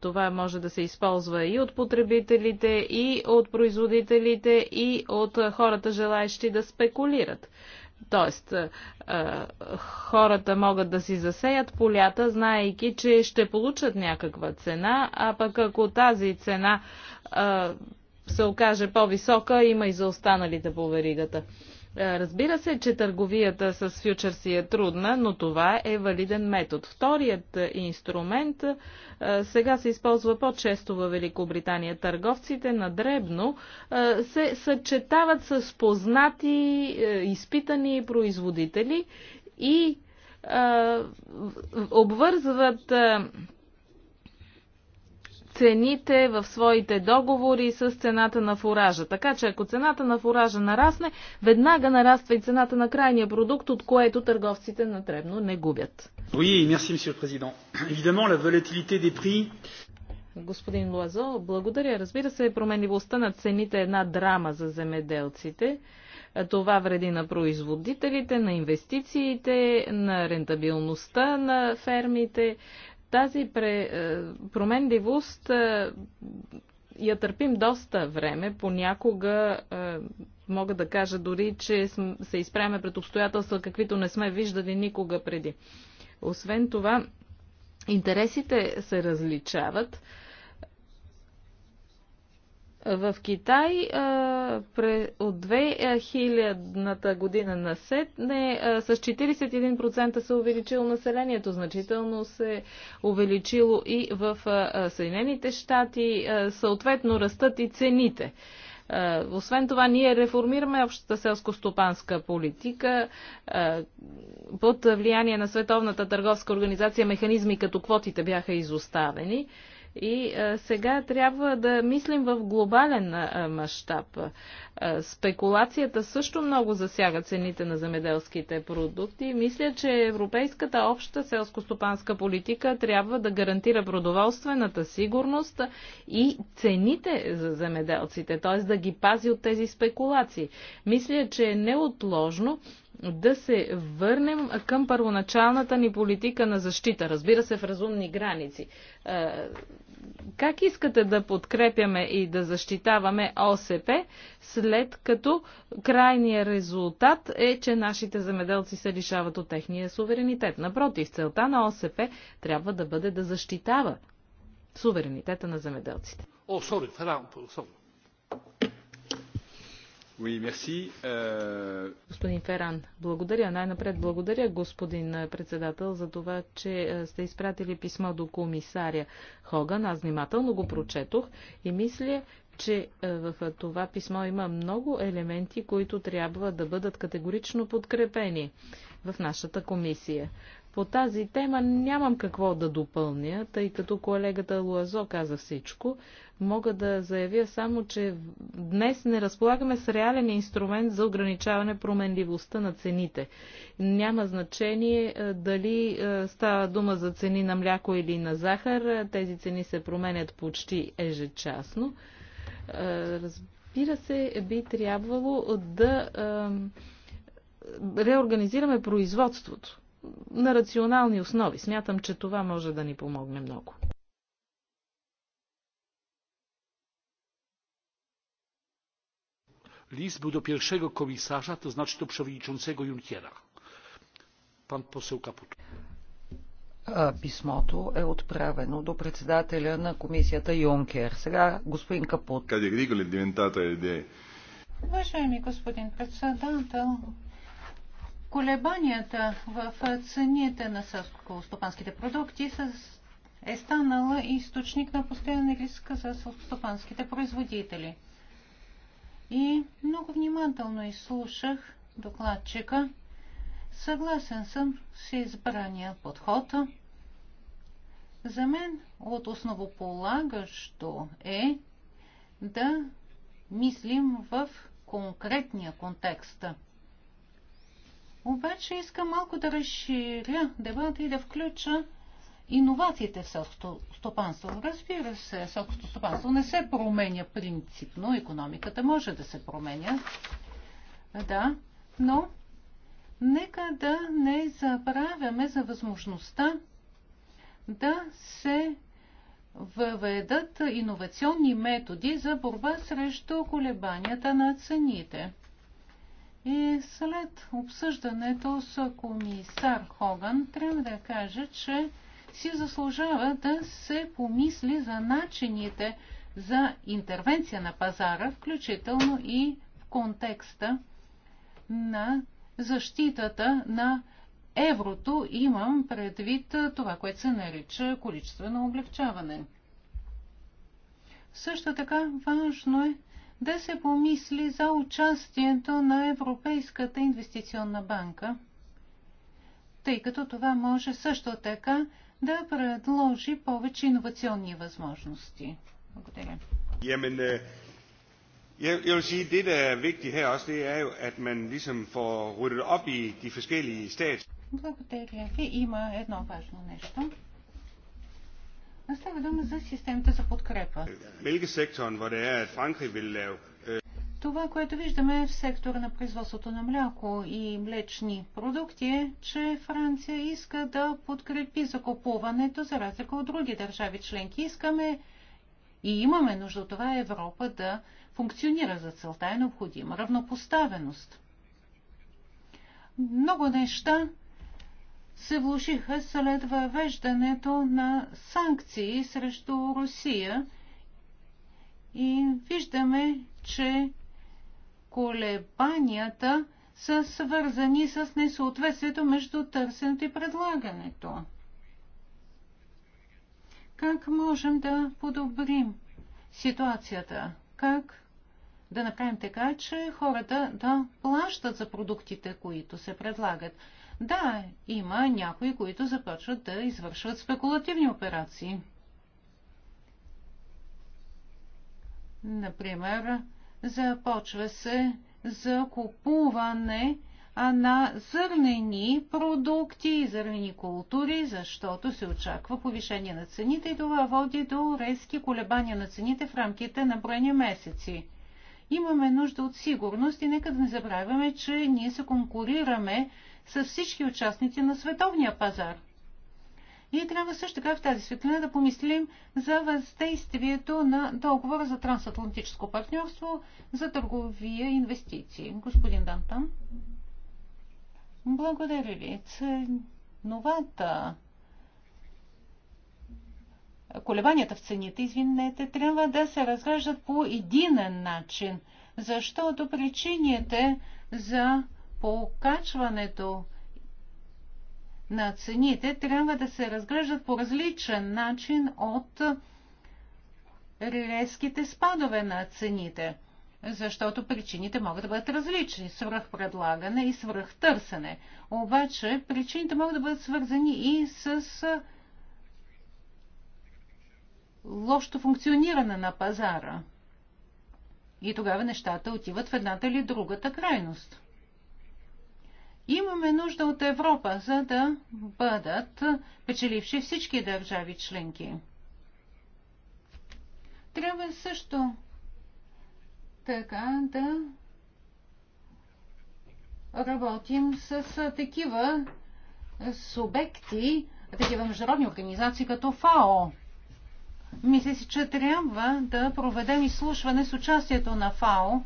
Това може да се използва и от потребителите, и от производителите, и от хората, желаещи да спекулират. Тоест, хората могат да си засеят полята, знаейки, че ще получат някаква цена, а пък ако тази цена се окаже по-висока, има и за останалите по веригата. Е, разбира се, че търговията с фьючерси е трудна, но това е валиден метод. Вторият е, инструмент е, сега се използва по-често във Великобритания. Търговците на дребно се съчетават с познати, изпитани производители и обвързват цените в своите договори с цената на фуража. Така че ако цената на фуража нарасне, веднага нараства и цената на крайния продукт, от което търговците на не губят. Oui, merci, monsieur le président. Évidemment, la volatilité des prix Господин Луазо, благодаря. Разбира се, променливостта на цените е една драма за земеделците. Това вреди на производителите, на инвестициите, на рентабилността на фермите. Тази е, променливост е, я търпим доста време. Понякога е, мога да кажа дори, че се изправяме пред обстоятелства, каквито не сме виждали никога преди. Освен това, интересите се различават. В Китай от 2000-та година на сетне с 41% се увеличило населението. Значително се увеличило и в Съединените щати. Съответно растат и цените. Освен това, ние реформираме общата селско-стопанска политика под влияние на Световната търговска организация. Механизми като квотите бяха изоставени. И а, сега трябва да мислим в глобален мащаб. Спекулацията също много засяга цените на земеделските продукти. Мисля, че европейската обща селско-стопанска политика трябва да гарантира продоволствената сигурност и цените за земеделците, т.е. да ги пази от тези спекулации. Мисля, че е неотложно да се върнем към първоначалната ни политика на защита, разбира се, в разумни граници. Е, как искате да подкрепяме и да защитаваме ОСП, след като крайният резултат е, че нашите замеделци се лишават от техния суверенитет? Напротив, целта на ОСП трябва да бъде да защитава суверенитета на замеделците. О, сори, Ферран, сори. Oui, euh, господин Феран, благодаря. Най-напред благодаря, господин председател, за това, че е, сте изпратили писмо до комисаря Хоган. Аз внимателно го прочетох и мисля, че е, в това писмо има много елементи, които трябва да бъдат категорично подкрепени в нашата комисия. По тази тема нямам какво да допълня, тъй като колегата Луазо каза всичко. Мога да заявя само, че днес не разполагаме с реален инструмент за ограничаване променливостта на цените. Няма значение е, дали е, става дума за цени на мляко или на захар. Тези цени се променят почти ежечасно. Е, разбира се, би трябвало да реорганизираме производството на рационални основи. Смятам, че това може да ни помогне много. List był do pierwszego komisarza, to znaczy do przewodniczącego Junckera. Pan poseł Kaputo. Писмото е отправено до председателя на комисията Юнкер. Сега господин Капут. Къде Григоли е дивентата идея? Уважаеми господин председател, Колебанията в цените на селско-стопанските продукти е станала източник на постоянен риск за селскостопанските производители. И много внимателно изслушах докладчика. Съгласен съм с избрания подход. За мен от основополагащо е да мислим в конкретния контекст – обаче искам малко да разширя дебата и да включа иновациите в селското стопанство. Разбира се, селското стопанство не се променя принципно, економиката може да се променя, да, но нека да не забравяме за възможността да се въведат иновационни методи за борба срещу колебанията на цените. И след обсъждането с комисар Хоган трябва да кажа, че си заслужава да се помисли за начините за интервенция на пазара, включително и в контекста на защитата на еврото. Имам предвид това, което се нарича количествено облегчаване. Също така важно е да се помисли за участието на Европейската инвестиционна банка, тъй като това може също така да предложи повече инновационни възможности. Благодаря. Jamen, øh, jeg, jeg vil sige, det der er vigtigt her også, det er jo, at man ligesom får ryddet op i de forskellige stats. Благодаря ви. Има едно важно нещо. Става дума за системата за подкрепа. Е, е. Това, което виждаме в сектора на производството на мляко и млечни продукти е, че Франция иска да подкрепи закупуването за разлика от други държави членки. Искаме и имаме нужда от това Европа да функционира за целта е необходима равнопоставеност. Много неща се влушиха след въвеждането на санкции срещу Русия и виждаме, че колебанията са свързани с несъответствието между търсенето и предлагането. Как можем да подобрим ситуацията? Как да направим така, че хората да плащат за продуктите, които се предлагат? Да, има някои, които започват да извършват спекулативни операции. Например, започва се за купуване на зърнени продукти и зърнени култури, защото се очаква повишение на цените и това води до резки колебания на цените в рамките на броени месеци. Имаме нужда от сигурност и нека да не забравяме, че ние се конкурираме с всички участници на световния пазар. И трябва също така в тази светлина да помислим за въздействието на договора за трансатлантическо партньорство за търговия и инвестиции. Господин Дантан. Благодаря ви. Новата колебанията в цените, извинете, трябва да се разглеждат по единен начин, защото причините за покачването на цените трябва да се разглеждат по различен начин от резките спадове на цените, защото причините могат да бъдат различни – свръхпредлагане и свръхтърсене. Обаче причините могат да бъдат свързани и с лошото функциониране на пазара. И тогава нещата отиват в едната или другата крайност. Имаме нужда от Европа, за да бъдат печеливши всички държави членки. Трябва също така да работим с такива субекти, такива международни организации като ФАО. Мисля си, че трябва да проведем изслушване с участието на ФАО,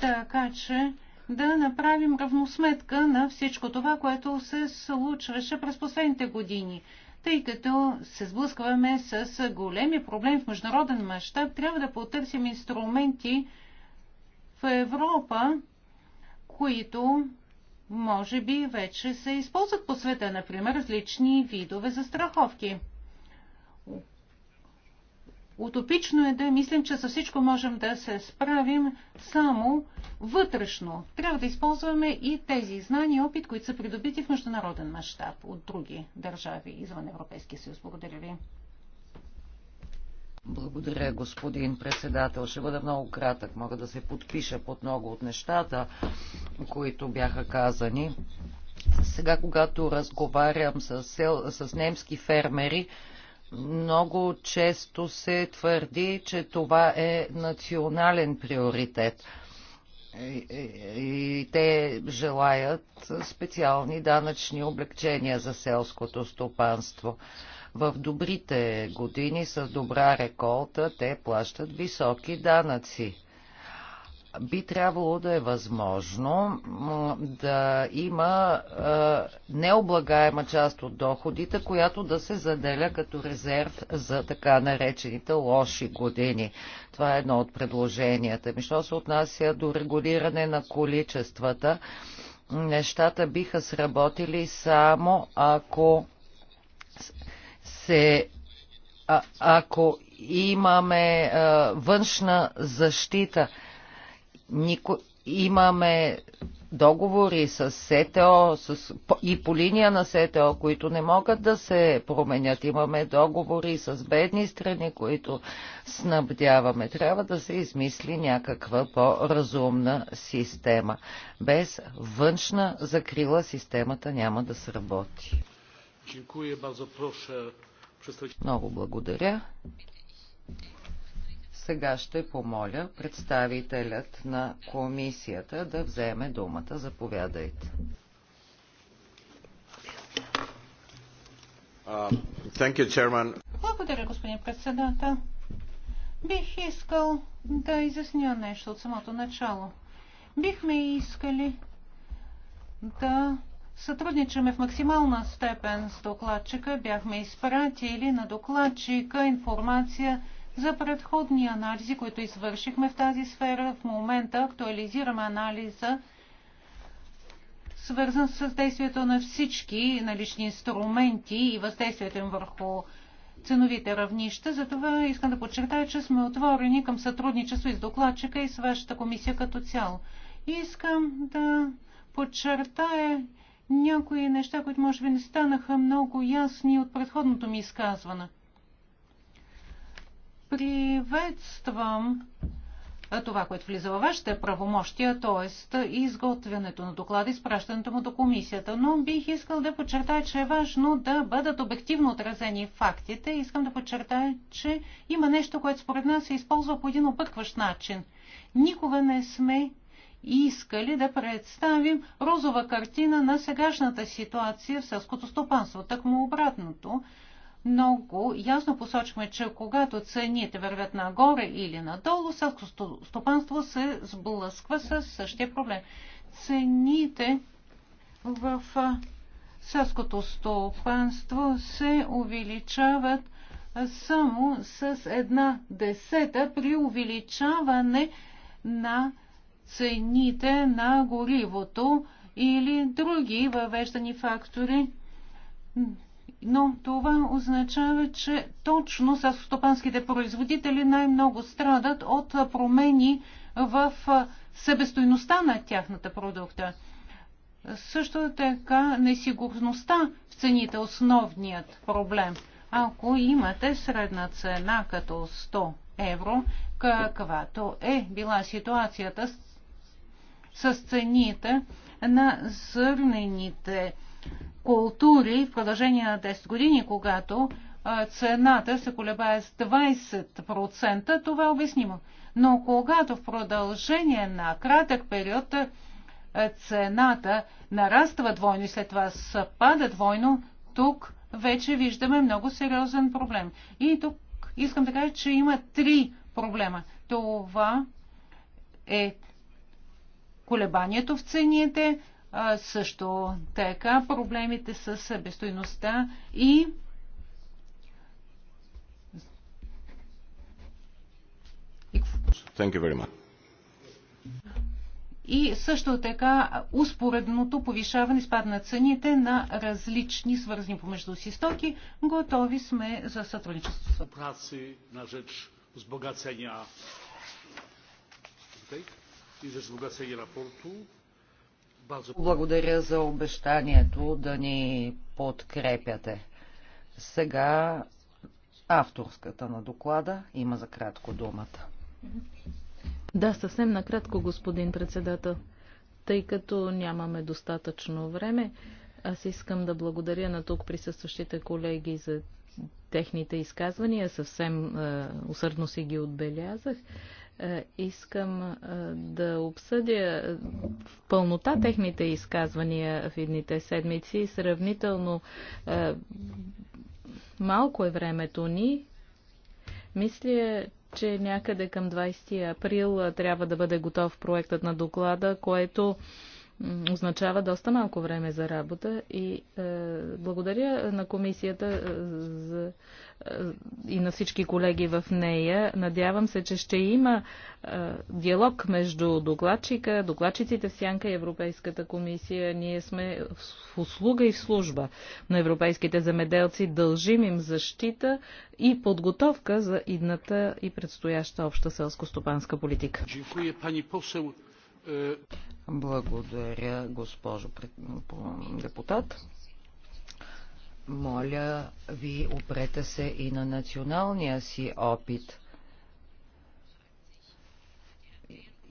така че да направим равносметка на всичко това, което се случваше през последните години. Тъй като се сблъскваме с големи проблеми в международен мащаб, трябва да потърсим инструменти в Европа, които може би вече се използват по света, например, различни видове застраховки. Утопично е да мислим, че със всичко можем да се справим само вътрешно. Трябва да използваме и тези знания и опит, които са придобити в международен мащаб от други държави извън Европейския съюз. Благодаря ви. Благодаря, господин председател. Ще бъда много кратък. Мога да се подпиша под много от нещата, които бяха казани. Сега, когато разговарям с, сел... с немски фермери, много често се твърди, че това е национален приоритет. И те желаят специални данъчни облегчения за селското стопанство. В добрите години с добра реколта те плащат високи данъци би трябвало да е възможно да има необлагаема част от доходите, която да се заделя като резерв за така наречените лоши години. Това е едно от предложенията. Ми, що се отнася до регулиране на количествата, нещата биха сработили само ако се а, ако имаме а, външна защита Нико... Имаме договори с СТО с... и по линия на СТО, които не могат да се променят. Имаме договори с бедни страни, които снабдяваме. Трябва да се измисли някаква по-разумна система. Без външна закрила системата няма да сработи. Много благодаря. Сега ще помоля представителят на комисията да вземе думата. Заповядайте. Uh, you, Благодаря, господин председател. Бих искал да изясня нещо от самото начало. Бихме искали да сътрудничаме в максимална степен с докладчика. Бяхме изпратили на докладчика информация за предходни анализи, които извършихме в тази сфера, в момента актуализираме анализа, свързан с действието на всички налични инструменти и въздействието им върху ценовите равнища. Затова искам да подчертая, че сме отворени към сътрудничество и с докладчика и с вашата комисия като цяло. И искам да подчертая някои неща, които може би не станаха много ясни от предходното ми изказване приветствам това, което влиза във вашите правомощия, т.е. изготвянето на доклада, и изпращането му до комисията. Но бих искал да подчертая, че е важно да бъдат обективно отразени фактите. Искам да подчертая, че има нещо, което според нас се използва по един объркващ начин. Никога не сме искали да представим розова картина на сегашната ситуация в селското стопанство. Так му обратното много ясно посочваме, че когато цените вървят нагоре или надолу, селското стопанство се сблъсква с същия проблем. Цените в селското стопанство се увеличават само с една десета при увеличаване на цените на горивото или други въвеждани фактори но това означава, че точно стопанските производители най-много страдат от промени в себестойността на тяхната продукта. Също така несигурността в цените е основният проблем. Ако имате средна цена като 100 евро, каквато е била ситуацията с, с цените на зърнените култури в продължение на 10 години, когато цената се колебае с 20%, това е обяснимо. Но когато в продължение на кратък период цената нараства двойно и след това спада двойно, тук вече виждаме много сериозен проблем. И тук искам да кажа, че има три проблема. Това е колебанието в цените, също така проблемите с себестойността и Thank you very much. И също така успоредното повишаване спад на цените на различни свързани помежду си стоки. Готови сме за сътрудничество. Працы на rzecz сбогацения и за сбогацения wzbogacenia raportu. Благодаря за обещанието да ни подкрепяте. Сега авторската на доклада има за кратко думата. Да, съвсем накратко, господин председател. Тъй като нямаме достатъчно време, аз искам да благодаря на тук присъстващите колеги за техните изказвания. Съвсем е, усърдно си ги отбелязах. Е, искам е, да обсъдя е, в пълнота техните изказвания в едните седмици. Сравнително малко е времето ни. Мисля, че някъде към 20 април трябва да бъде готов проектът на доклада, което означава доста малко време за работа и е, благодаря на комисията е, за, е, и на всички колеги в нея. Надявам се, че ще има е, диалог между докладчика, докладчиците в Сянка и Европейската комисия. Ние сме в услуга и в служба на европейските замеделци. Дължим им защита и подготовка за идната и предстояща обща селско-стопанска политика. Дякую, пани посел. Благодаря, госпожо депутат. Моля ви, опрете се и на националния си опит.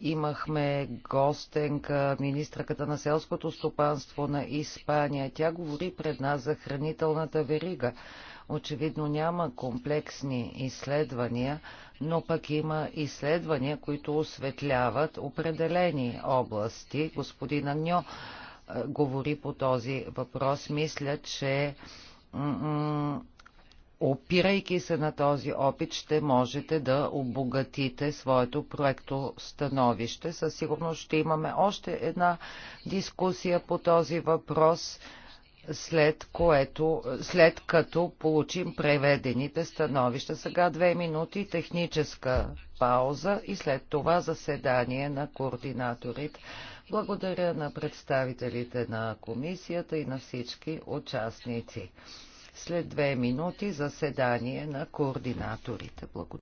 Имахме гостенка, министраката на селското стопанство на Испания. Тя говори пред нас за хранителната верига. Очевидно няма комплексни изследвания, но пък има изследвания, които осветляват определени области. Господин Аньо е, говори по този въпрос. Мисля, че опирайки се на този опит, ще можете да обогатите своето проекто становище. Със сигурност ще имаме още една дискусия по този въпрос след, което, след като получим преведените становища. Сега две минути техническа пауза и след това заседание на координаторите. Благодаря на представителите на комисията и на всички участници. След две минути заседание на координаторите. Благодаря.